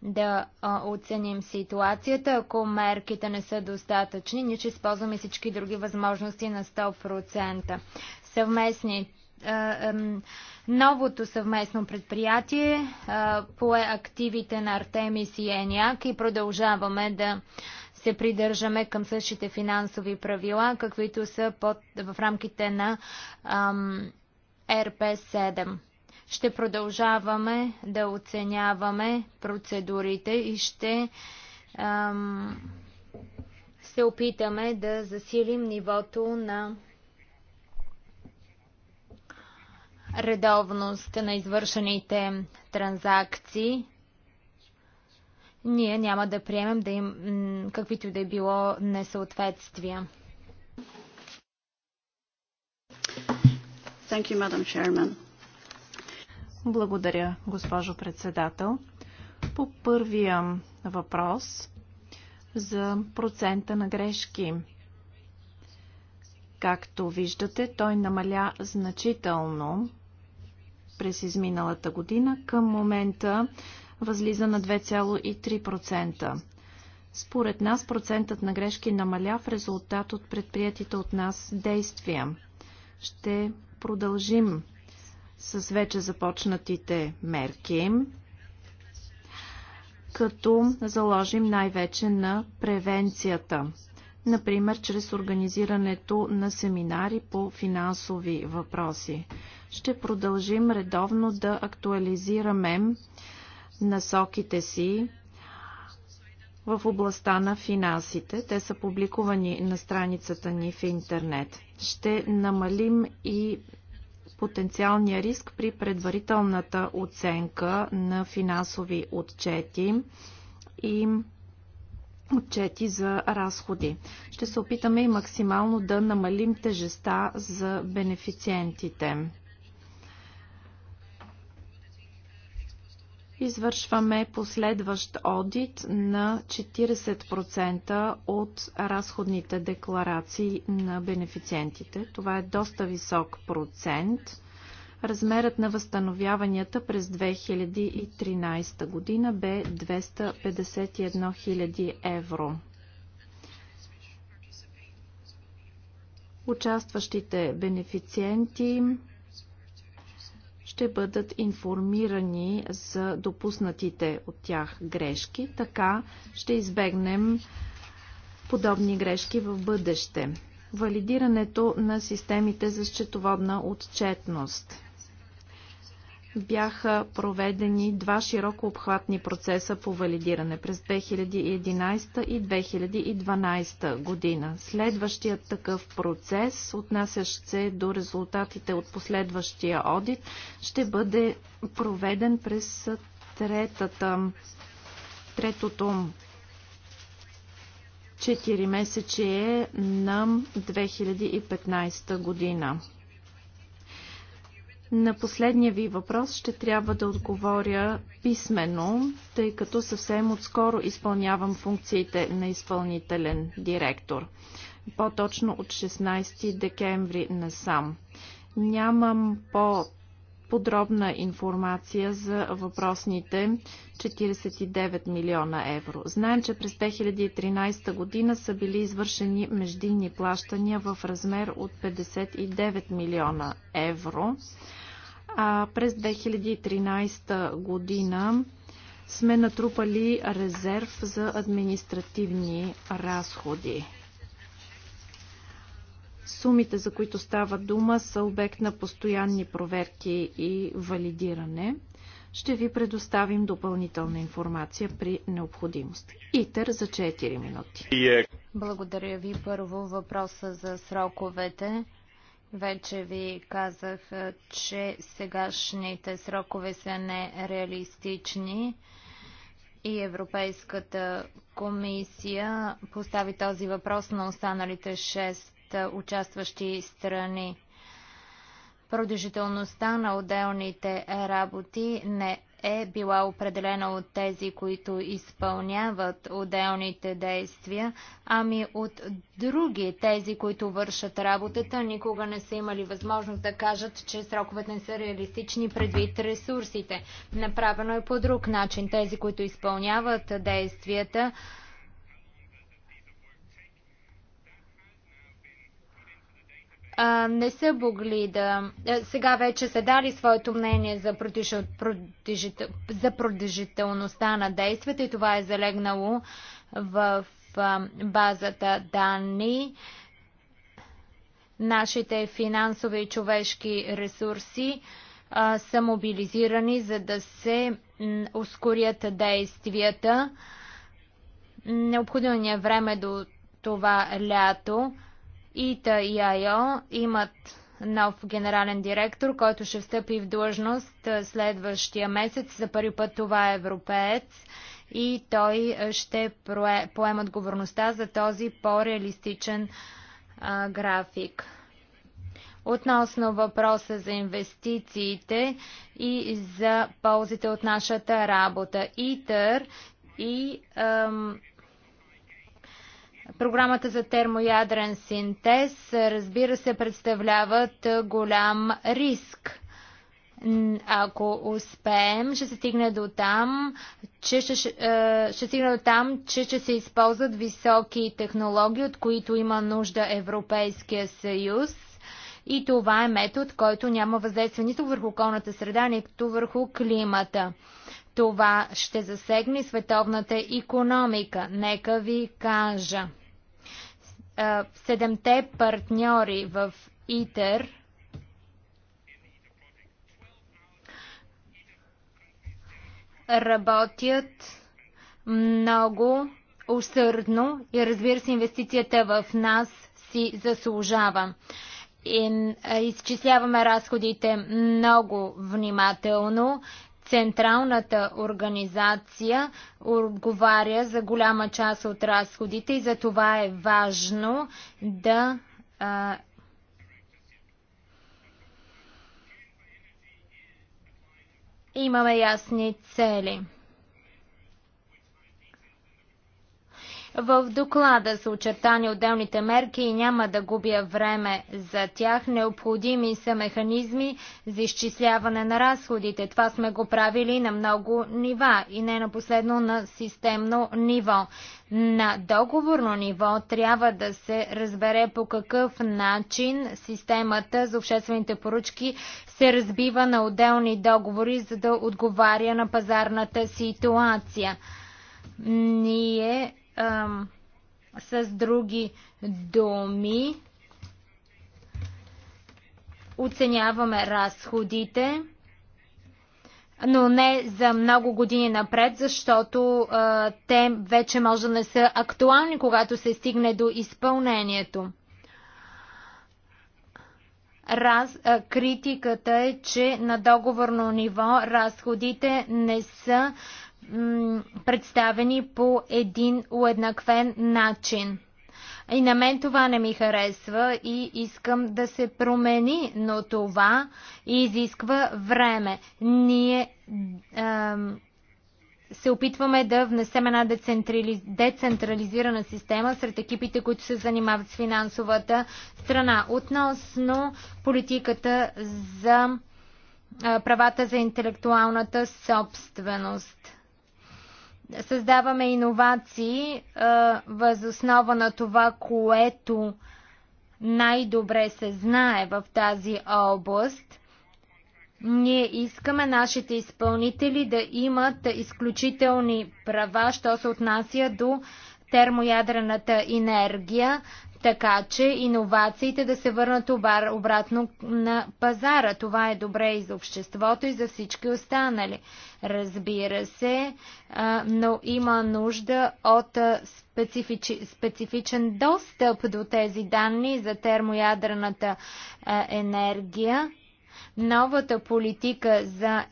да а, оценим ситуацията. Ако мерките не са достатъчни, ние ще използваме всички други възможности на 100%. Съвместни новото съвместно предприятие пое активите на Артемис и Еняк и продължаваме да се придържаме към същите финансови правила, каквито са под, в рамките на ам, РП-7. Ще продължаваме да оценяваме процедурите и ще ам, се опитаме да засилим нивото на редовност на извършените транзакции. Ние няма да приемем да им каквито да е било несъответствия. Thank you, Madam Chairman. Благодаря, госпожо председател. По първия въпрос за процента на грешки. Както виждате, той намаля значително през изминалата година. Към момента възлиза на 2,3%. Според нас процентът на грешки намаля в резултат от предприятите от нас действия. Ще продължим с вече започнатите мерки, като заложим най-вече на превенцията. Например, чрез организирането на семинари по финансови въпроси. Ще продължим редовно да актуализираме насоките си в областта на финансите. Те са публикувани на страницата ни в интернет. Ще намалим и потенциалния риск при предварителната оценка на финансови отчети и отчети за разходи. Ще се опитаме и максимално да намалим тежеста за бенефициентите. Извършваме последващ одит на 40% от разходните декларации на бенефициентите. Това е доста висок процент. Размерът на възстановяванията през 2013 година бе 251 000 евро. Участващите бенефициенти ще бъдат информирани за допуснатите от тях грешки. Така ще избегнем подобни грешки в бъдеще. Валидирането на системите за счетоводна отчетност бяха проведени два широко обхватни процеса по валидиране през 2011 и 2012 година. Следващият такъв процес, отнасящ се до резултатите от последващия одит, ще бъде проведен през третата, третото четиримесечие на 2015 година. На последния ви въпрос ще трябва да отговоря писменно, тъй като съвсем отскоро изпълнявам функциите на изпълнителен директор. По-точно от 16 декември насам. Нямам по подробна информация за въпросните 49 милиона евро. Знаем, че през 2013 година са били извършени междинни плащания в размер от 59 милиона евро. А през 2013 година сме натрупали резерв за административни разходи. Сумите, за които става дума, са обект на постоянни проверки и валидиране. Ще ви предоставим допълнителна информация при необходимост. Итер за 4 минути. Благодаря ви. Първо въпроса за сроковете. Вече ви казах, че сегашните срокове са нереалистични и Европейската комисия постави този въпрос на останалите участващи страни. Продължителността на отделните работи не е била определена от тези, които изпълняват отделните действия, ами от други, тези, които вършат работата, никога не са имали възможност да кажат, че сроковете не са реалистични предвид ресурсите. Направено е по друг начин. Тези, които изпълняват действията, не са могли да... Сега вече са дали своето мнение за, продължител... Продължител... за продължителността на действията и това е залегнало в базата данни. Нашите финансови и човешки ресурси а, са мобилизирани, за да се ускорят действията. Необходимо ни е време до това лято. ИТА и АЙО имат нов генерален директор, който ще встъпи в длъжност следващия месец. За първи път това е европеец и той ще поема отговорността за този по-реалистичен график. Относно въпроса за инвестициите и за ползите от нашата работа. ИТЕР и ам, Програмата за термоядрен синтез, разбира се, представляват голям риск. Ако успеем, ще се стигне до там, че ще, е, ще стигне до там, че ще се използват високи технологии, от които има нужда Европейския съюз. И това е метод, който няма въздействие нито върху околната среда, нито върху климата. Това ще засегне световната економика. Нека ви кажа. Е, седемте партньори в ИТЕР работят много усърдно и разбира се, инвестицията в нас си заслужава. И, е, изчисляваме разходите много внимателно Централната организация отговаря за голяма част от разходите и за това е важно да а, имаме ясни цели. В доклада са очертани отделните мерки и няма да губя време за тях. Необходими са механизми за изчисляване на разходите. Това сме го правили на много нива и не на последно на системно ниво. На договорно ниво трябва да се разбере по какъв начин системата за обществените поръчки се разбива на отделни договори, за да отговаря на пазарната ситуация. Ние с други думи, оценяваме разходите, но не за много години напред, защото а, те вече може да не са актуални, когато се стигне до изпълнението. Раз, а, критиката е, че на договорно ниво разходите не са представени по един уеднаквен начин. И на мен това не ми харесва и искам да се промени, но това изисква време. Ние ем, се опитваме да внесем една децентрализ... децентрализирана система сред екипите, които се занимават с финансовата страна. Относно политиката за правата за интелектуалната собственост създаваме иновации възоснова на това, което най-добре се знае в тази област. Ние искаме нашите изпълнители да имат изключителни права, що се отнася до термоядрената енергия така че иновациите да се върнат обратно на пазара. Това е добре и за обществото, и за всички останали. Разбира се, но има нужда от специфичен достъп до тези данни за термоядрената енергия. Новата политика за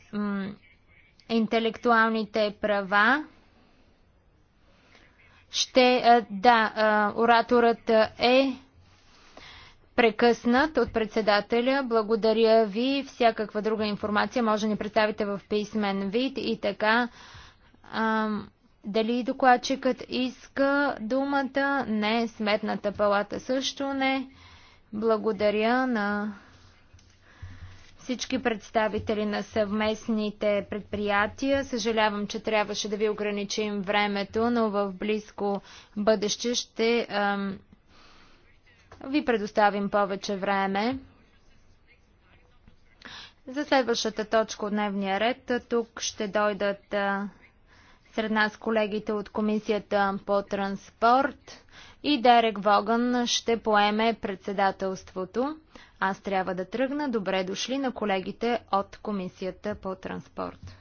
интелектуалните права ще... Е, да, е, ораторът е прекъснат от председателя. Благодаря ви. Всякаква друга информация може да ни представите в писмен вид и така. дали докладчикът иска думата? Не. Сметната палата също не. Благодаря на всички представители на съвместните предприятия. Съжалявам, че трябваше да ви ограничим времето, но в близко бъдеще ще ам, ви предоставим повече време. За следващата точка от дневния ред тук ще дойдат а, сред нас колегите от Комисията по транспорт и Дерек Воган ще поеме председателството. Аз трябва да тръгна. Добре дошли на колегите от Комисията по транспорт.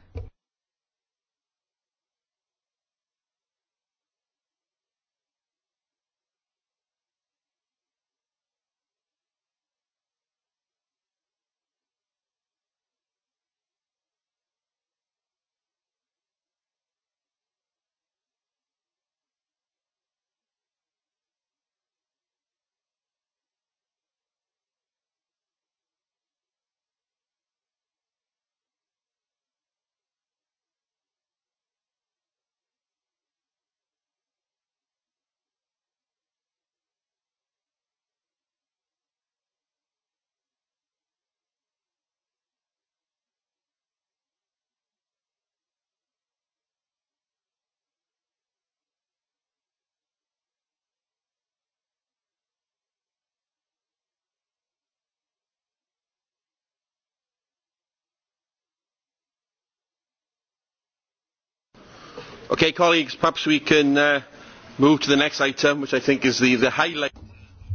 Okay, colleagues, perhaps we can uh, move to the next item, which I think is the, the highlight.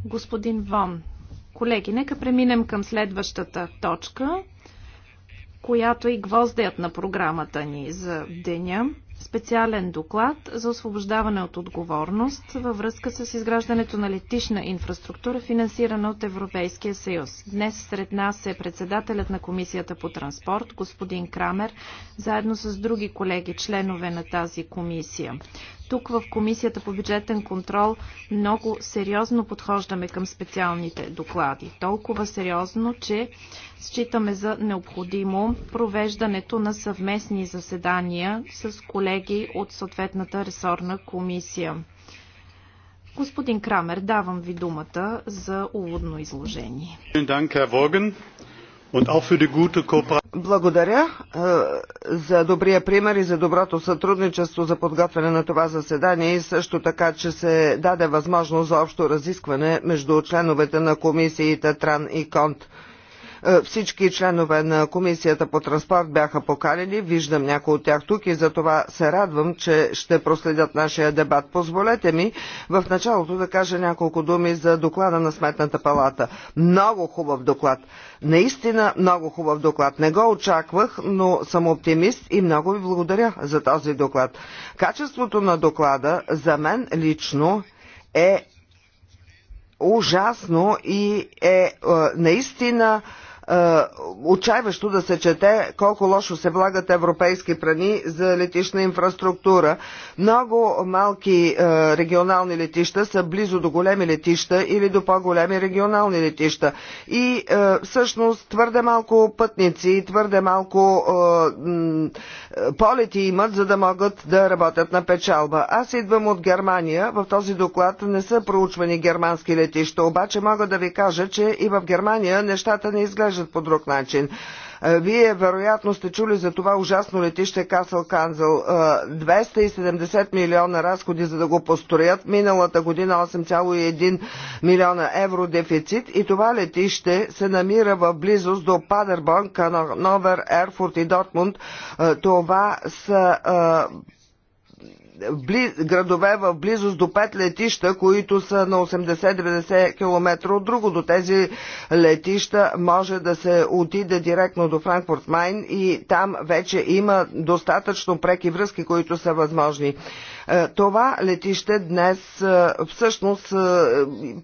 Господин Вон, колеги, нека преминем към следващата точка, която е и гвоздеят на програмата ни за деня специален доклад за освобождаване от отговорност във връзка с изграждането на летишна инфраструктура, финансирана от Европейския съюз. Днес сред нас е председателят на Комисията по транспорт, господин Крамер, заедно с други колеги, членове на тази комисия. Тук в Комисията по бюджетен контрол много сериозно подхождаме към специалните доклади. Толкова сериозно, че Считаме за необходимо провеждането на съвместни заседания с колеги от съответната ресорна комисия. Господин Крамер, давам ви думата за уводно изложение. Благодаря за добрия пример и за доброто сътрудничество за подготвяне на това заседание и също така, че се даде възможност за общо разискване между членовете на комисиите Тран и Конт. Е, всички членове на Комисията по транспорт бяха поканени. Виждам някои от тях тук и за това се радвам, че ще проследят нашия дебат. Позволете ми в началото да кажа няколко думи за доклада на Сметната палата. Много хубав доклад. Наистина много хубав доклад. Не го очаквах, но съм оптимист и много ви благодаря за този доклад. Качеството на доклада за мен лично е ужасно и е, е наистина е, отчаиващо да се чете колко лошо се влагат европейски прани за летишна инфраструктура. Много малки е, регионални летища са близо до големи летища или до по-големи регионални летища. И е, всъщност твърде малко пътници и твърде малко полети имат, за да могат да работят на печалба. Аз идвам от Германия. В този доклад не са проучвани германски летища, обаче мога да ви кажа, че и в Германия нещата не изглеждат по друг начин. Е, вие вероятно сте чули за това ужасно летище Касъл Канзъл. 270 е, милиона разходи за да го построят. Миналата година 8,1 милиона евро дефицит и това летище се намира в близост до Падербон, Кановер, Ерфурт и Дортмунд. Е, това са градове в близост до 5 летища, които са на 80-90 км от друго. До тези летища може да се отиде директно до Франкфурт Майн и там вече има достатъчно преки връзки, които са възможни. Е, това летище днес е, всъщност е,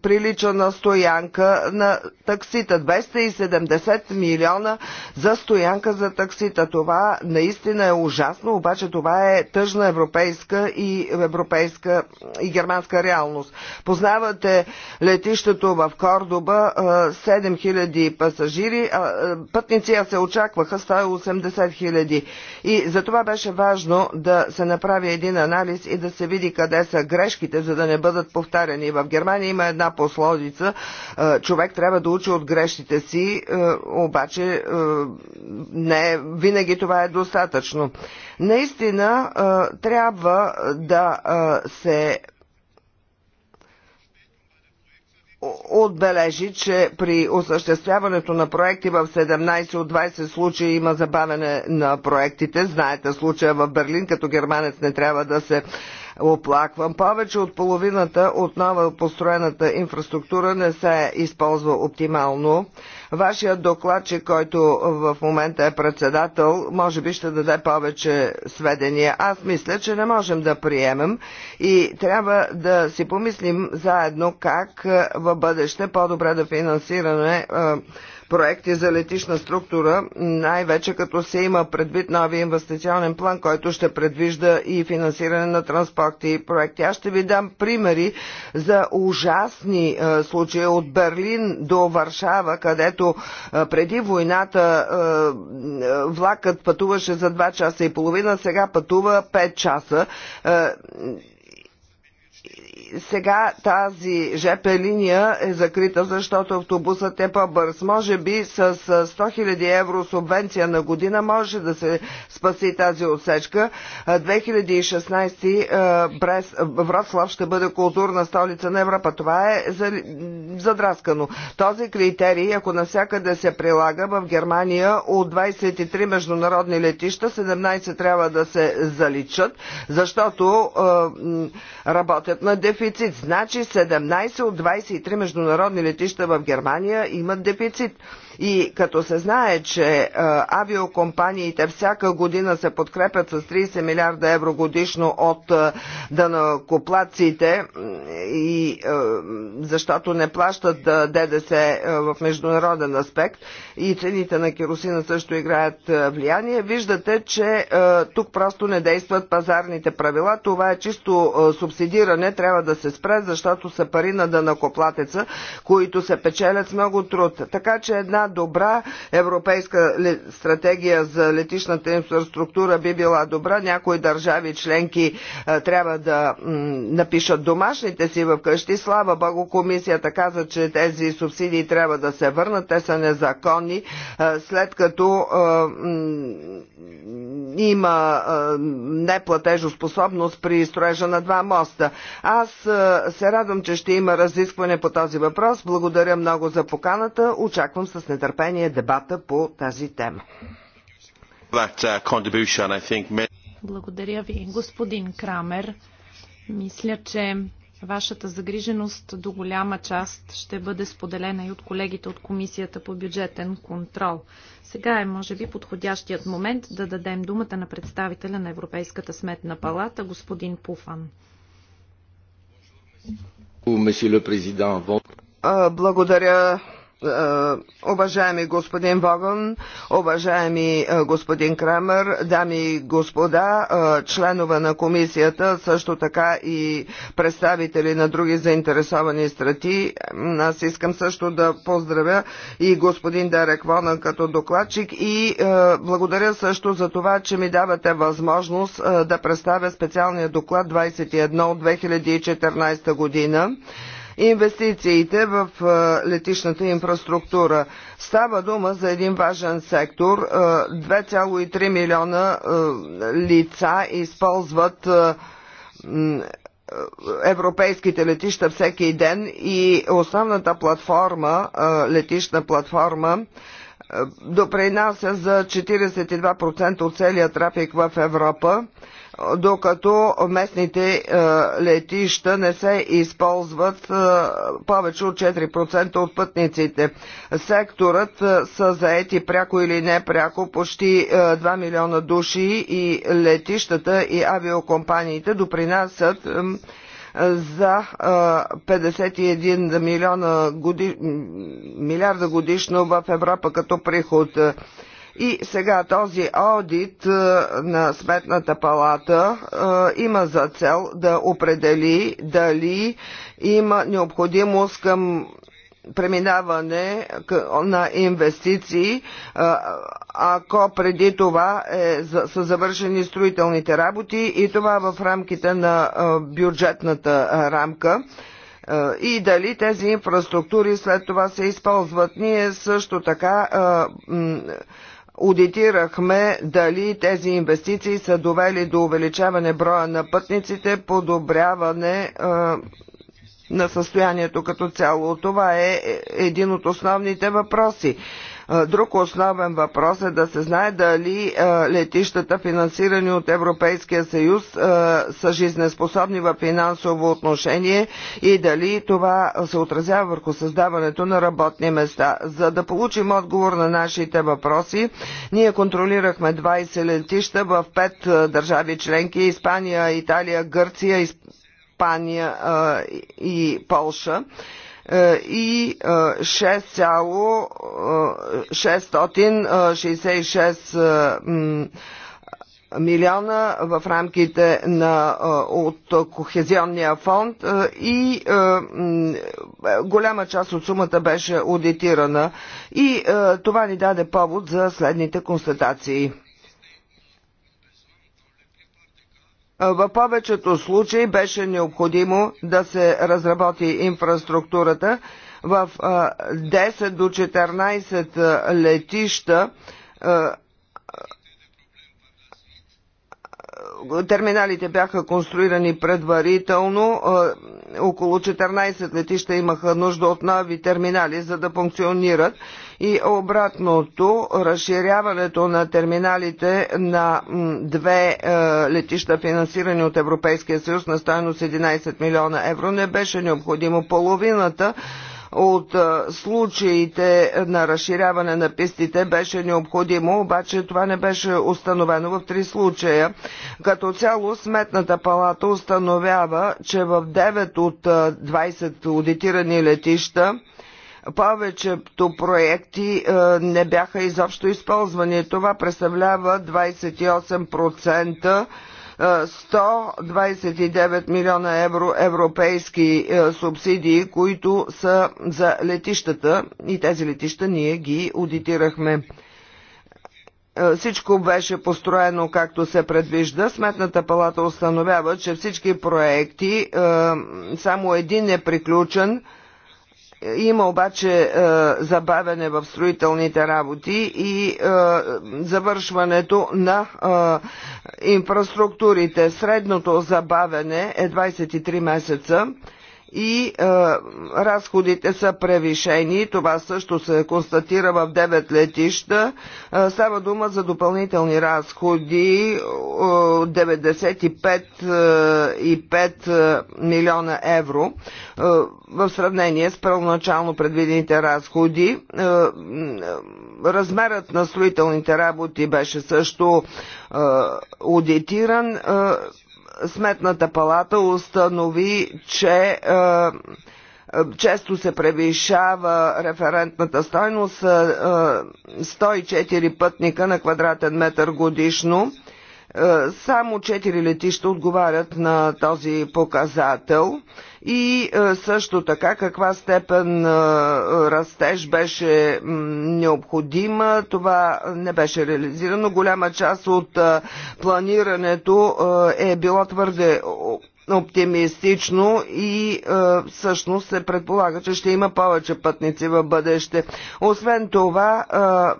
прилича на стоянка на таксита. 270 милиона за стоянка за таксита. Това наистина е ужасно, обаче това е тъжна европейска и европейска и германска реалност. Познавате летището в Кордоба, 7000 пасажири, пътници а се очакваха 180 000. И за това беше важно да се направи един анализ и и да се види къде са грешките, за да не бъдат повтаряни. В Германия има една пословица. Е, човек трябва да учи от грешките си, е, обаче е, не винаги това е достатъчно. Наистина трябва да се отбележи, че при осъществяването на проекти в 17 от 20 случаи има забавене на проектите. Знаете случая в Берлин, като германец не трябва да се оплаквам. Повече от половината от нова построената инфраструктура не се използва оптимално. Вашия докладчик, който в момента е председател, може би ще даде повече сведения. Аз мисля, че не можем да приемем и трябва да си помислим заедно как е, в бъдеще по-добре да финансираме е, проекти за летишна структура, най-вече като се има предвид новия инвестиционен план, който ще предвижда и финансиране на транспорти и проекти. Аз ще ви дам примери за ужасни е, случаи от Берлин до Варшава, където е, преди войната е, влакът пътуваше за 2 часа и половина, сега пътува 5 часа сега тази ЖП линия е закрита, защото автобусът е по-бърз. Може би с 100 000 евро субвенция на година може да се спаси тази отсечка. 2016 Брес, Вроцлав ще бъде културна столица на Европа. Това е задраскано. Този критерий, ако навсякъде се прилага в Германия от 23 международни летища, 17 трябва да се заличат, защото работят на дефицит дефицит. Значи 17 от 23 международни летища в Германия имат дефицит. И като се знае, че авиокомпаниите всяка година се подкрепят с 30 милиарда евро годишно от данакоплаците, и, защото не плащат ДДС в международен аспект и цените на керосина също играят влияние, виждате, че тук просто не действат пазарните правила. Това е чисто субсидиране, трябва да се спре, защото са пари на данакоплатеца, които се печелят с много труд. Така че една добра европейска стратегия за летишната инфраструктура би била добра. Някои държави членки е, трябва да напишат домашните си вкъщи. Слава Богу, комисията каза, че тези субсидии трябва да се върнат. Те са незаконни, е, след като е, има неплатежоспособност при строежа на два моста. Аз се радвам, че ще има разискване по този въпрос. Благодаря много за поканата. Очаквам с нетърпение нетърпение дебата по тази тема. Uh, благодаря ви, господин Крамер. Мисля, че вашата загриженост до голяма част ще бъде споделена и от колегите от Комисията по бюджетен контрол. Сега е, може би, подходящият момент да дадем думата на представителя на Европейската сметна палата, господин Пуфан. Благодаря, е, уважаеми господин Воган, уважаеми е, господин Крамер, дами и господа, е, членове на комисията, също така и представители на други заинтересовани страти. Аз искам също да поздравя и господин Дарек Вонан като докладчик и благодаря също за това, че ми давате възможност да представя специалния доклад 21 от 2014 година инвестициите в летишната инфраструктура. Става дума за един важен сектор. 2,3 милиона лица използват европейските летища всеки ден и основната платформа, летишна платформа, допринася за 42% от целия трафик в Европа, докато местните е, летища не се използват е, повече от 4% от пътниците. Секторът е, са заети пряко или непряко почти 2 милиона души и летищата и авиокомпаниите допринасят за 51 милиона годи... милиарда годишно в Европа като приход. И сега този аудит на Сметната палата има за цел да определи дали има необходимост към преминаване на инвестиции, ако преди това е, са завършени строителните работи и това в рамките на бюджетната рамка и дали тези инфраструктури след това се използват. Ние също така Аудитирахме дали тези инвестиции са довели до увеличаване броя на пътниците, подобряване на състоянието като цяло. Това е един от основните въпроси. Друг основен въпрос е да се знае дали летищата, финансирани от Европейския съюз, са жизнеспособни в финансово отношение и дали това се отразява върху създаването на работни места. За да получим отговор на нашите въпроси, ние контролирахме 20 летища в 5 държави членки Испания, Италия, Гърция, Испания и Полша и 6,666 милиона в рамките на, от Кохезионния фонд и голяма част от сумата беше аудитирана и това ни даде повод за следните констатации. Е, в повечето случаи беше необходимо да се разработи инфраструктурата в 10 е, до 14 е, летища терминалите бяха конструирани предварително. Около 14 летища имаха нужда от нови терминали, за да функционират и обратното разширяването на терминалите на две е, летища, финансирани от Европейския съюз на стоеност 11 милиона евро, не беше необходимо. Половината от е, случаите на разширяване на пистите беше необходимо, обаче това не беше установено в три случая. Като цяло Сметната палата установява, че в 9 от 20 е, аудитирани летища повечето проекти е, не бяха изобщо използвани. Това представлява 28% 129 е, милиона евро европейски е, субсидии, които са за летищата и тези летища ние ги аудитирахме. Всичко беше построено както се предвижда. Сметната палата установява, че всички проекти, само един е приключен, има обаче е, забавяне в строителните работи и е, завършването на е, инфраструктурите. Средното забавяне е 23 месеца и е, разходите са превишени. Това също се констатира в 9 летища. Е, става дума за допълнителни разходи е, 95,5 е, е, милиона евро е, в сравнение с първоначално предвидените разходи. Е, е, размерът на строителните работи беше също е, аудитиран. Е, Сметната палата установи, че е, е, често се превишава референтната стойност е, 104 пътника на квадратен метър годишно. Е, само 4 летища отговарят на този показател и е, също така каква степен е, растеж беше необходима. Това не беше реализирано. Голяма част от планирането е било твърде оптимистично и е, всъщност се предполага, че ще има повече пътници в бъдеще. Освен това,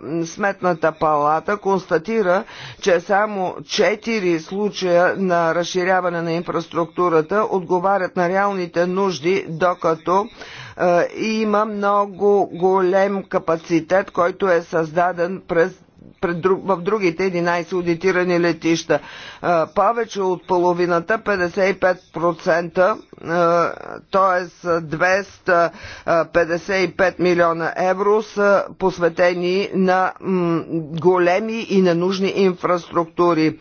е, Сметната палата констатира, че само 4 случая на разширяване на инфраструктурата отговарят на реалните нужди, докато е, има много голем капацитет, който е създаден през в другите 11 аудитирани летища. Повече от половината, 55%, т.е. 255 милиона евро са посветени на големи и ненужни инфраструктури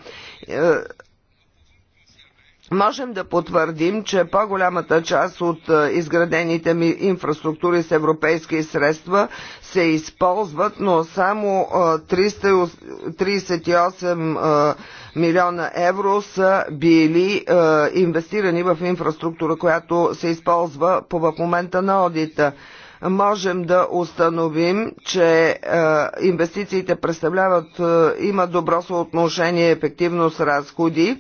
Можем да потвърдим, че по-голямата част от е, изградените ми инфраструктури с европейски средства се използват, но само 338 е, е, милиона евро са били инвестирани в инфраструктура, която се използва по в момента на одита можем да установим, че е, инвестициите представляват, е, има добро съотношение ефективност разходи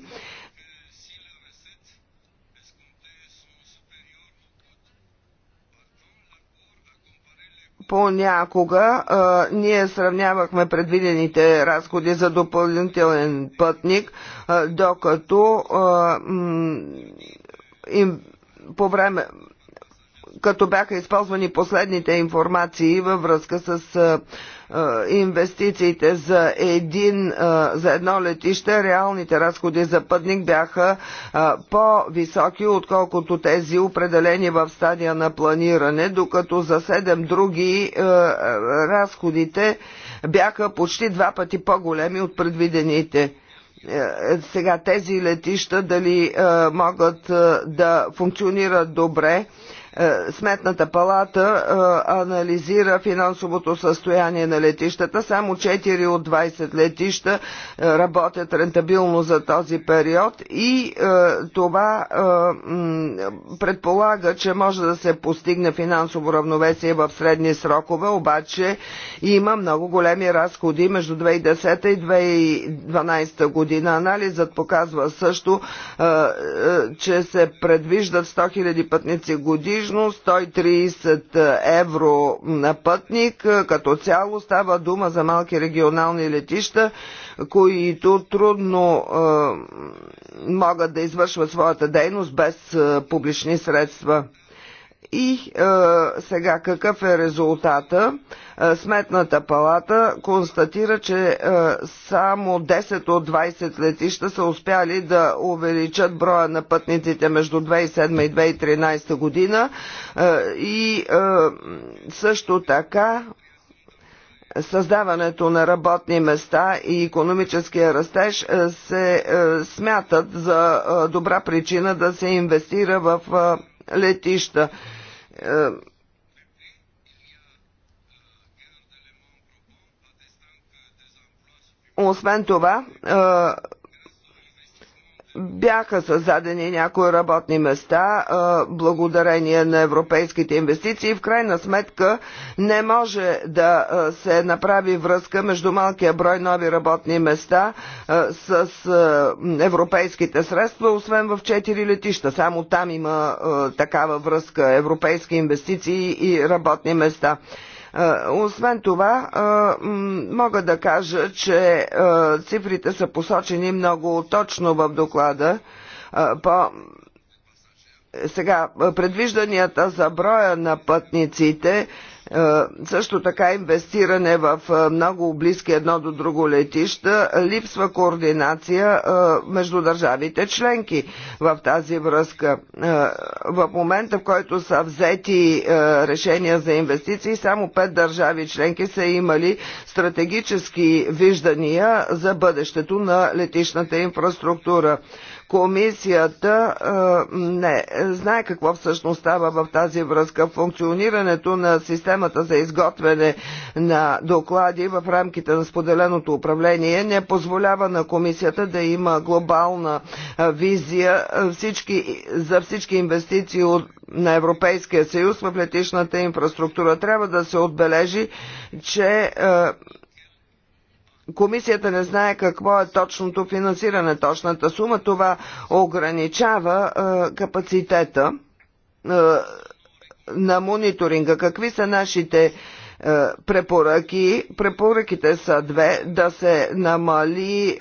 Понякога а, ние сравнявахме предвидените разходи за допълнителен пътник, а, докато а, им, по време като бяха използвани последните информации във връзка с а, инвестициите за, един, за едно летище, реалните разходи за пътник бяха по-високи, отколкото тези определени в стадия на планиране, докато за 7 други разходите бяха почти два пъти по-големи от предвидените е, сега тези летища дали е, могат е, да функционират добре е, Сметната палата е, анализира финансовото състояние на летищата. Само 4 от 20 летища е, работят рентабилно за този период и това предполага, че може да се постигне финансово равновесие в средни срокове, обаче има много големи разходи между 2010 и 2012 година. Анализът показва също, че се предвиждат 100 000 пътници годишно годишно, 130 евро на пътник. Като цяло става дума за малки регионални летища, които трудно е, могат да извършват своята дейност без е, публични средства. И е, сега какъв е резултата? Е, Сметната палата констатира, че е, само 10 от 20 летища са успяли да увеличат броя на пътниците между 2007 и 2013 година е, и е, също така създаването на работни места и економическия растеж е, се е, смятат за добра причина да се инвестира в летища. Е, освен това, е, бяха създадени някои работни места благодарение на европейските инвестиции. В крайна сметка не може да се направи връзка между малкия брой нови работни места с европейските средства, освен в четири летища. Само там има такава връзка европейски инвестиции и работни места. Е, освен това, е, мога да кажа, че е, цифрите са посочени много точно в доклада. По сега, предвижданията за броя на пътниците е, също така инвестиране в е, много близки едно до друго летища, липсва координация е, между държавите членки в тази връзка. В момента, в който са взети решения за инвестиции, само пет държави членки са имали стратегически виждания за бъдещето на летищната инфраструктура. Комисията а, не знае какво всъщност става в тази връзка. Функционирането на системата за изготвяне на доклади в рамките на споделеното управление не позволява на комисията да има глобална визия всички, за всички инвестиции от, на Европейския съюз в летишната инфраструктура. Трябва да се отбележи, че е, Комисията не знае какво е точното финансиране, точната сума. Това ограничава е, капацитета е, на мониторинга. Какви са нашите е, препоръки? Препоръките са две. Да се намали е,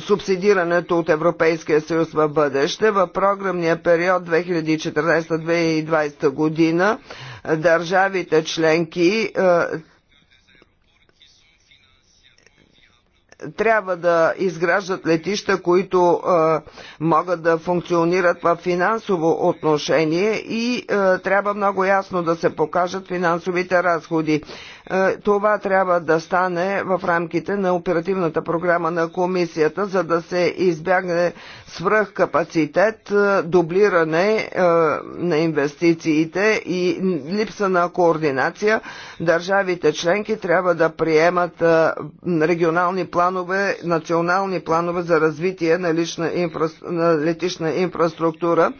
субсидирането от Европейския съюз в бъдеще. В програмния период 2014-2020 година е, държавите членки е, трябва да изграждат летища, които могат да функционират в финансово отношение и трябва много ясно да се покажат финансовите разходи. Е, това трябва да стане в рамките на оперативната програма на комисията, за да се избягне свръхкапацитет, е, дублиране е, на инвестициите и липса на координация. Държавите членки трябва да приемат регионални планове, национални планове за развитие на, лична инфра... на летишна инфраструктура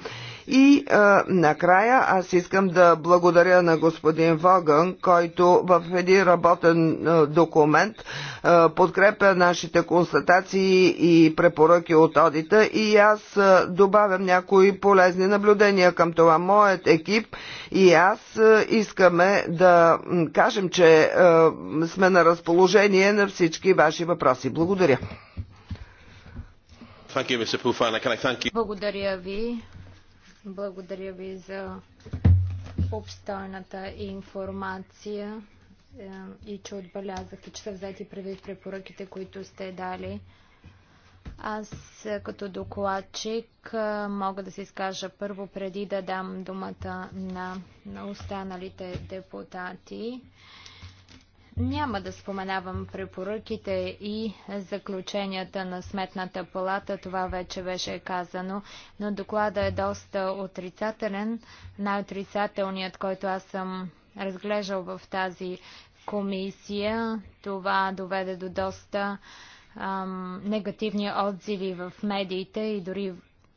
и а, накрая аз искам да благодаря на господин Вогън, който в един работен а, документ а, подкрепя нашите констатации и препоръки от одита и аз а, добавям някои полезни наблюдения към това. Моят екип и аз а, искаме да кажем, че а, сме на разположение на всички ваши въпроси. Благодаря. Благодаря ви, благодаря ви за обстойната информация е, и че отбелязахте, че са взети предвид препоръките, които сте дали. Аз като докладчик е, мога да се изкажа първо преди да дам думата на, на останалите депутати. Няма да споменавам препоръките и заключенията на Сметната палата, това вече беше казано, но докладът е доста отрицателен, най-отрицателният, който аз съм разглеждал в тази комисия. Това доведе до доста ам, негативни отзиви в медиите и дори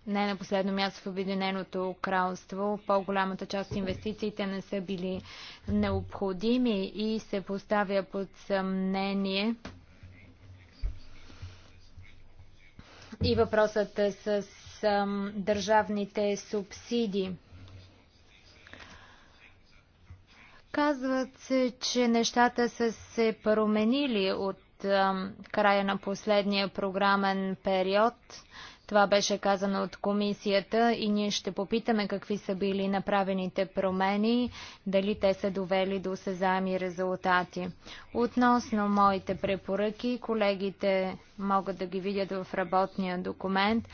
не на последно място в Обединеното кралство по-голямата част от инвестициите не са били необходими и се поставя под съмнение и въпросът е с държавните субсидии. Казват се, че нещата са се променили от края на последния програмен период това беше казано от комисията и ние ще попитаме какви са били направените промени, дали те са довели до осезаеми резултати. Относно моите препоръки, колегите могат да ги видят в работния документ.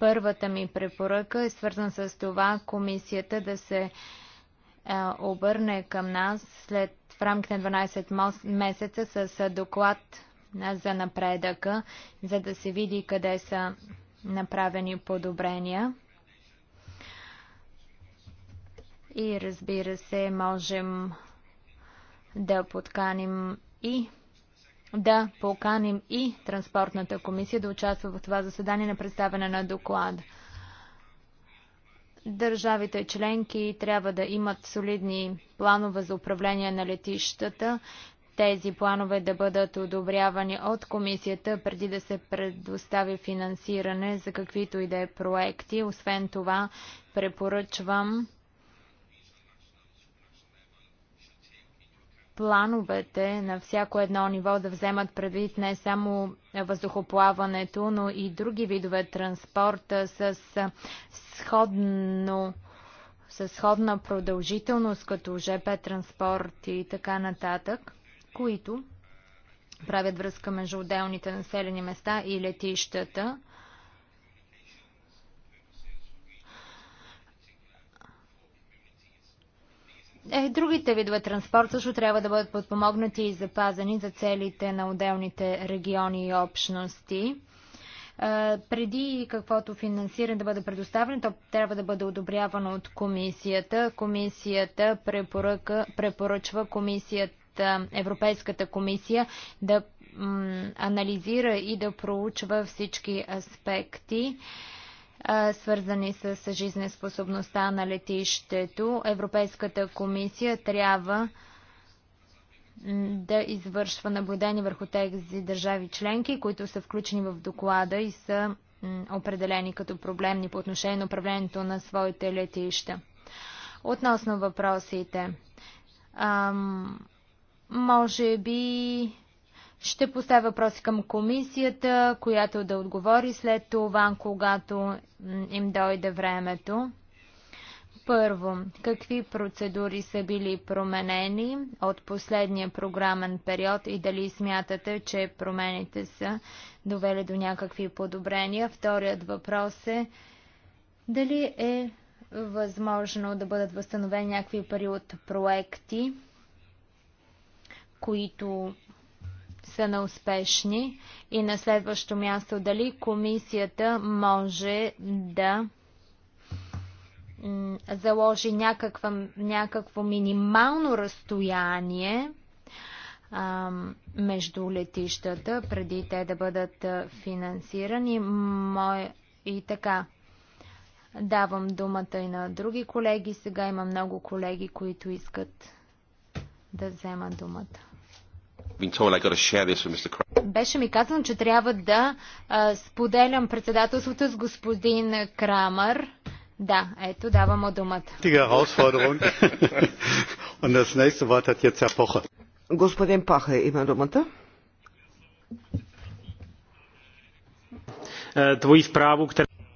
Първата ми препоръка е свързан с това комисията да се е, обърне към нас след в рамките на 12 месеца с е, доклад е, за напредъка, за да се види къде са направени подобрения. И разбира се, можем да подканим и да поканим и Транспортната комисия да участва в това заседание на представяне на доклад. Държавите членки трябва да имат солидни планове за управление на летищата, тези планове да бъдат одобрявани от комисията преди да се предостави финансиране за каквито и да е проекти. Освен това, препоръчвам плановете на всяко едно ниво да вземат предвид не само въздухоплаването, но и други видове транспорт с сходно с сходна продължителност като ЖП транспорт и така нататък които правят връзка между отделните населени места и летищата. Е, другите видове транспорт също трябва да бъдат подпомогнати и запазени за целите на отделните региони и общности. Е, преди каквото финансиране да бъде предоставено, то трябва да бъде одобрявано от комисията. Комисията препоръка, препоръчва комисията Европейската комисия да анализира и да проучва всички аспекти свързани с жизнеспособността на летището. Европейската комисия трябва да извършва наблюдение върху тези държави членки, които са включени в доклада и са определени като проблемни по отношение на управлението на своите летища. Относно въпросите. Може би ще поставя въпроси към комисията, която да отговори след това, когато им дойде времето. Първо, какви процедури са били променени от последния програмен период и дали смятате, че промените са довели до някакви подобрения? Вторият въпрос е дали е възможно да бъдат възстановени някакви пари от проекти, които са неуспешни? И на следващо място, дали комисията може да заложи някаква, някакво минимално разстояние а, между летищата, преди те да бъдат финансирани. Мой... И така, давам думата и на други колеги. Сега има много колеги, които искат да вземат думата. Беше ми казано, че трябва да споделям председателството с господин Крамър. Да, ето, давам му думата. Господин Паха има думата. Е, твои справо,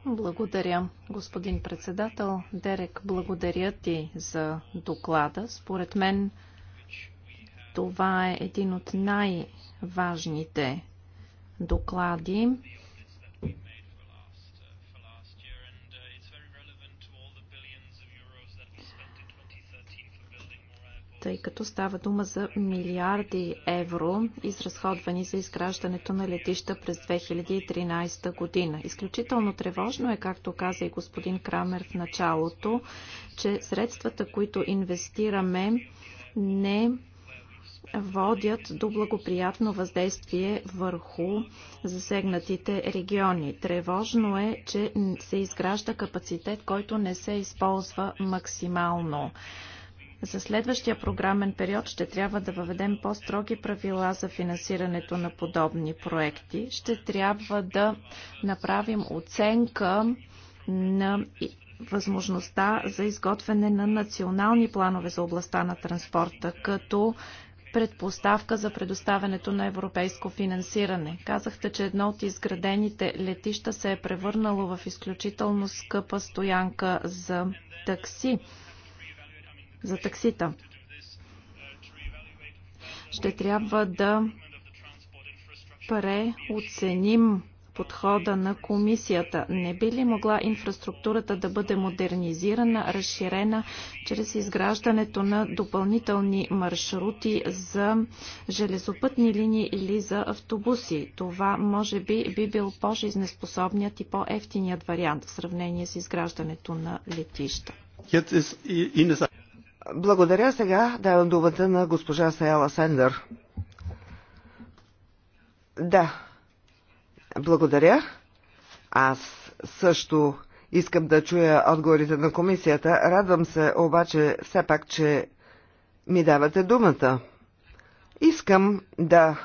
благодаря, господин председател. Дерек, благодаря ти за доклада. Според мен това е един от най-важните доклади. тъй като става дума за милиарди евро, изразходвани за изграждането на летища през 2013 година. Изключително тревожно е, както каза и господин Крамер в началото, че средствата, които инвестираме, не водят до благоприятно въздействие върху засегнатите региони. Тревожно е, че се изгражда капацитет, който не се използва максимално. За следващия програмен период ще трябва да въведем по-строги правила за финансирането на подобни проекти. Ще трябва да направим оценка на възможността за изготвяне на национални планове за областта на транспорта, като предпоставка за предоставянето на европейско финансиране. Казахте, че едно от изградените летища се е превърнало в изключително скъпа стоянка за такси, за таксита. Ще трябва да преоценим подхода на комисията. Не би ли могла инфраструктурата да бъде модернизирана, разширена чрез изграждането на допълнителни маршрути за железопътни линии или за автобуси? Това може би би бил по-жизнеспособният и по-ефтиният вариант в сравнение с изграждането на летища. Благодаря. Сега давам думата на госпожа Саяла Сендър. Да, благодаря. Аз също искам да чуя отговорите на комисията. Радвам се обаче все пак, че ми давате думата. Искам да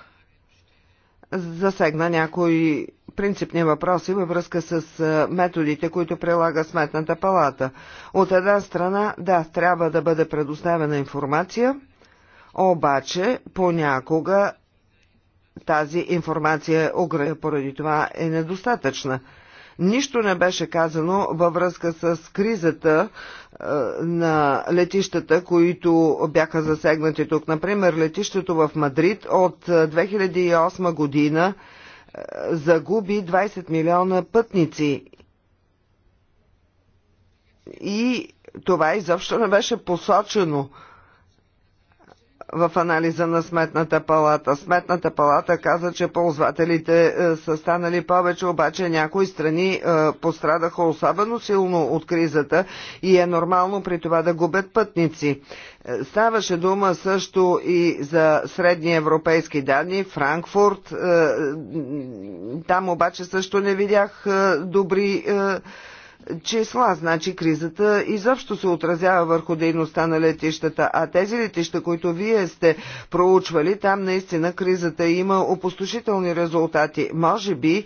засегна някои принципни въпроси във връзка с методите, които прилага Сметната палата. От една страна, да, трябва да бъде предоставена информация, обаче понякога тази информация поради това е недостатъчна. Нищо не беше казано във връзка с кризата е, на летищата, които бяха засегнати тук. Например, летището в Мадрид от 2008 е, година е, загуби 20 милиона пътници. И това изобщо не беше посочено. Е, в анализа на Сметната палата. Сметната палата каза, че ползвателите е, са станали повече, обаче някои страни е, пострадаха особено силно от кризата и е нормално при това да губят пътници. Е, ставаше дума също и за средни европейски данни, Франкфурт. Там обаче също не видях добри числа. Значи кризата изобщо се отразява върху дейността на летищата, а тези летища, които вие сте проучвали, там наистина кризата има опустошителни резултати. Може би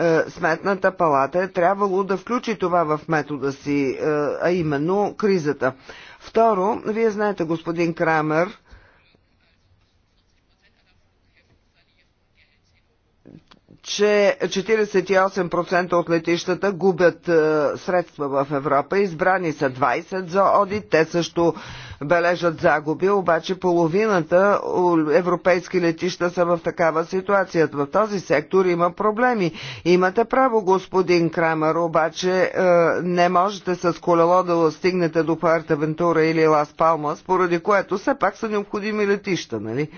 е, сметната палата е трябвало да включи това в метода си, е, а именно кризата. Второ, вие знаете, господин Крамер, че 48% от летищата губят е, средства в Европа. Избрани са 20 за одит. Те също бележат загуби, обаче половината европейски летища са в такава ситуация. В този сектор има проблеми. Имате право, господин Крамер, обаче е, не можете с колело да стигнете до Пуерта Вентура или Лас Палмас, поради което все пак са необходими летища, нали?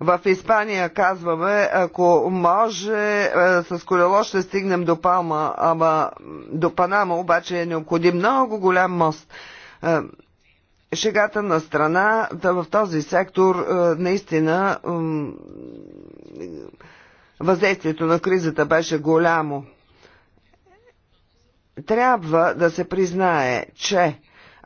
в Испания казваме, ако може, е, с колело ще стигнем до Палма, ама до Панама обаче е необходим много голям мост. Е, шегата на страна, да в този сектор е, наистина въздействието на кризата беше голямо. Трябва да се признае, че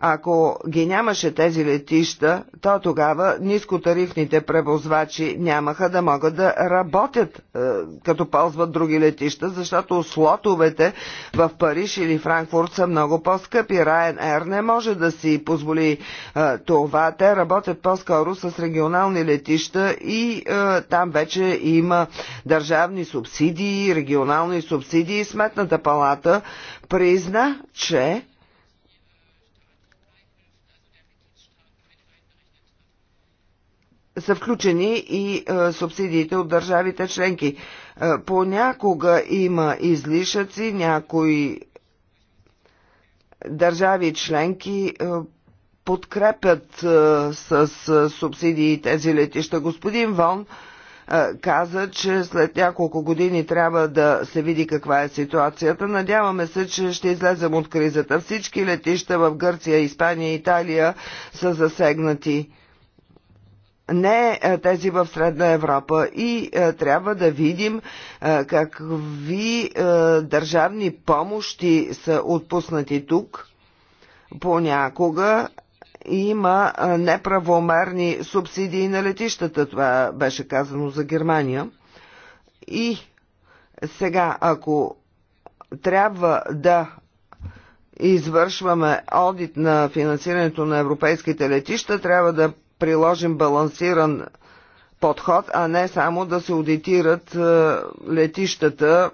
ако ги нямаше тези летища, то тогава нискотарифните превозвачи нямаха да могат да работят е, като ползват други летища, защото слотовете в Париж или Франкфурт са много по-скъпи. Ryanair не може да си позволи е, това. Те работят по-скоро с регионални летища и е, там вече има държавни субсидии, регионални субсидии. Сметната палата призна, че са включени и е, субсидиите от държавите членки. Е, понякога има излишъци, някои държави членки е, подкрепят с субсидии тези летища. Господин Вон каза, че след няколко години трябва да се види каква е ситуацията. Надяваме се, че ще излезем от кризата. Всички летища в Гърция, Испания и Италия са засегнати не е, е, тези в Средна Европа. И е, трябва да видим какви държавни помощи са отпуснати тук. Понякога има неправомерни субсидии на летищата. Това беше казано за Германия. И сега, ако трябва да извършваме одит на финансирането на европейските летища, трябва да приложим балансиран подход, а не само да се аудитират е, летищата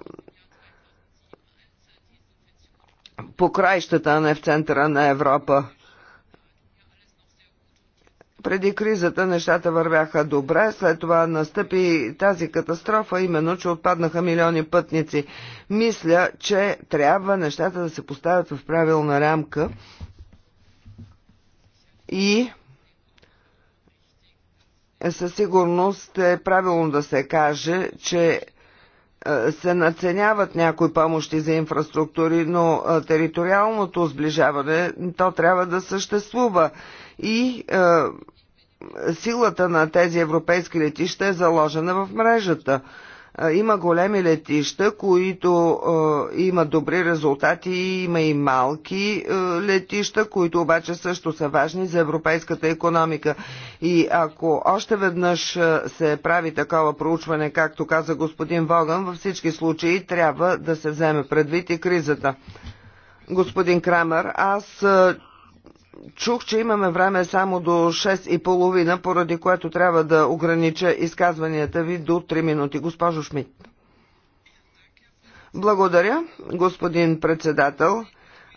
по краищата, а не в центъра на Европа. Преди кризата нещата вървяха добре, след това настъпи тази катастрофа, именно, че отпаднаха милиони пътници. Мисля, че трябва нещата да се поставят в правилна рамка и със сигурност е правилно да се каже, че е, се наценяват някои помощи за инфраструктури, но е, териториалното сближаване то трябва да съществува и е, силата на тези европейски летища е заложена в мрежата. Има големи летища, които имат добри резултати, има и малки летища, които обаче също са важни за европейската економика. И ако още веднъж се прави такова проучване, както каза господин Воган, във всички случаи трябва да се вземе предвид и кризата. Господин Крамер, аз Чух, че имаме време само до 6 и половина, поради което трябва да огранича изказванията ви до 3 минути. Госпожо Шмидт. Благодаря, господин председател.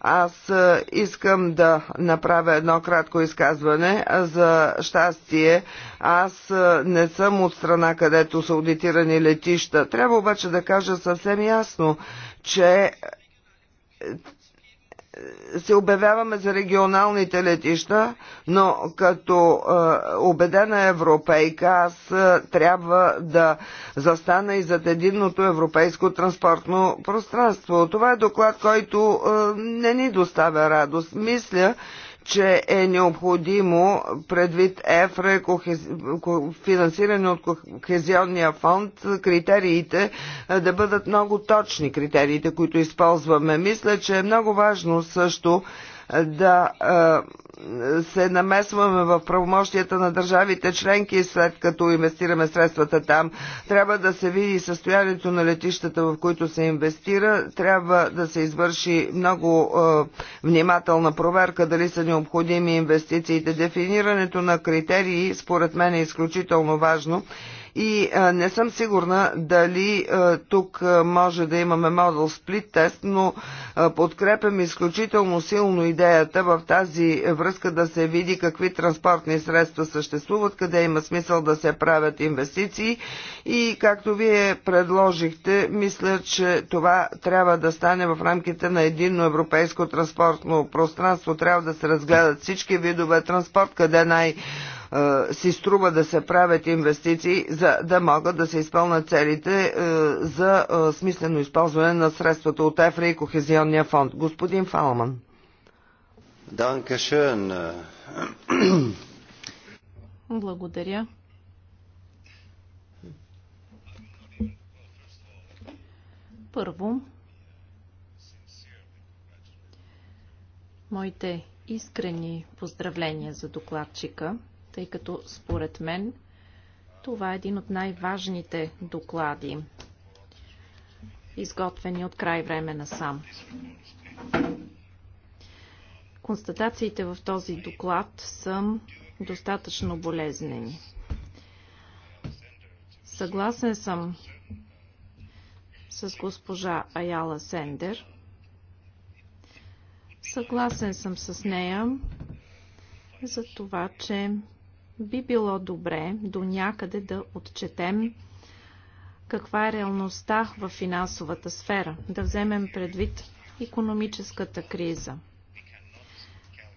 Аз е, искам да направя едно кратко изказване. За щастие, аз е, не съм от страна, където са аудитирани летища. Трябва обаче да кажа съвсем ясно, че се обявяваме за регионалните летища, но като убедена европейка аз трябва да застана и зад единното европейско транспортно пространство. Това е доклад, който не ни доставя радост. Мисля, че е необходимо предвид ЕФРЕ, финансиране от Кохезионния фонд, критериите да бъдат много точни, критериите, които използваме. Мисля, че е много важно също да се намесваме в правомощията на държавите членки, след като инвестираме средствата там. Трябва да се види състоянието на летищата, в които се инвестира. Трябва да се извърши много е, внимателна проверка дали са необходими инвестициите. Дефинирането на критерии, според мен, е изключително важно и не съм сигурна дали тук може да имаме модел сплит тест, но подкрепям изключително силно идеята в тази връзка да се види какви транспортни средства съществуват, къде има смисъл да се правят инвестиции и както вие предложихте, мисля, че това трябва да стане в рамките на единно европейско транспортно пространство. Трябва да се разгледат всички видове транспорт, къде най- си струва да се правят инвестиции, за да могат да се изпълнат целите за смислено използване на средствата от ЕФРА и Кохезионния фонд. Господин Фалман. Благодаря. Първо, моите искрени поздравления за докладчика тъй като според мен това е един от най-важните доклади, изготвени от край време на сам. Констатациите в този доклад са достатъчно болезнени. Съгласен съм с госпожа Аяла Сендер. Съгласен съм с нея за това, че би било добре до някъде да отчетем каква е реалността в финансовата сфера, да вземем предвид економическата криза.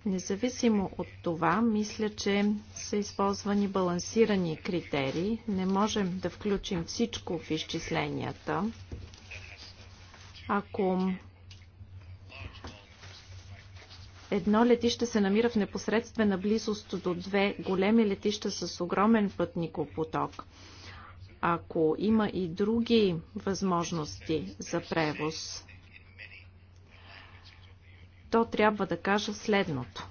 Независимо от това, мисля, че са използвани балансирани критерии. Не можем да включим всичко в изчисленията. Ако Едно летище се намира в непосредствена близост до две големи летища с огромен пътникопоток. Ако има и други възможности за превоз, то трябва да кажа следното.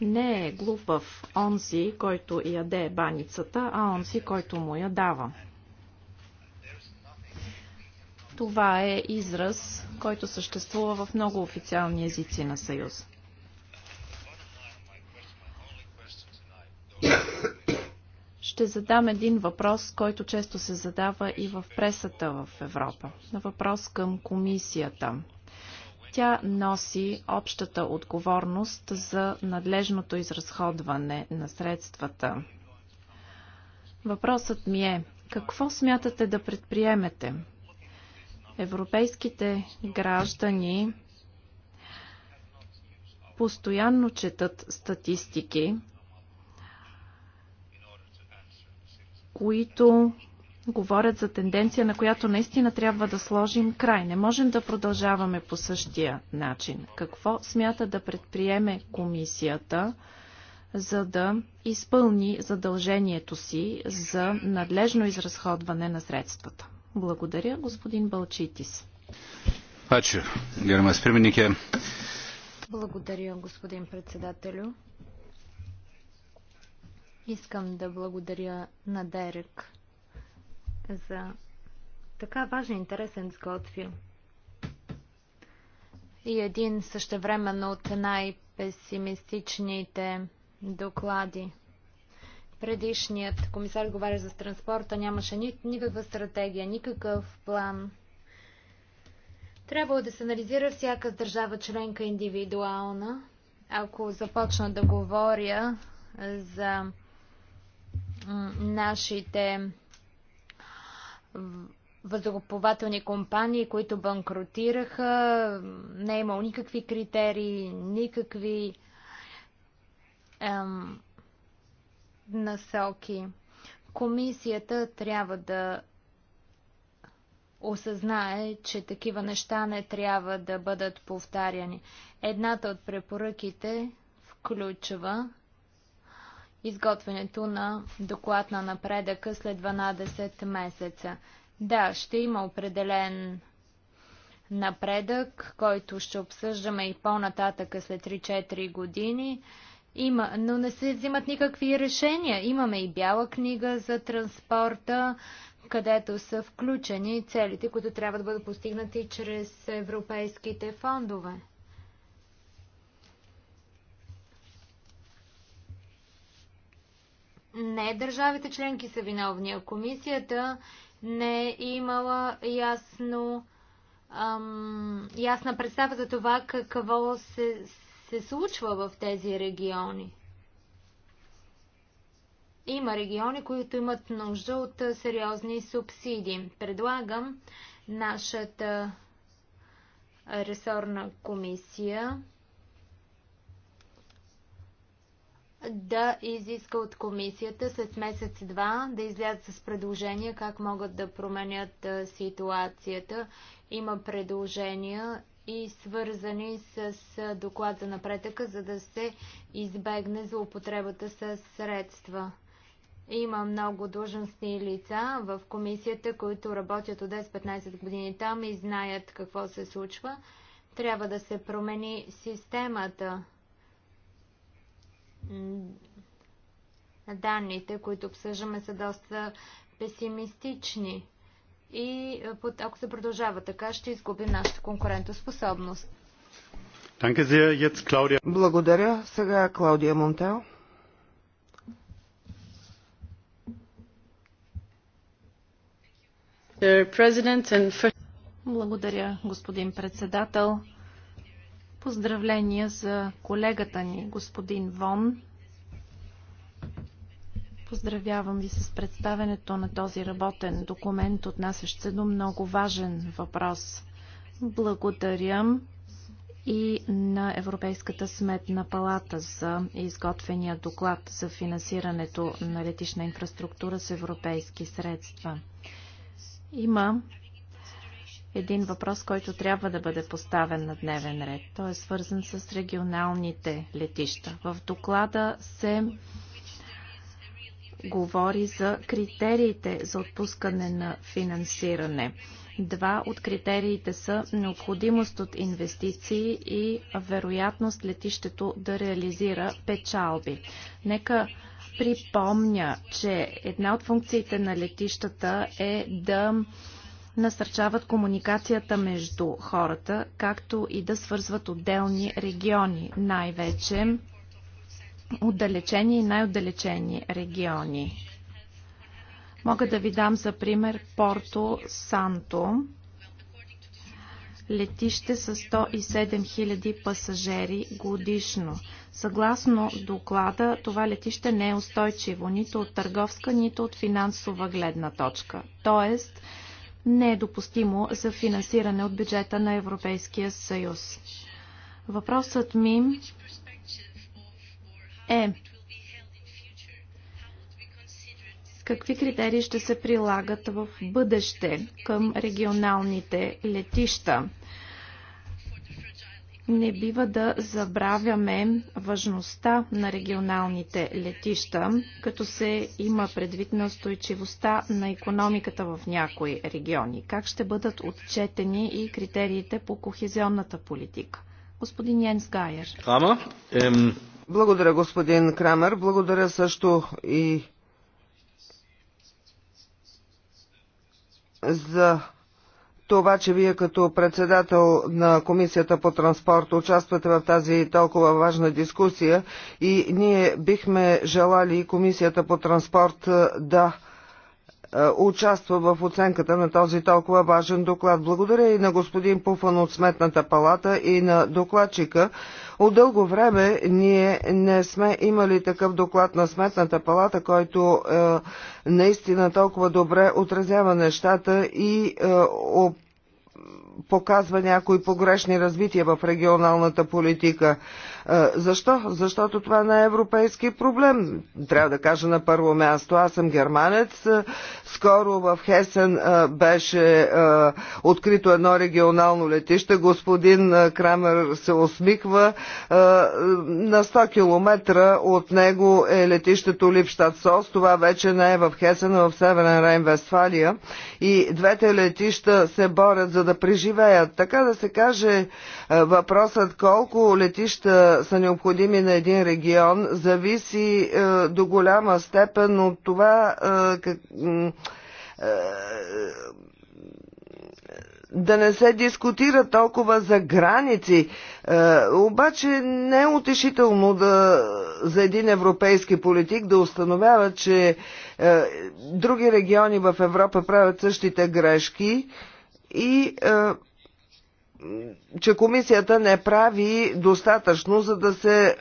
Не е глупав онзи, който яде баницата, а онзи, който му я дава. Това е израз, който съществува в много официални езици на Съюз. Ще задам един въпрос, който често се задава и в пресата в Европа. На въпрос към комисията. Тя носи общата отговорност за надлежното изразходване на средствата. Въпросът ми е, какво смятате да предприемете? Европейските граждани постоянно четат статистики, които говорят за тенденция, на която наистина трябва да сложим край. Не можем да продължаваме по същия начин. Какво смята да предприеме комисията, за да изпълни задължението си за надлежно изразходване на средствата? Благодаря, господин Балчитис. Ачо, гермас пирминике. Благодаря, господин председателю. Искам да благодаря на Дерек за така важен интересен сготвил. И един същевременно от най-песимистичните доклади предишният комисар говори за транспорта, нямаше ни, никаква стратегия, никакъв план. Трябва да се анализира всяка държава членка индивидуална. Ако започна да говоря за нашите въздухоплавателни компании, които банкротираха, не е имало никакви критерии, никакви насоки. Комисията трябва да осъзнае, че такива неща не трябва да бъдат повтаряни. Едната от препоръките включва изготвянето на доклад на напредъка след 12 месеца. Да, ще има определен напредък, който ще обсъждаме и по-нататъка след 3-4 години. Има, но не се взимат никакви решения. Имаме и бяла книга за транспорта, където са включени целите, които трябва да бъдат постигнати чрез европейските фондове. Не държавите членки са виновни, а комисията не е имала ясно, ам, ясна представа за това какво се се случва в тези региони. Има региони, които имат нужда от сериозни субсидии. Предлагам нашата ресорна комисия да изиска от комисията след месец-два да излязат с предложения как могат да променят ситуацията. Има предложения и свързани с доклад за напретъка, за да се избегне злоупотребата употребата с средства. Има много длъжностни лица в комисията, които работят от 10-15 години там и знаят какво се случва. Трябва да се промени системата. Данните, които обсъждаме, са доста песимистични и е, ако се продължава така, ще изгубим нашата конкурентоспособност. Благодаря. Сега Клаудия Монтел. Благодаря, господин председател. Поздравления за колегата ни, господин Вон. Поздравявам ви с представенето на този работен документ, отнасящ се до много важен въпрос. Благодаря и на Европейската сметна палата за изготвения доклад за финансирането на летишна инфраструктура с европейски средства. Има един въпрос, който трябва да бъде поставен на дневен ред. Той е свързан с регионалните летища. В доклада се говори за критериите за отпускане на финансиране. Два от критериите са необходимост от инвестиции и вероятност летището да реализира печалби. Нека припомня, че една от функциите на летищата е да насърчават комуникацията между хората, както и да свързват отделни региони, най-вече отдалечени и най-отдалечени региони. Мога да ви дам за пример Порто Санто, летище с 107 000 пасажери годишно. Съгласно доклада, това летище не е устойчиво нито от търговска, нито от финансова гледна точка. Тоест, не е допустимо за финансиране от бюджета на Европейския съюз. Въпросът ми е какви критерии ще се прилагат в бъдеще към регионалните летища. Не бива да забравяме важността на регионалните летища, като се има предвид на устойчивостта на економиката в някои региони. Как ще бъдат отчетени и критериите по кохезионната политика? Господин Йенс Гайер. Рама, благодаря, господин Крамер. Благодаря също и за това, че вие като председател на Комисията по транспорт участвате в тази толкова важна дискусия и ние бихме желали Комисията по транспорт да е, участва в оценката на този толкова важен доклад. Благодаря и на господин Пуфан от Сметната палата и на докладчика, от дълго време ние не сме имали такъв доклад на Сметната палата, който е, наистина толкова добре отразява нещата и е, об показва някои погрешни развития в регионалната политика. Е, защо? Защото това не е европейски проблем. Трябва да кажа на първо място. Аз съм германец. Е, скоро в Хесен е, беше открито едно регионално летище. Господин Крамер се усмихва. На 100 км от него е летището Липштад Сос. Това вече не е в Хесен, а в Северен Рейн, Вестфалия. И двете летища се борят за да преживеят. Така да се каже, въпросът колко летища са необходими на един регион, зависи е, до голяма степен от това е, как, е, да не се дискутира толкова за граници. Е, обаче не е утешително да, за един европейски политик да установява, че е, други региони в Европа правят същите грешки и е, че комисията не прави достатъчно, за да се е,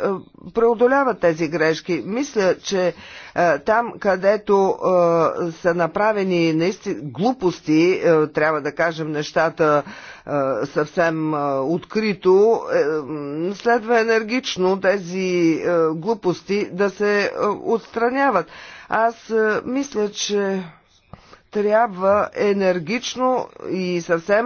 преодоляват тези грешки. Мисля, че е, там, където е, са направени наистина глупости, трябва да кажем нещата съвсем открито, следва енергично тези глупости да се отстраняват. Аз мисля, че трябва енергично и съвсем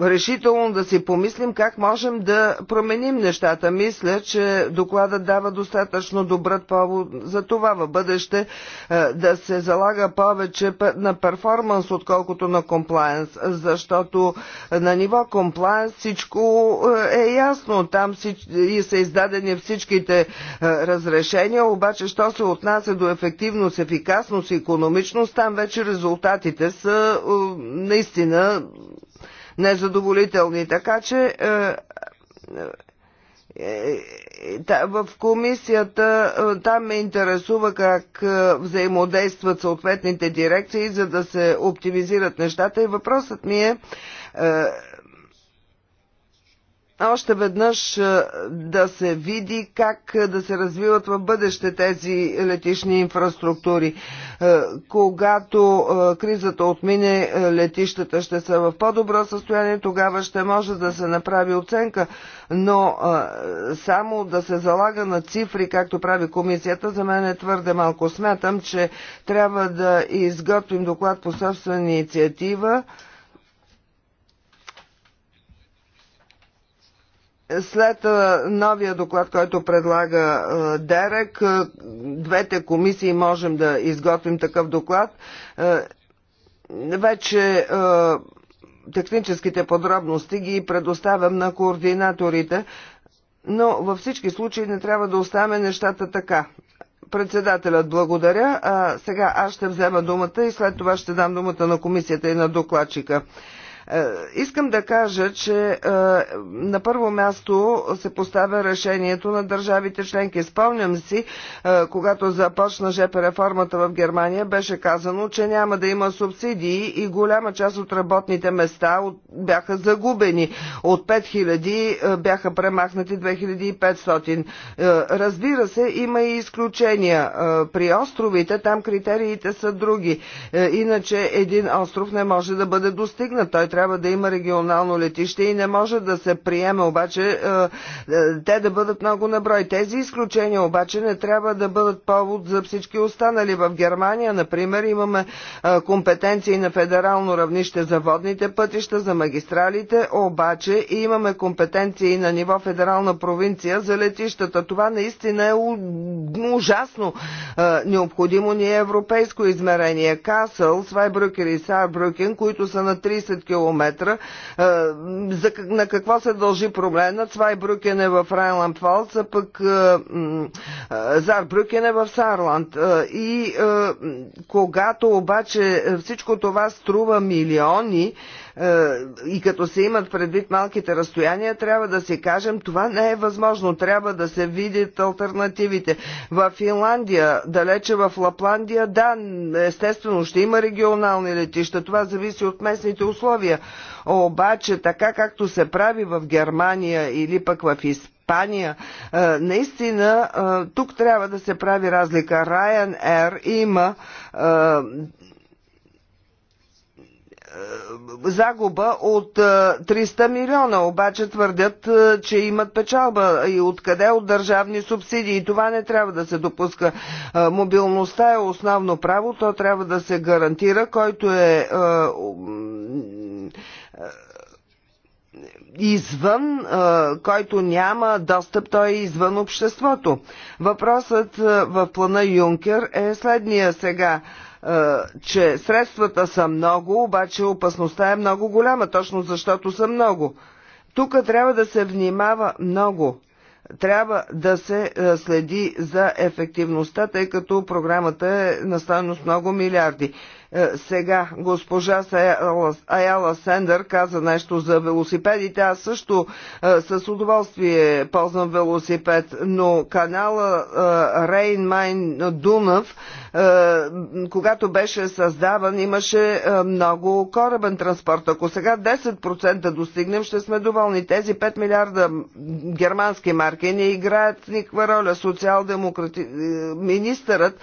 решително да си помислим как можем да променим нещата. Мисля, че докладът дава достатъчно добър повод за това в бъдеще е, да се залага повече на перформанс, отколкото на комплайенс, защото на ниво комплайенс всичко е, е ясно. Там и са издадени всичките е, разрешения, обаче, що се отнася до ефективност, ефикасност и економичност, там вече резултатите са наистина незадоволителни. Така че е, е, е, в комисията там ме интересува как взаимодействат съответните дирекции, за да се оптимизират нещата. И въпросът ми е още веднъж е, да се види как е, да се развиват в бъдеще тези летишни инфраструктури. Е, когато кризата отмине, летищата ще са в по-добро състояние, тогава ще може да се направи оценка, но само да се залага на цифри, както прави комисията, за мен е твърде малко. Смятам, че трябва да изготвим доклад по собствена инициатива, след новия доклад, който предлага Дерек, двете комисии можем да изготвим такъв доклад. Вече техническите подробности ги предоставям на координаторите, но във всички случаи не трябва да оставяме нещата така. Председателят благодаря. А сега аз ще взема думата и след това ще дам думата на комисията и на докладчика. Е, искам да кажа, че е, на първо място се поставя решението на държавите членки. Спомням си, е, когато започна ЖП реформата в Германия, беше казано, че няма да има субсидии и голяма част от работните места бяха загубени. От 5000 бяха премахнати 2500. Разбира се, има и изключения. При островите там критериите са други. Иначе един остров не може да бъде достигнат. Той трябва да има регионално летище и не може да се приеме обаче е, е, те да бъдат много наброй. Тези изключения обаче не трябва да бъдат повод за всички останали. В Германия, например, имаме е, компетенции на федерално равнище за водните пътища, за магистралите, обаче и имаме компетенции на ниво федерална провинция за летищата. Това наистина е ужасно. Необходимо ни е европейско измерение. Касъл, Свайбрюкер и Сарбрюкен, които са на 30 км км. Е, за, на какво се дължи проблема? Това е в Райланд Фалц, а пък Зар е, е в Сарланд. Е, и когато обаче всичко това струва милиони, е, и като се имат предвид малките разстояния, трябва да си кажем, това не е възможно. Трябва да се видят альтернативите. В Финландия, далече в Лапландия, да, естествено ще има регионални летища. Това зависи от местните условия. Обаче, така както се прави в Германия или пък в Испания, Пания. Е, наистина, е, тук трябва да се прави разлика. Ryanair има е, загуба от 300 е, милиона, обаче твърдят, е, че имат печалба и откъде от държавни субсидии. И това не трябва да се допуска. Мобилността е основно право, то трябва да се гарантира, който е извън, който няма достъп, той е извън обществото. Въпросът в плана Юнкер е следния сега. Е, че средствата са много, обаче опасността е много голяма, точно защото са много. Тук трябва да се внимава много. Трябва да се е, следи за ефективността, тъй като програмата е на стойност много милиарди. Е, сега госпожа Аяла Сендър каза нещо за велосипедите. Аз също е, с удоволствие ползвам велосипед, но канала Рейн Майн Дунав, е, когато беше създаван, имаше много корабен транспорт. Ако сега 10% достигнем, ще сме доволни. Тези 5 милиарда германски марки не играят никаква роля. Социал-демократи... Министърът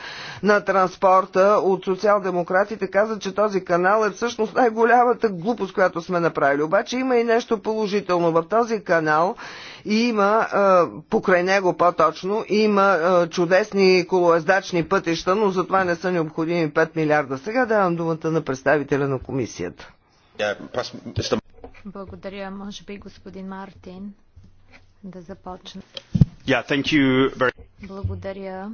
на транспорта от социал-демократи демократите казват, че този канал е всъщност най-голямата глупост, която сме направили. Обаче има и нещо положително. В този канал има, покрай него по-точно, има чудесни колоездачни пътища, но за това не са необходими 5 милиарда. Сега давам думата на представителя на комисията. Е, Благодаря. Може би господин Мартин да започне. Yeah, very... Благодаря.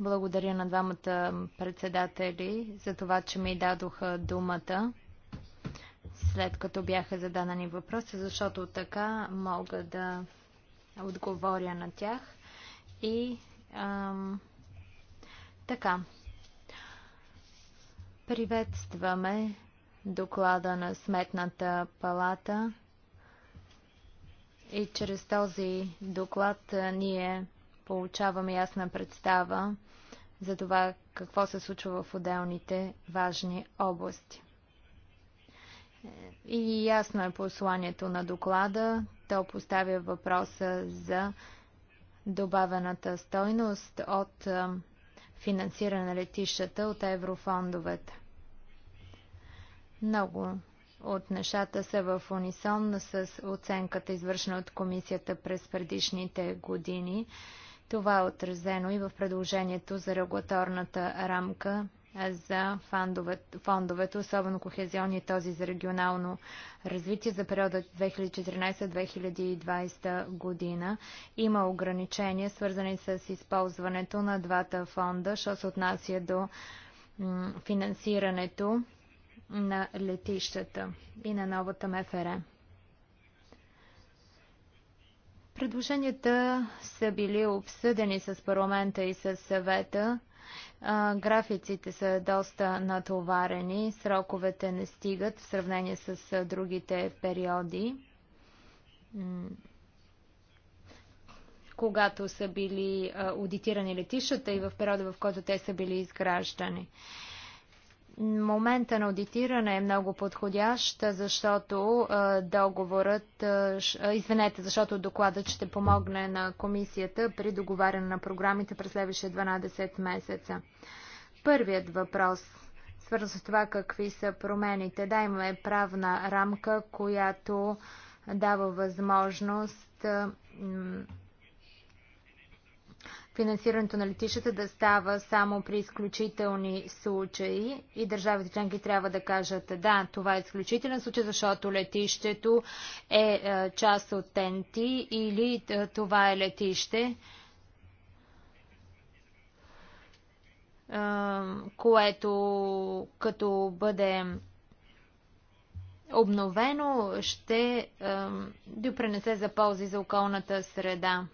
Благодаря на двамата председатели за това, че ми дадоха думата след като бяха зададени въпроси, защото така мога да отговоря на тях. И ам, така. Приветстваме доклада на Сметната палата и чрез този доклад ние получаваме ясна представа за това какво се случва в отделните важни области. Е, и ясно е посланието на доклада. То поставя въпроса за добавената стойност от е, финансиране на летищата от еврофондовете. Много от нещата са в унисон с оценката, извършена от комисията през предишните години. Това е отразено и в предложението за регулаторната рамка за фондовете, особено кохезионни и този за регионално развитие за периода 2014-2020 година. Има ограничения, свързани с използването на двата фонда, що се отнася до финансирането на летищата и на новата МФР. Предложенията са били обсъдени с парламента и с съвета. графиците са доста натоварени, сроковете не стигат в сравнение с другите периоди, когато са били аудитирани летищата и в периода, в който те са били изграждани. Момента на аудитиране е много подходящ, защото договорът, извинете, защото докладът ще помогне на комисията при договаряне на програмите през следващите 12 месеца. Първият въпрос свързан с това какви са промените. Да, имаме правна рамка, която дава възможност финансирането на летищата да става само при изключителни случаи и държавите членки трябва да кажат да, това е изключителен случай, защото летището е, е част от ТНТ или е, това е летище, е, което като бъде обновено ще допренесе за ползи за околната среда.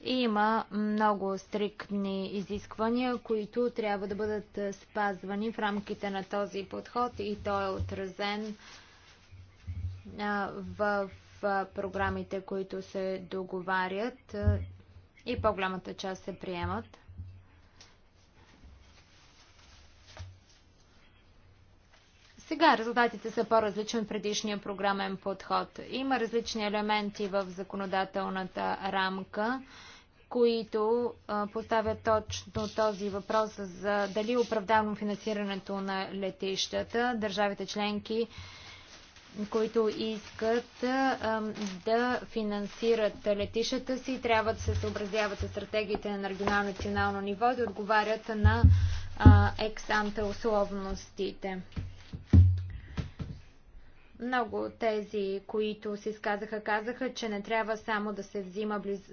Има много стриктни изисквания, които трябва да бъдат спазвани в рамките на този подход и той е отразен в програмите, които се договарят и по-голямата част се приемат. Сега резултатите са по-различни от предишния програмен подход. Има различни елементи в законодателната рамка, които поставят точно този въпрос за дали е оправдано финансирането на летищата. Държавите членки които искат да финансират летищата си, трябва да се съобразяват с стратегиите на регионално национално ниво и да отговарят на ексанта условностите. Много от тези, които се изказаха, казаха, че не трябва само да се взима близ...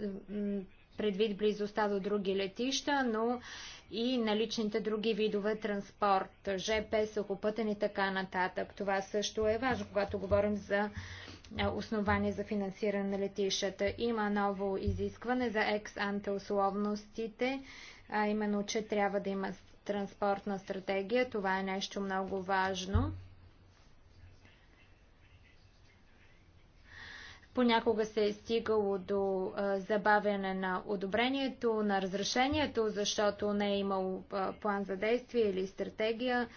предвид близостта до други летища, но и наличните други видове транспорт, ЖП, сухопътен и така нататък. Това също е важно, когато говорим за основание за финансиране на летищата. Има ново изискване за екс-анте условностите, а именно, че трябва да има транспортна стратегия. Това е нещо много важно. Понякога се е стигало до забавяне на одобрението, на разрешението, защото не е имал план за действие или стратегия,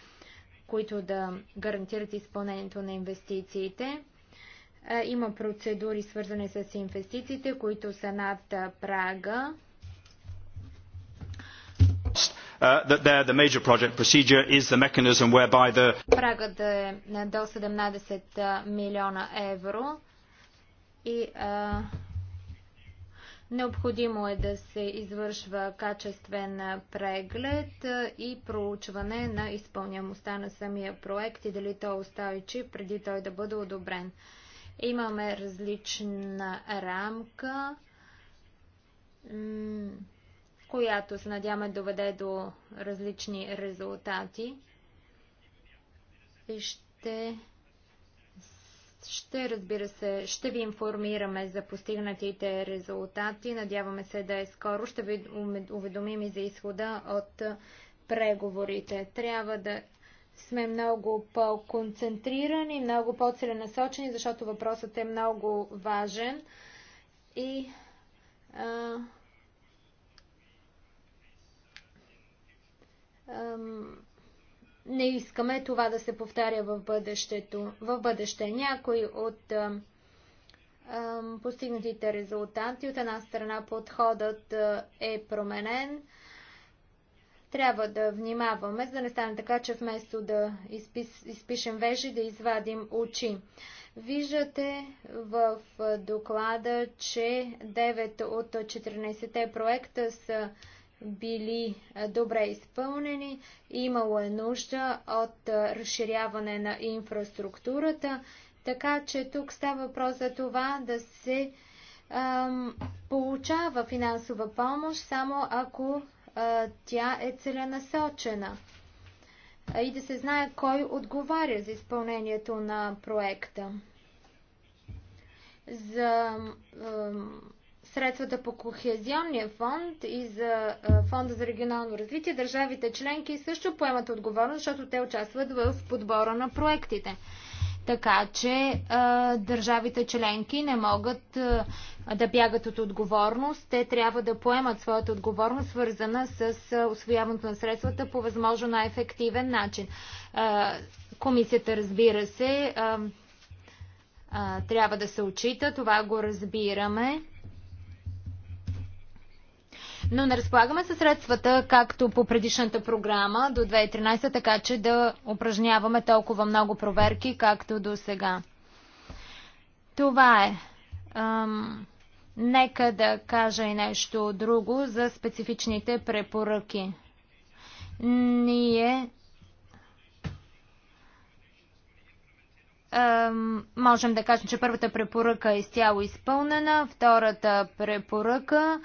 които да гарантират изпълнението на инвестициите. Има процедури, свързани с инвестициите, които са над прага. Uh, Прагът е до 17 милиона евро и а, необходимо е да се извършва качествен преглед и проучване на изпълнямостта на самия проект и дали той че преди той да бъде одобрен. Имаме различна рамка, която се надяваме доведе до различни резултати и ще ще, разбира се, ще ви информираме за постигнатите резултати. Надяваме се да е скоро. Ще ви уведомим и за изхода от преговорите. Трябва да сме много по-концентрирани, много по-целенасочени, защото въпросът е много важен. И а, ам, не искаме това да се повтаря в, бъдещето, в бъдеще. Някои от а, а, постигнатите резултати от една страна подходът а, е променен. Трябва да внимаваме, за да не стане така, че вместо да изпис, изпишем вежи, да извадим очи. Виждате в доклада, че 9 от 14 проекта са били добре изпълнени. Имало е нужда от разширяване на инфраструктурата, така че тук става въпрос за това да се ам, получава финансова помощ, само ако а, тя е целенасочена и да се знае кой отговаря за изпълнението на проекта. За ам, средствата по Кохезионния фонд и за Фонда за регионално развитие, държавите членки също поемат отговорност, защото те участват в подбора на проектите. Така че държавите членки не могат да бягат от отговорност. Те трябва да поемат своята отговорност, свързана с освояването на средствата по възможно най-ефективен начин. комисията, разбира се, трябва да се очита, това го разбираме но не разполагаме със средствата, както по предишната програма до 2013, така че да упражняваме толкова много проверки, както до сега. Това е. Ам, нека да кажа и нещо друго за специфичните препоръки. Ние можем да кажем, че първата препоръка е изцяло изпълнена, втората препоръка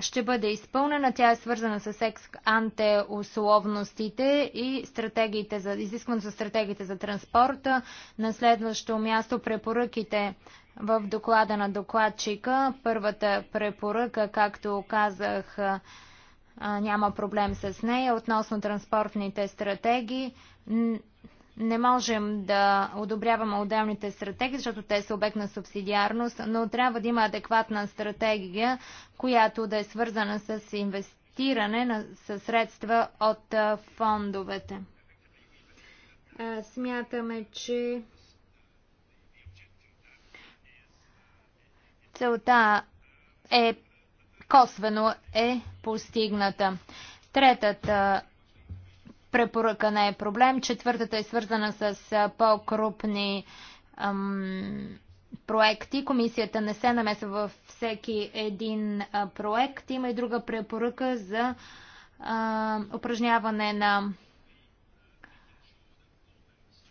ще бъде изпълнена. Тя е свързана с екс-анте условностите и стратегиите за, изискването за стратегиите за транспорта. На следващо място препоръките в доклада на докладчика. Първата препоръка, както казах, няма проблем с нея относно транспортните стратегии. Не можем да одобряваме отделните стратегии, защото те са обект на субсидиарност, но трябва да има адекватна стратегия, която да е свързана с инвестиране на, със средства от фондовете. Смятаме, че целта е косвено е постигната. Третата препоръка не е проблем. Четвъртата е свързана с по-крупни проекти. Комисията не се намесва във всеки един проект. Има и друга препоръка за упражняване на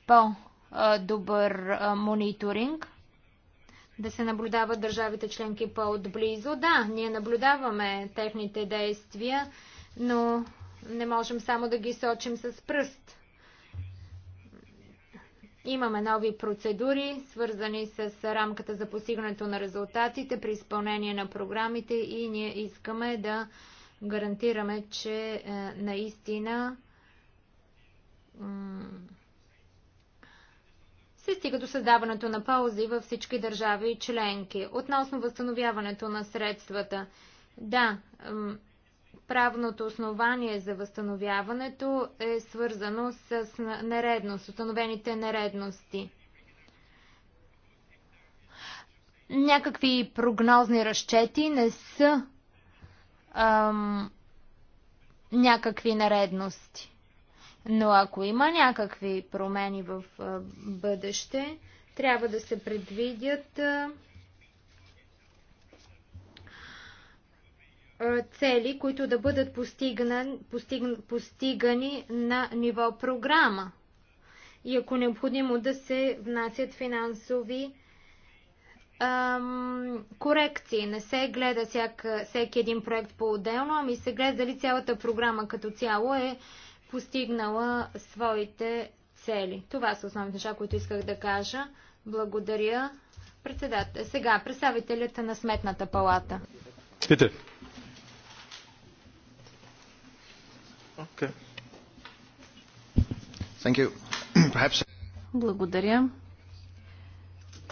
по-добър мониторинг. Да се наблюдават държавите членки по-отблизо. Да, ние наблюдаваме техните действия, но не можем само да ги сочим с пръст. Имаме нови процедури, свързани с рамката за постигането на резултатите при изпълнение на програмите и ние искаме да гарантираме, че е, наистина се стига до създаването на паузи във всички държави и членки. Относно възстановяването на средствата, да, Правното основание за възстановяването е свързано с нередност, установените нередности. Някакви прогнозни разчети не са ам, някакви нередности. Но ако има някакви промени в бъдеще, трябва да се предвидят Е, цели, които да бъдат постигнан, постигна, постигани на ниво програма. И ако е необходимо да се внасят финансови ам, корекции. Не се гледа всяка, всеки един проект по-отделно, ами се гледа дали цялата програма като цяло е постигнала своите цели. Това са основните неща, които исках да кажа. Благодаря. Председател. Сега представителята на Сметната палата. Питер. Благодаря.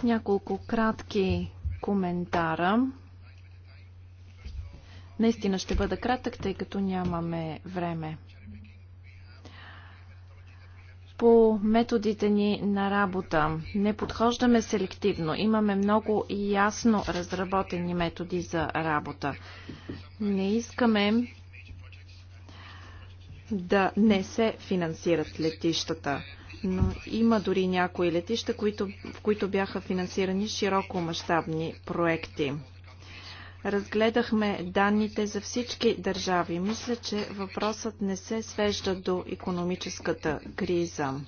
Няколко кратки коментара. Наистина ще бъда кратък, тъй като нямаме време. По методите ни на работа не подхождаме селективно. Имаме много ясно разработени методи за работа. Не искаме да не се финансират летищата. Но има дори някои летища, които, в които бяха финансирани широко мащабни проекти. Разгледахме данните за всички държави. Мисля, че въпросът не се свежда до економическата криза.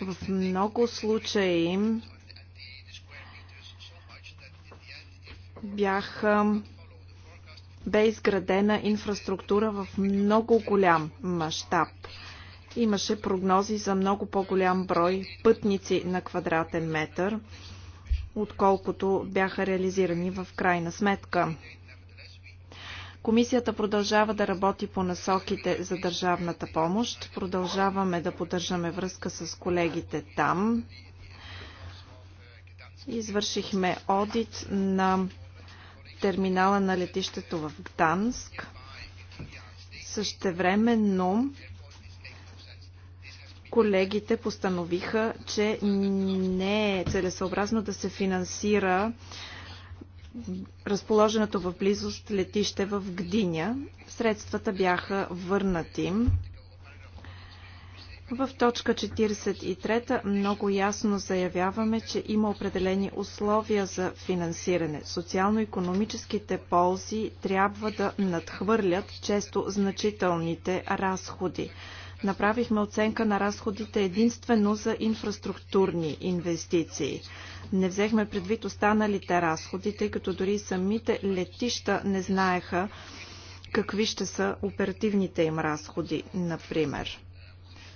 В много случаи бяха бе изградена инфраструктура в много голям мащаб. Имаше прогнози за много по-голям брой пътници на квадратен метър, отколкото бяха реализирани в крайна сметка. Комисията продължава да работи по насоките за държавната помощ. Продължаваме да поддържаме връзка с колегите там. Извършихме одит на терминала на летището в Гданск. Същевременно колегите постановиха, че не е целесообразно да се финансира разположеното в близост летище в Гдиня. Средствата бяха върнати в точка 43 много ясно заявяваме, че има определени условия за финансиране. Социално-економическите ползи трябва да надхвърлят често значителните разходи. Направихме оценка на разходите единствено за инфраструктурни инвестиции. Не взехме предвид останалите разходи, тъй като дори самите летища не знаеха какви ще са оперативните им разходи, например.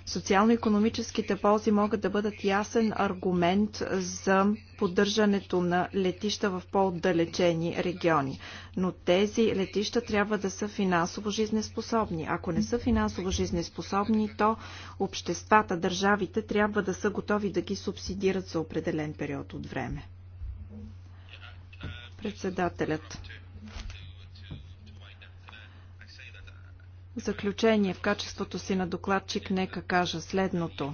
Социално-економическите ползи могат да бъдат ясен аргумент за поддържането на летища в по-отдалечени региони. Но тези летища трябва да са финансово жизнеспособни. Ако не са финансово жизнеспособни, то обществата, държавите трябва да са готови да ги субсидират за определен период от време. Председателят. В заключение, в качеството си на докладчик, нека кажа следното.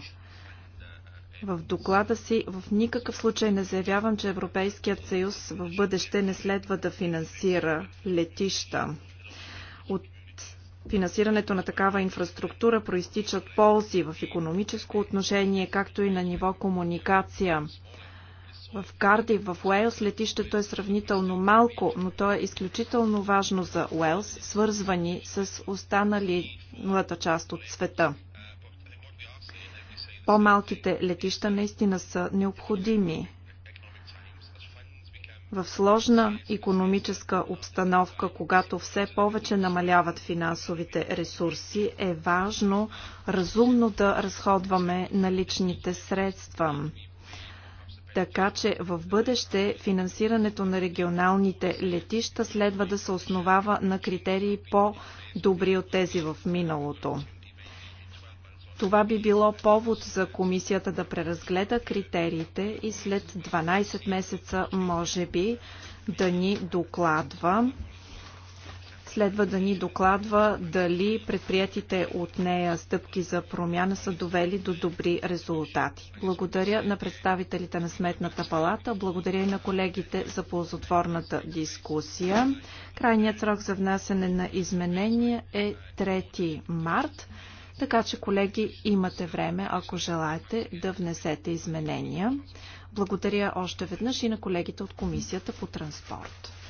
В доклада си в никакъв случай не заявявам, че Европейският съюз в бъдеще не следва да финансира летища. От финансирането на такава инфраструктура проистичат ползи в економическо отношение, както и на ниво комуникация. В Карди, в Уелс, летището е сравнително малко, но то е изключително важно за Уелс, свързвани с останалата част от света. По-малките летища наистина са необходими. В сложна економическа обстановка, когато все повече намаляват финансовите ресурси, е важно разумно да разходваме наличните средства така че в бъдеще финансирането на регионалните летища следва да се основава на критерии по-добри от тези в миналото. Това би било повод за комисията да преразгледа критериите и след 12 месеца, може би, да ни докладва следва да ни докладва дали предприятите от нея стъпки за промяна са довели до добри резултати. Благодаря на представителите на Сметната палата, благодаря и на колегите за ползотворната дискусия. Крайният срок за внасене на изменения е 3 март, така че колеги имате време, ако желаете да внесете изменения. Благодаря още веднъж и на колегите от Комисията по транспорт.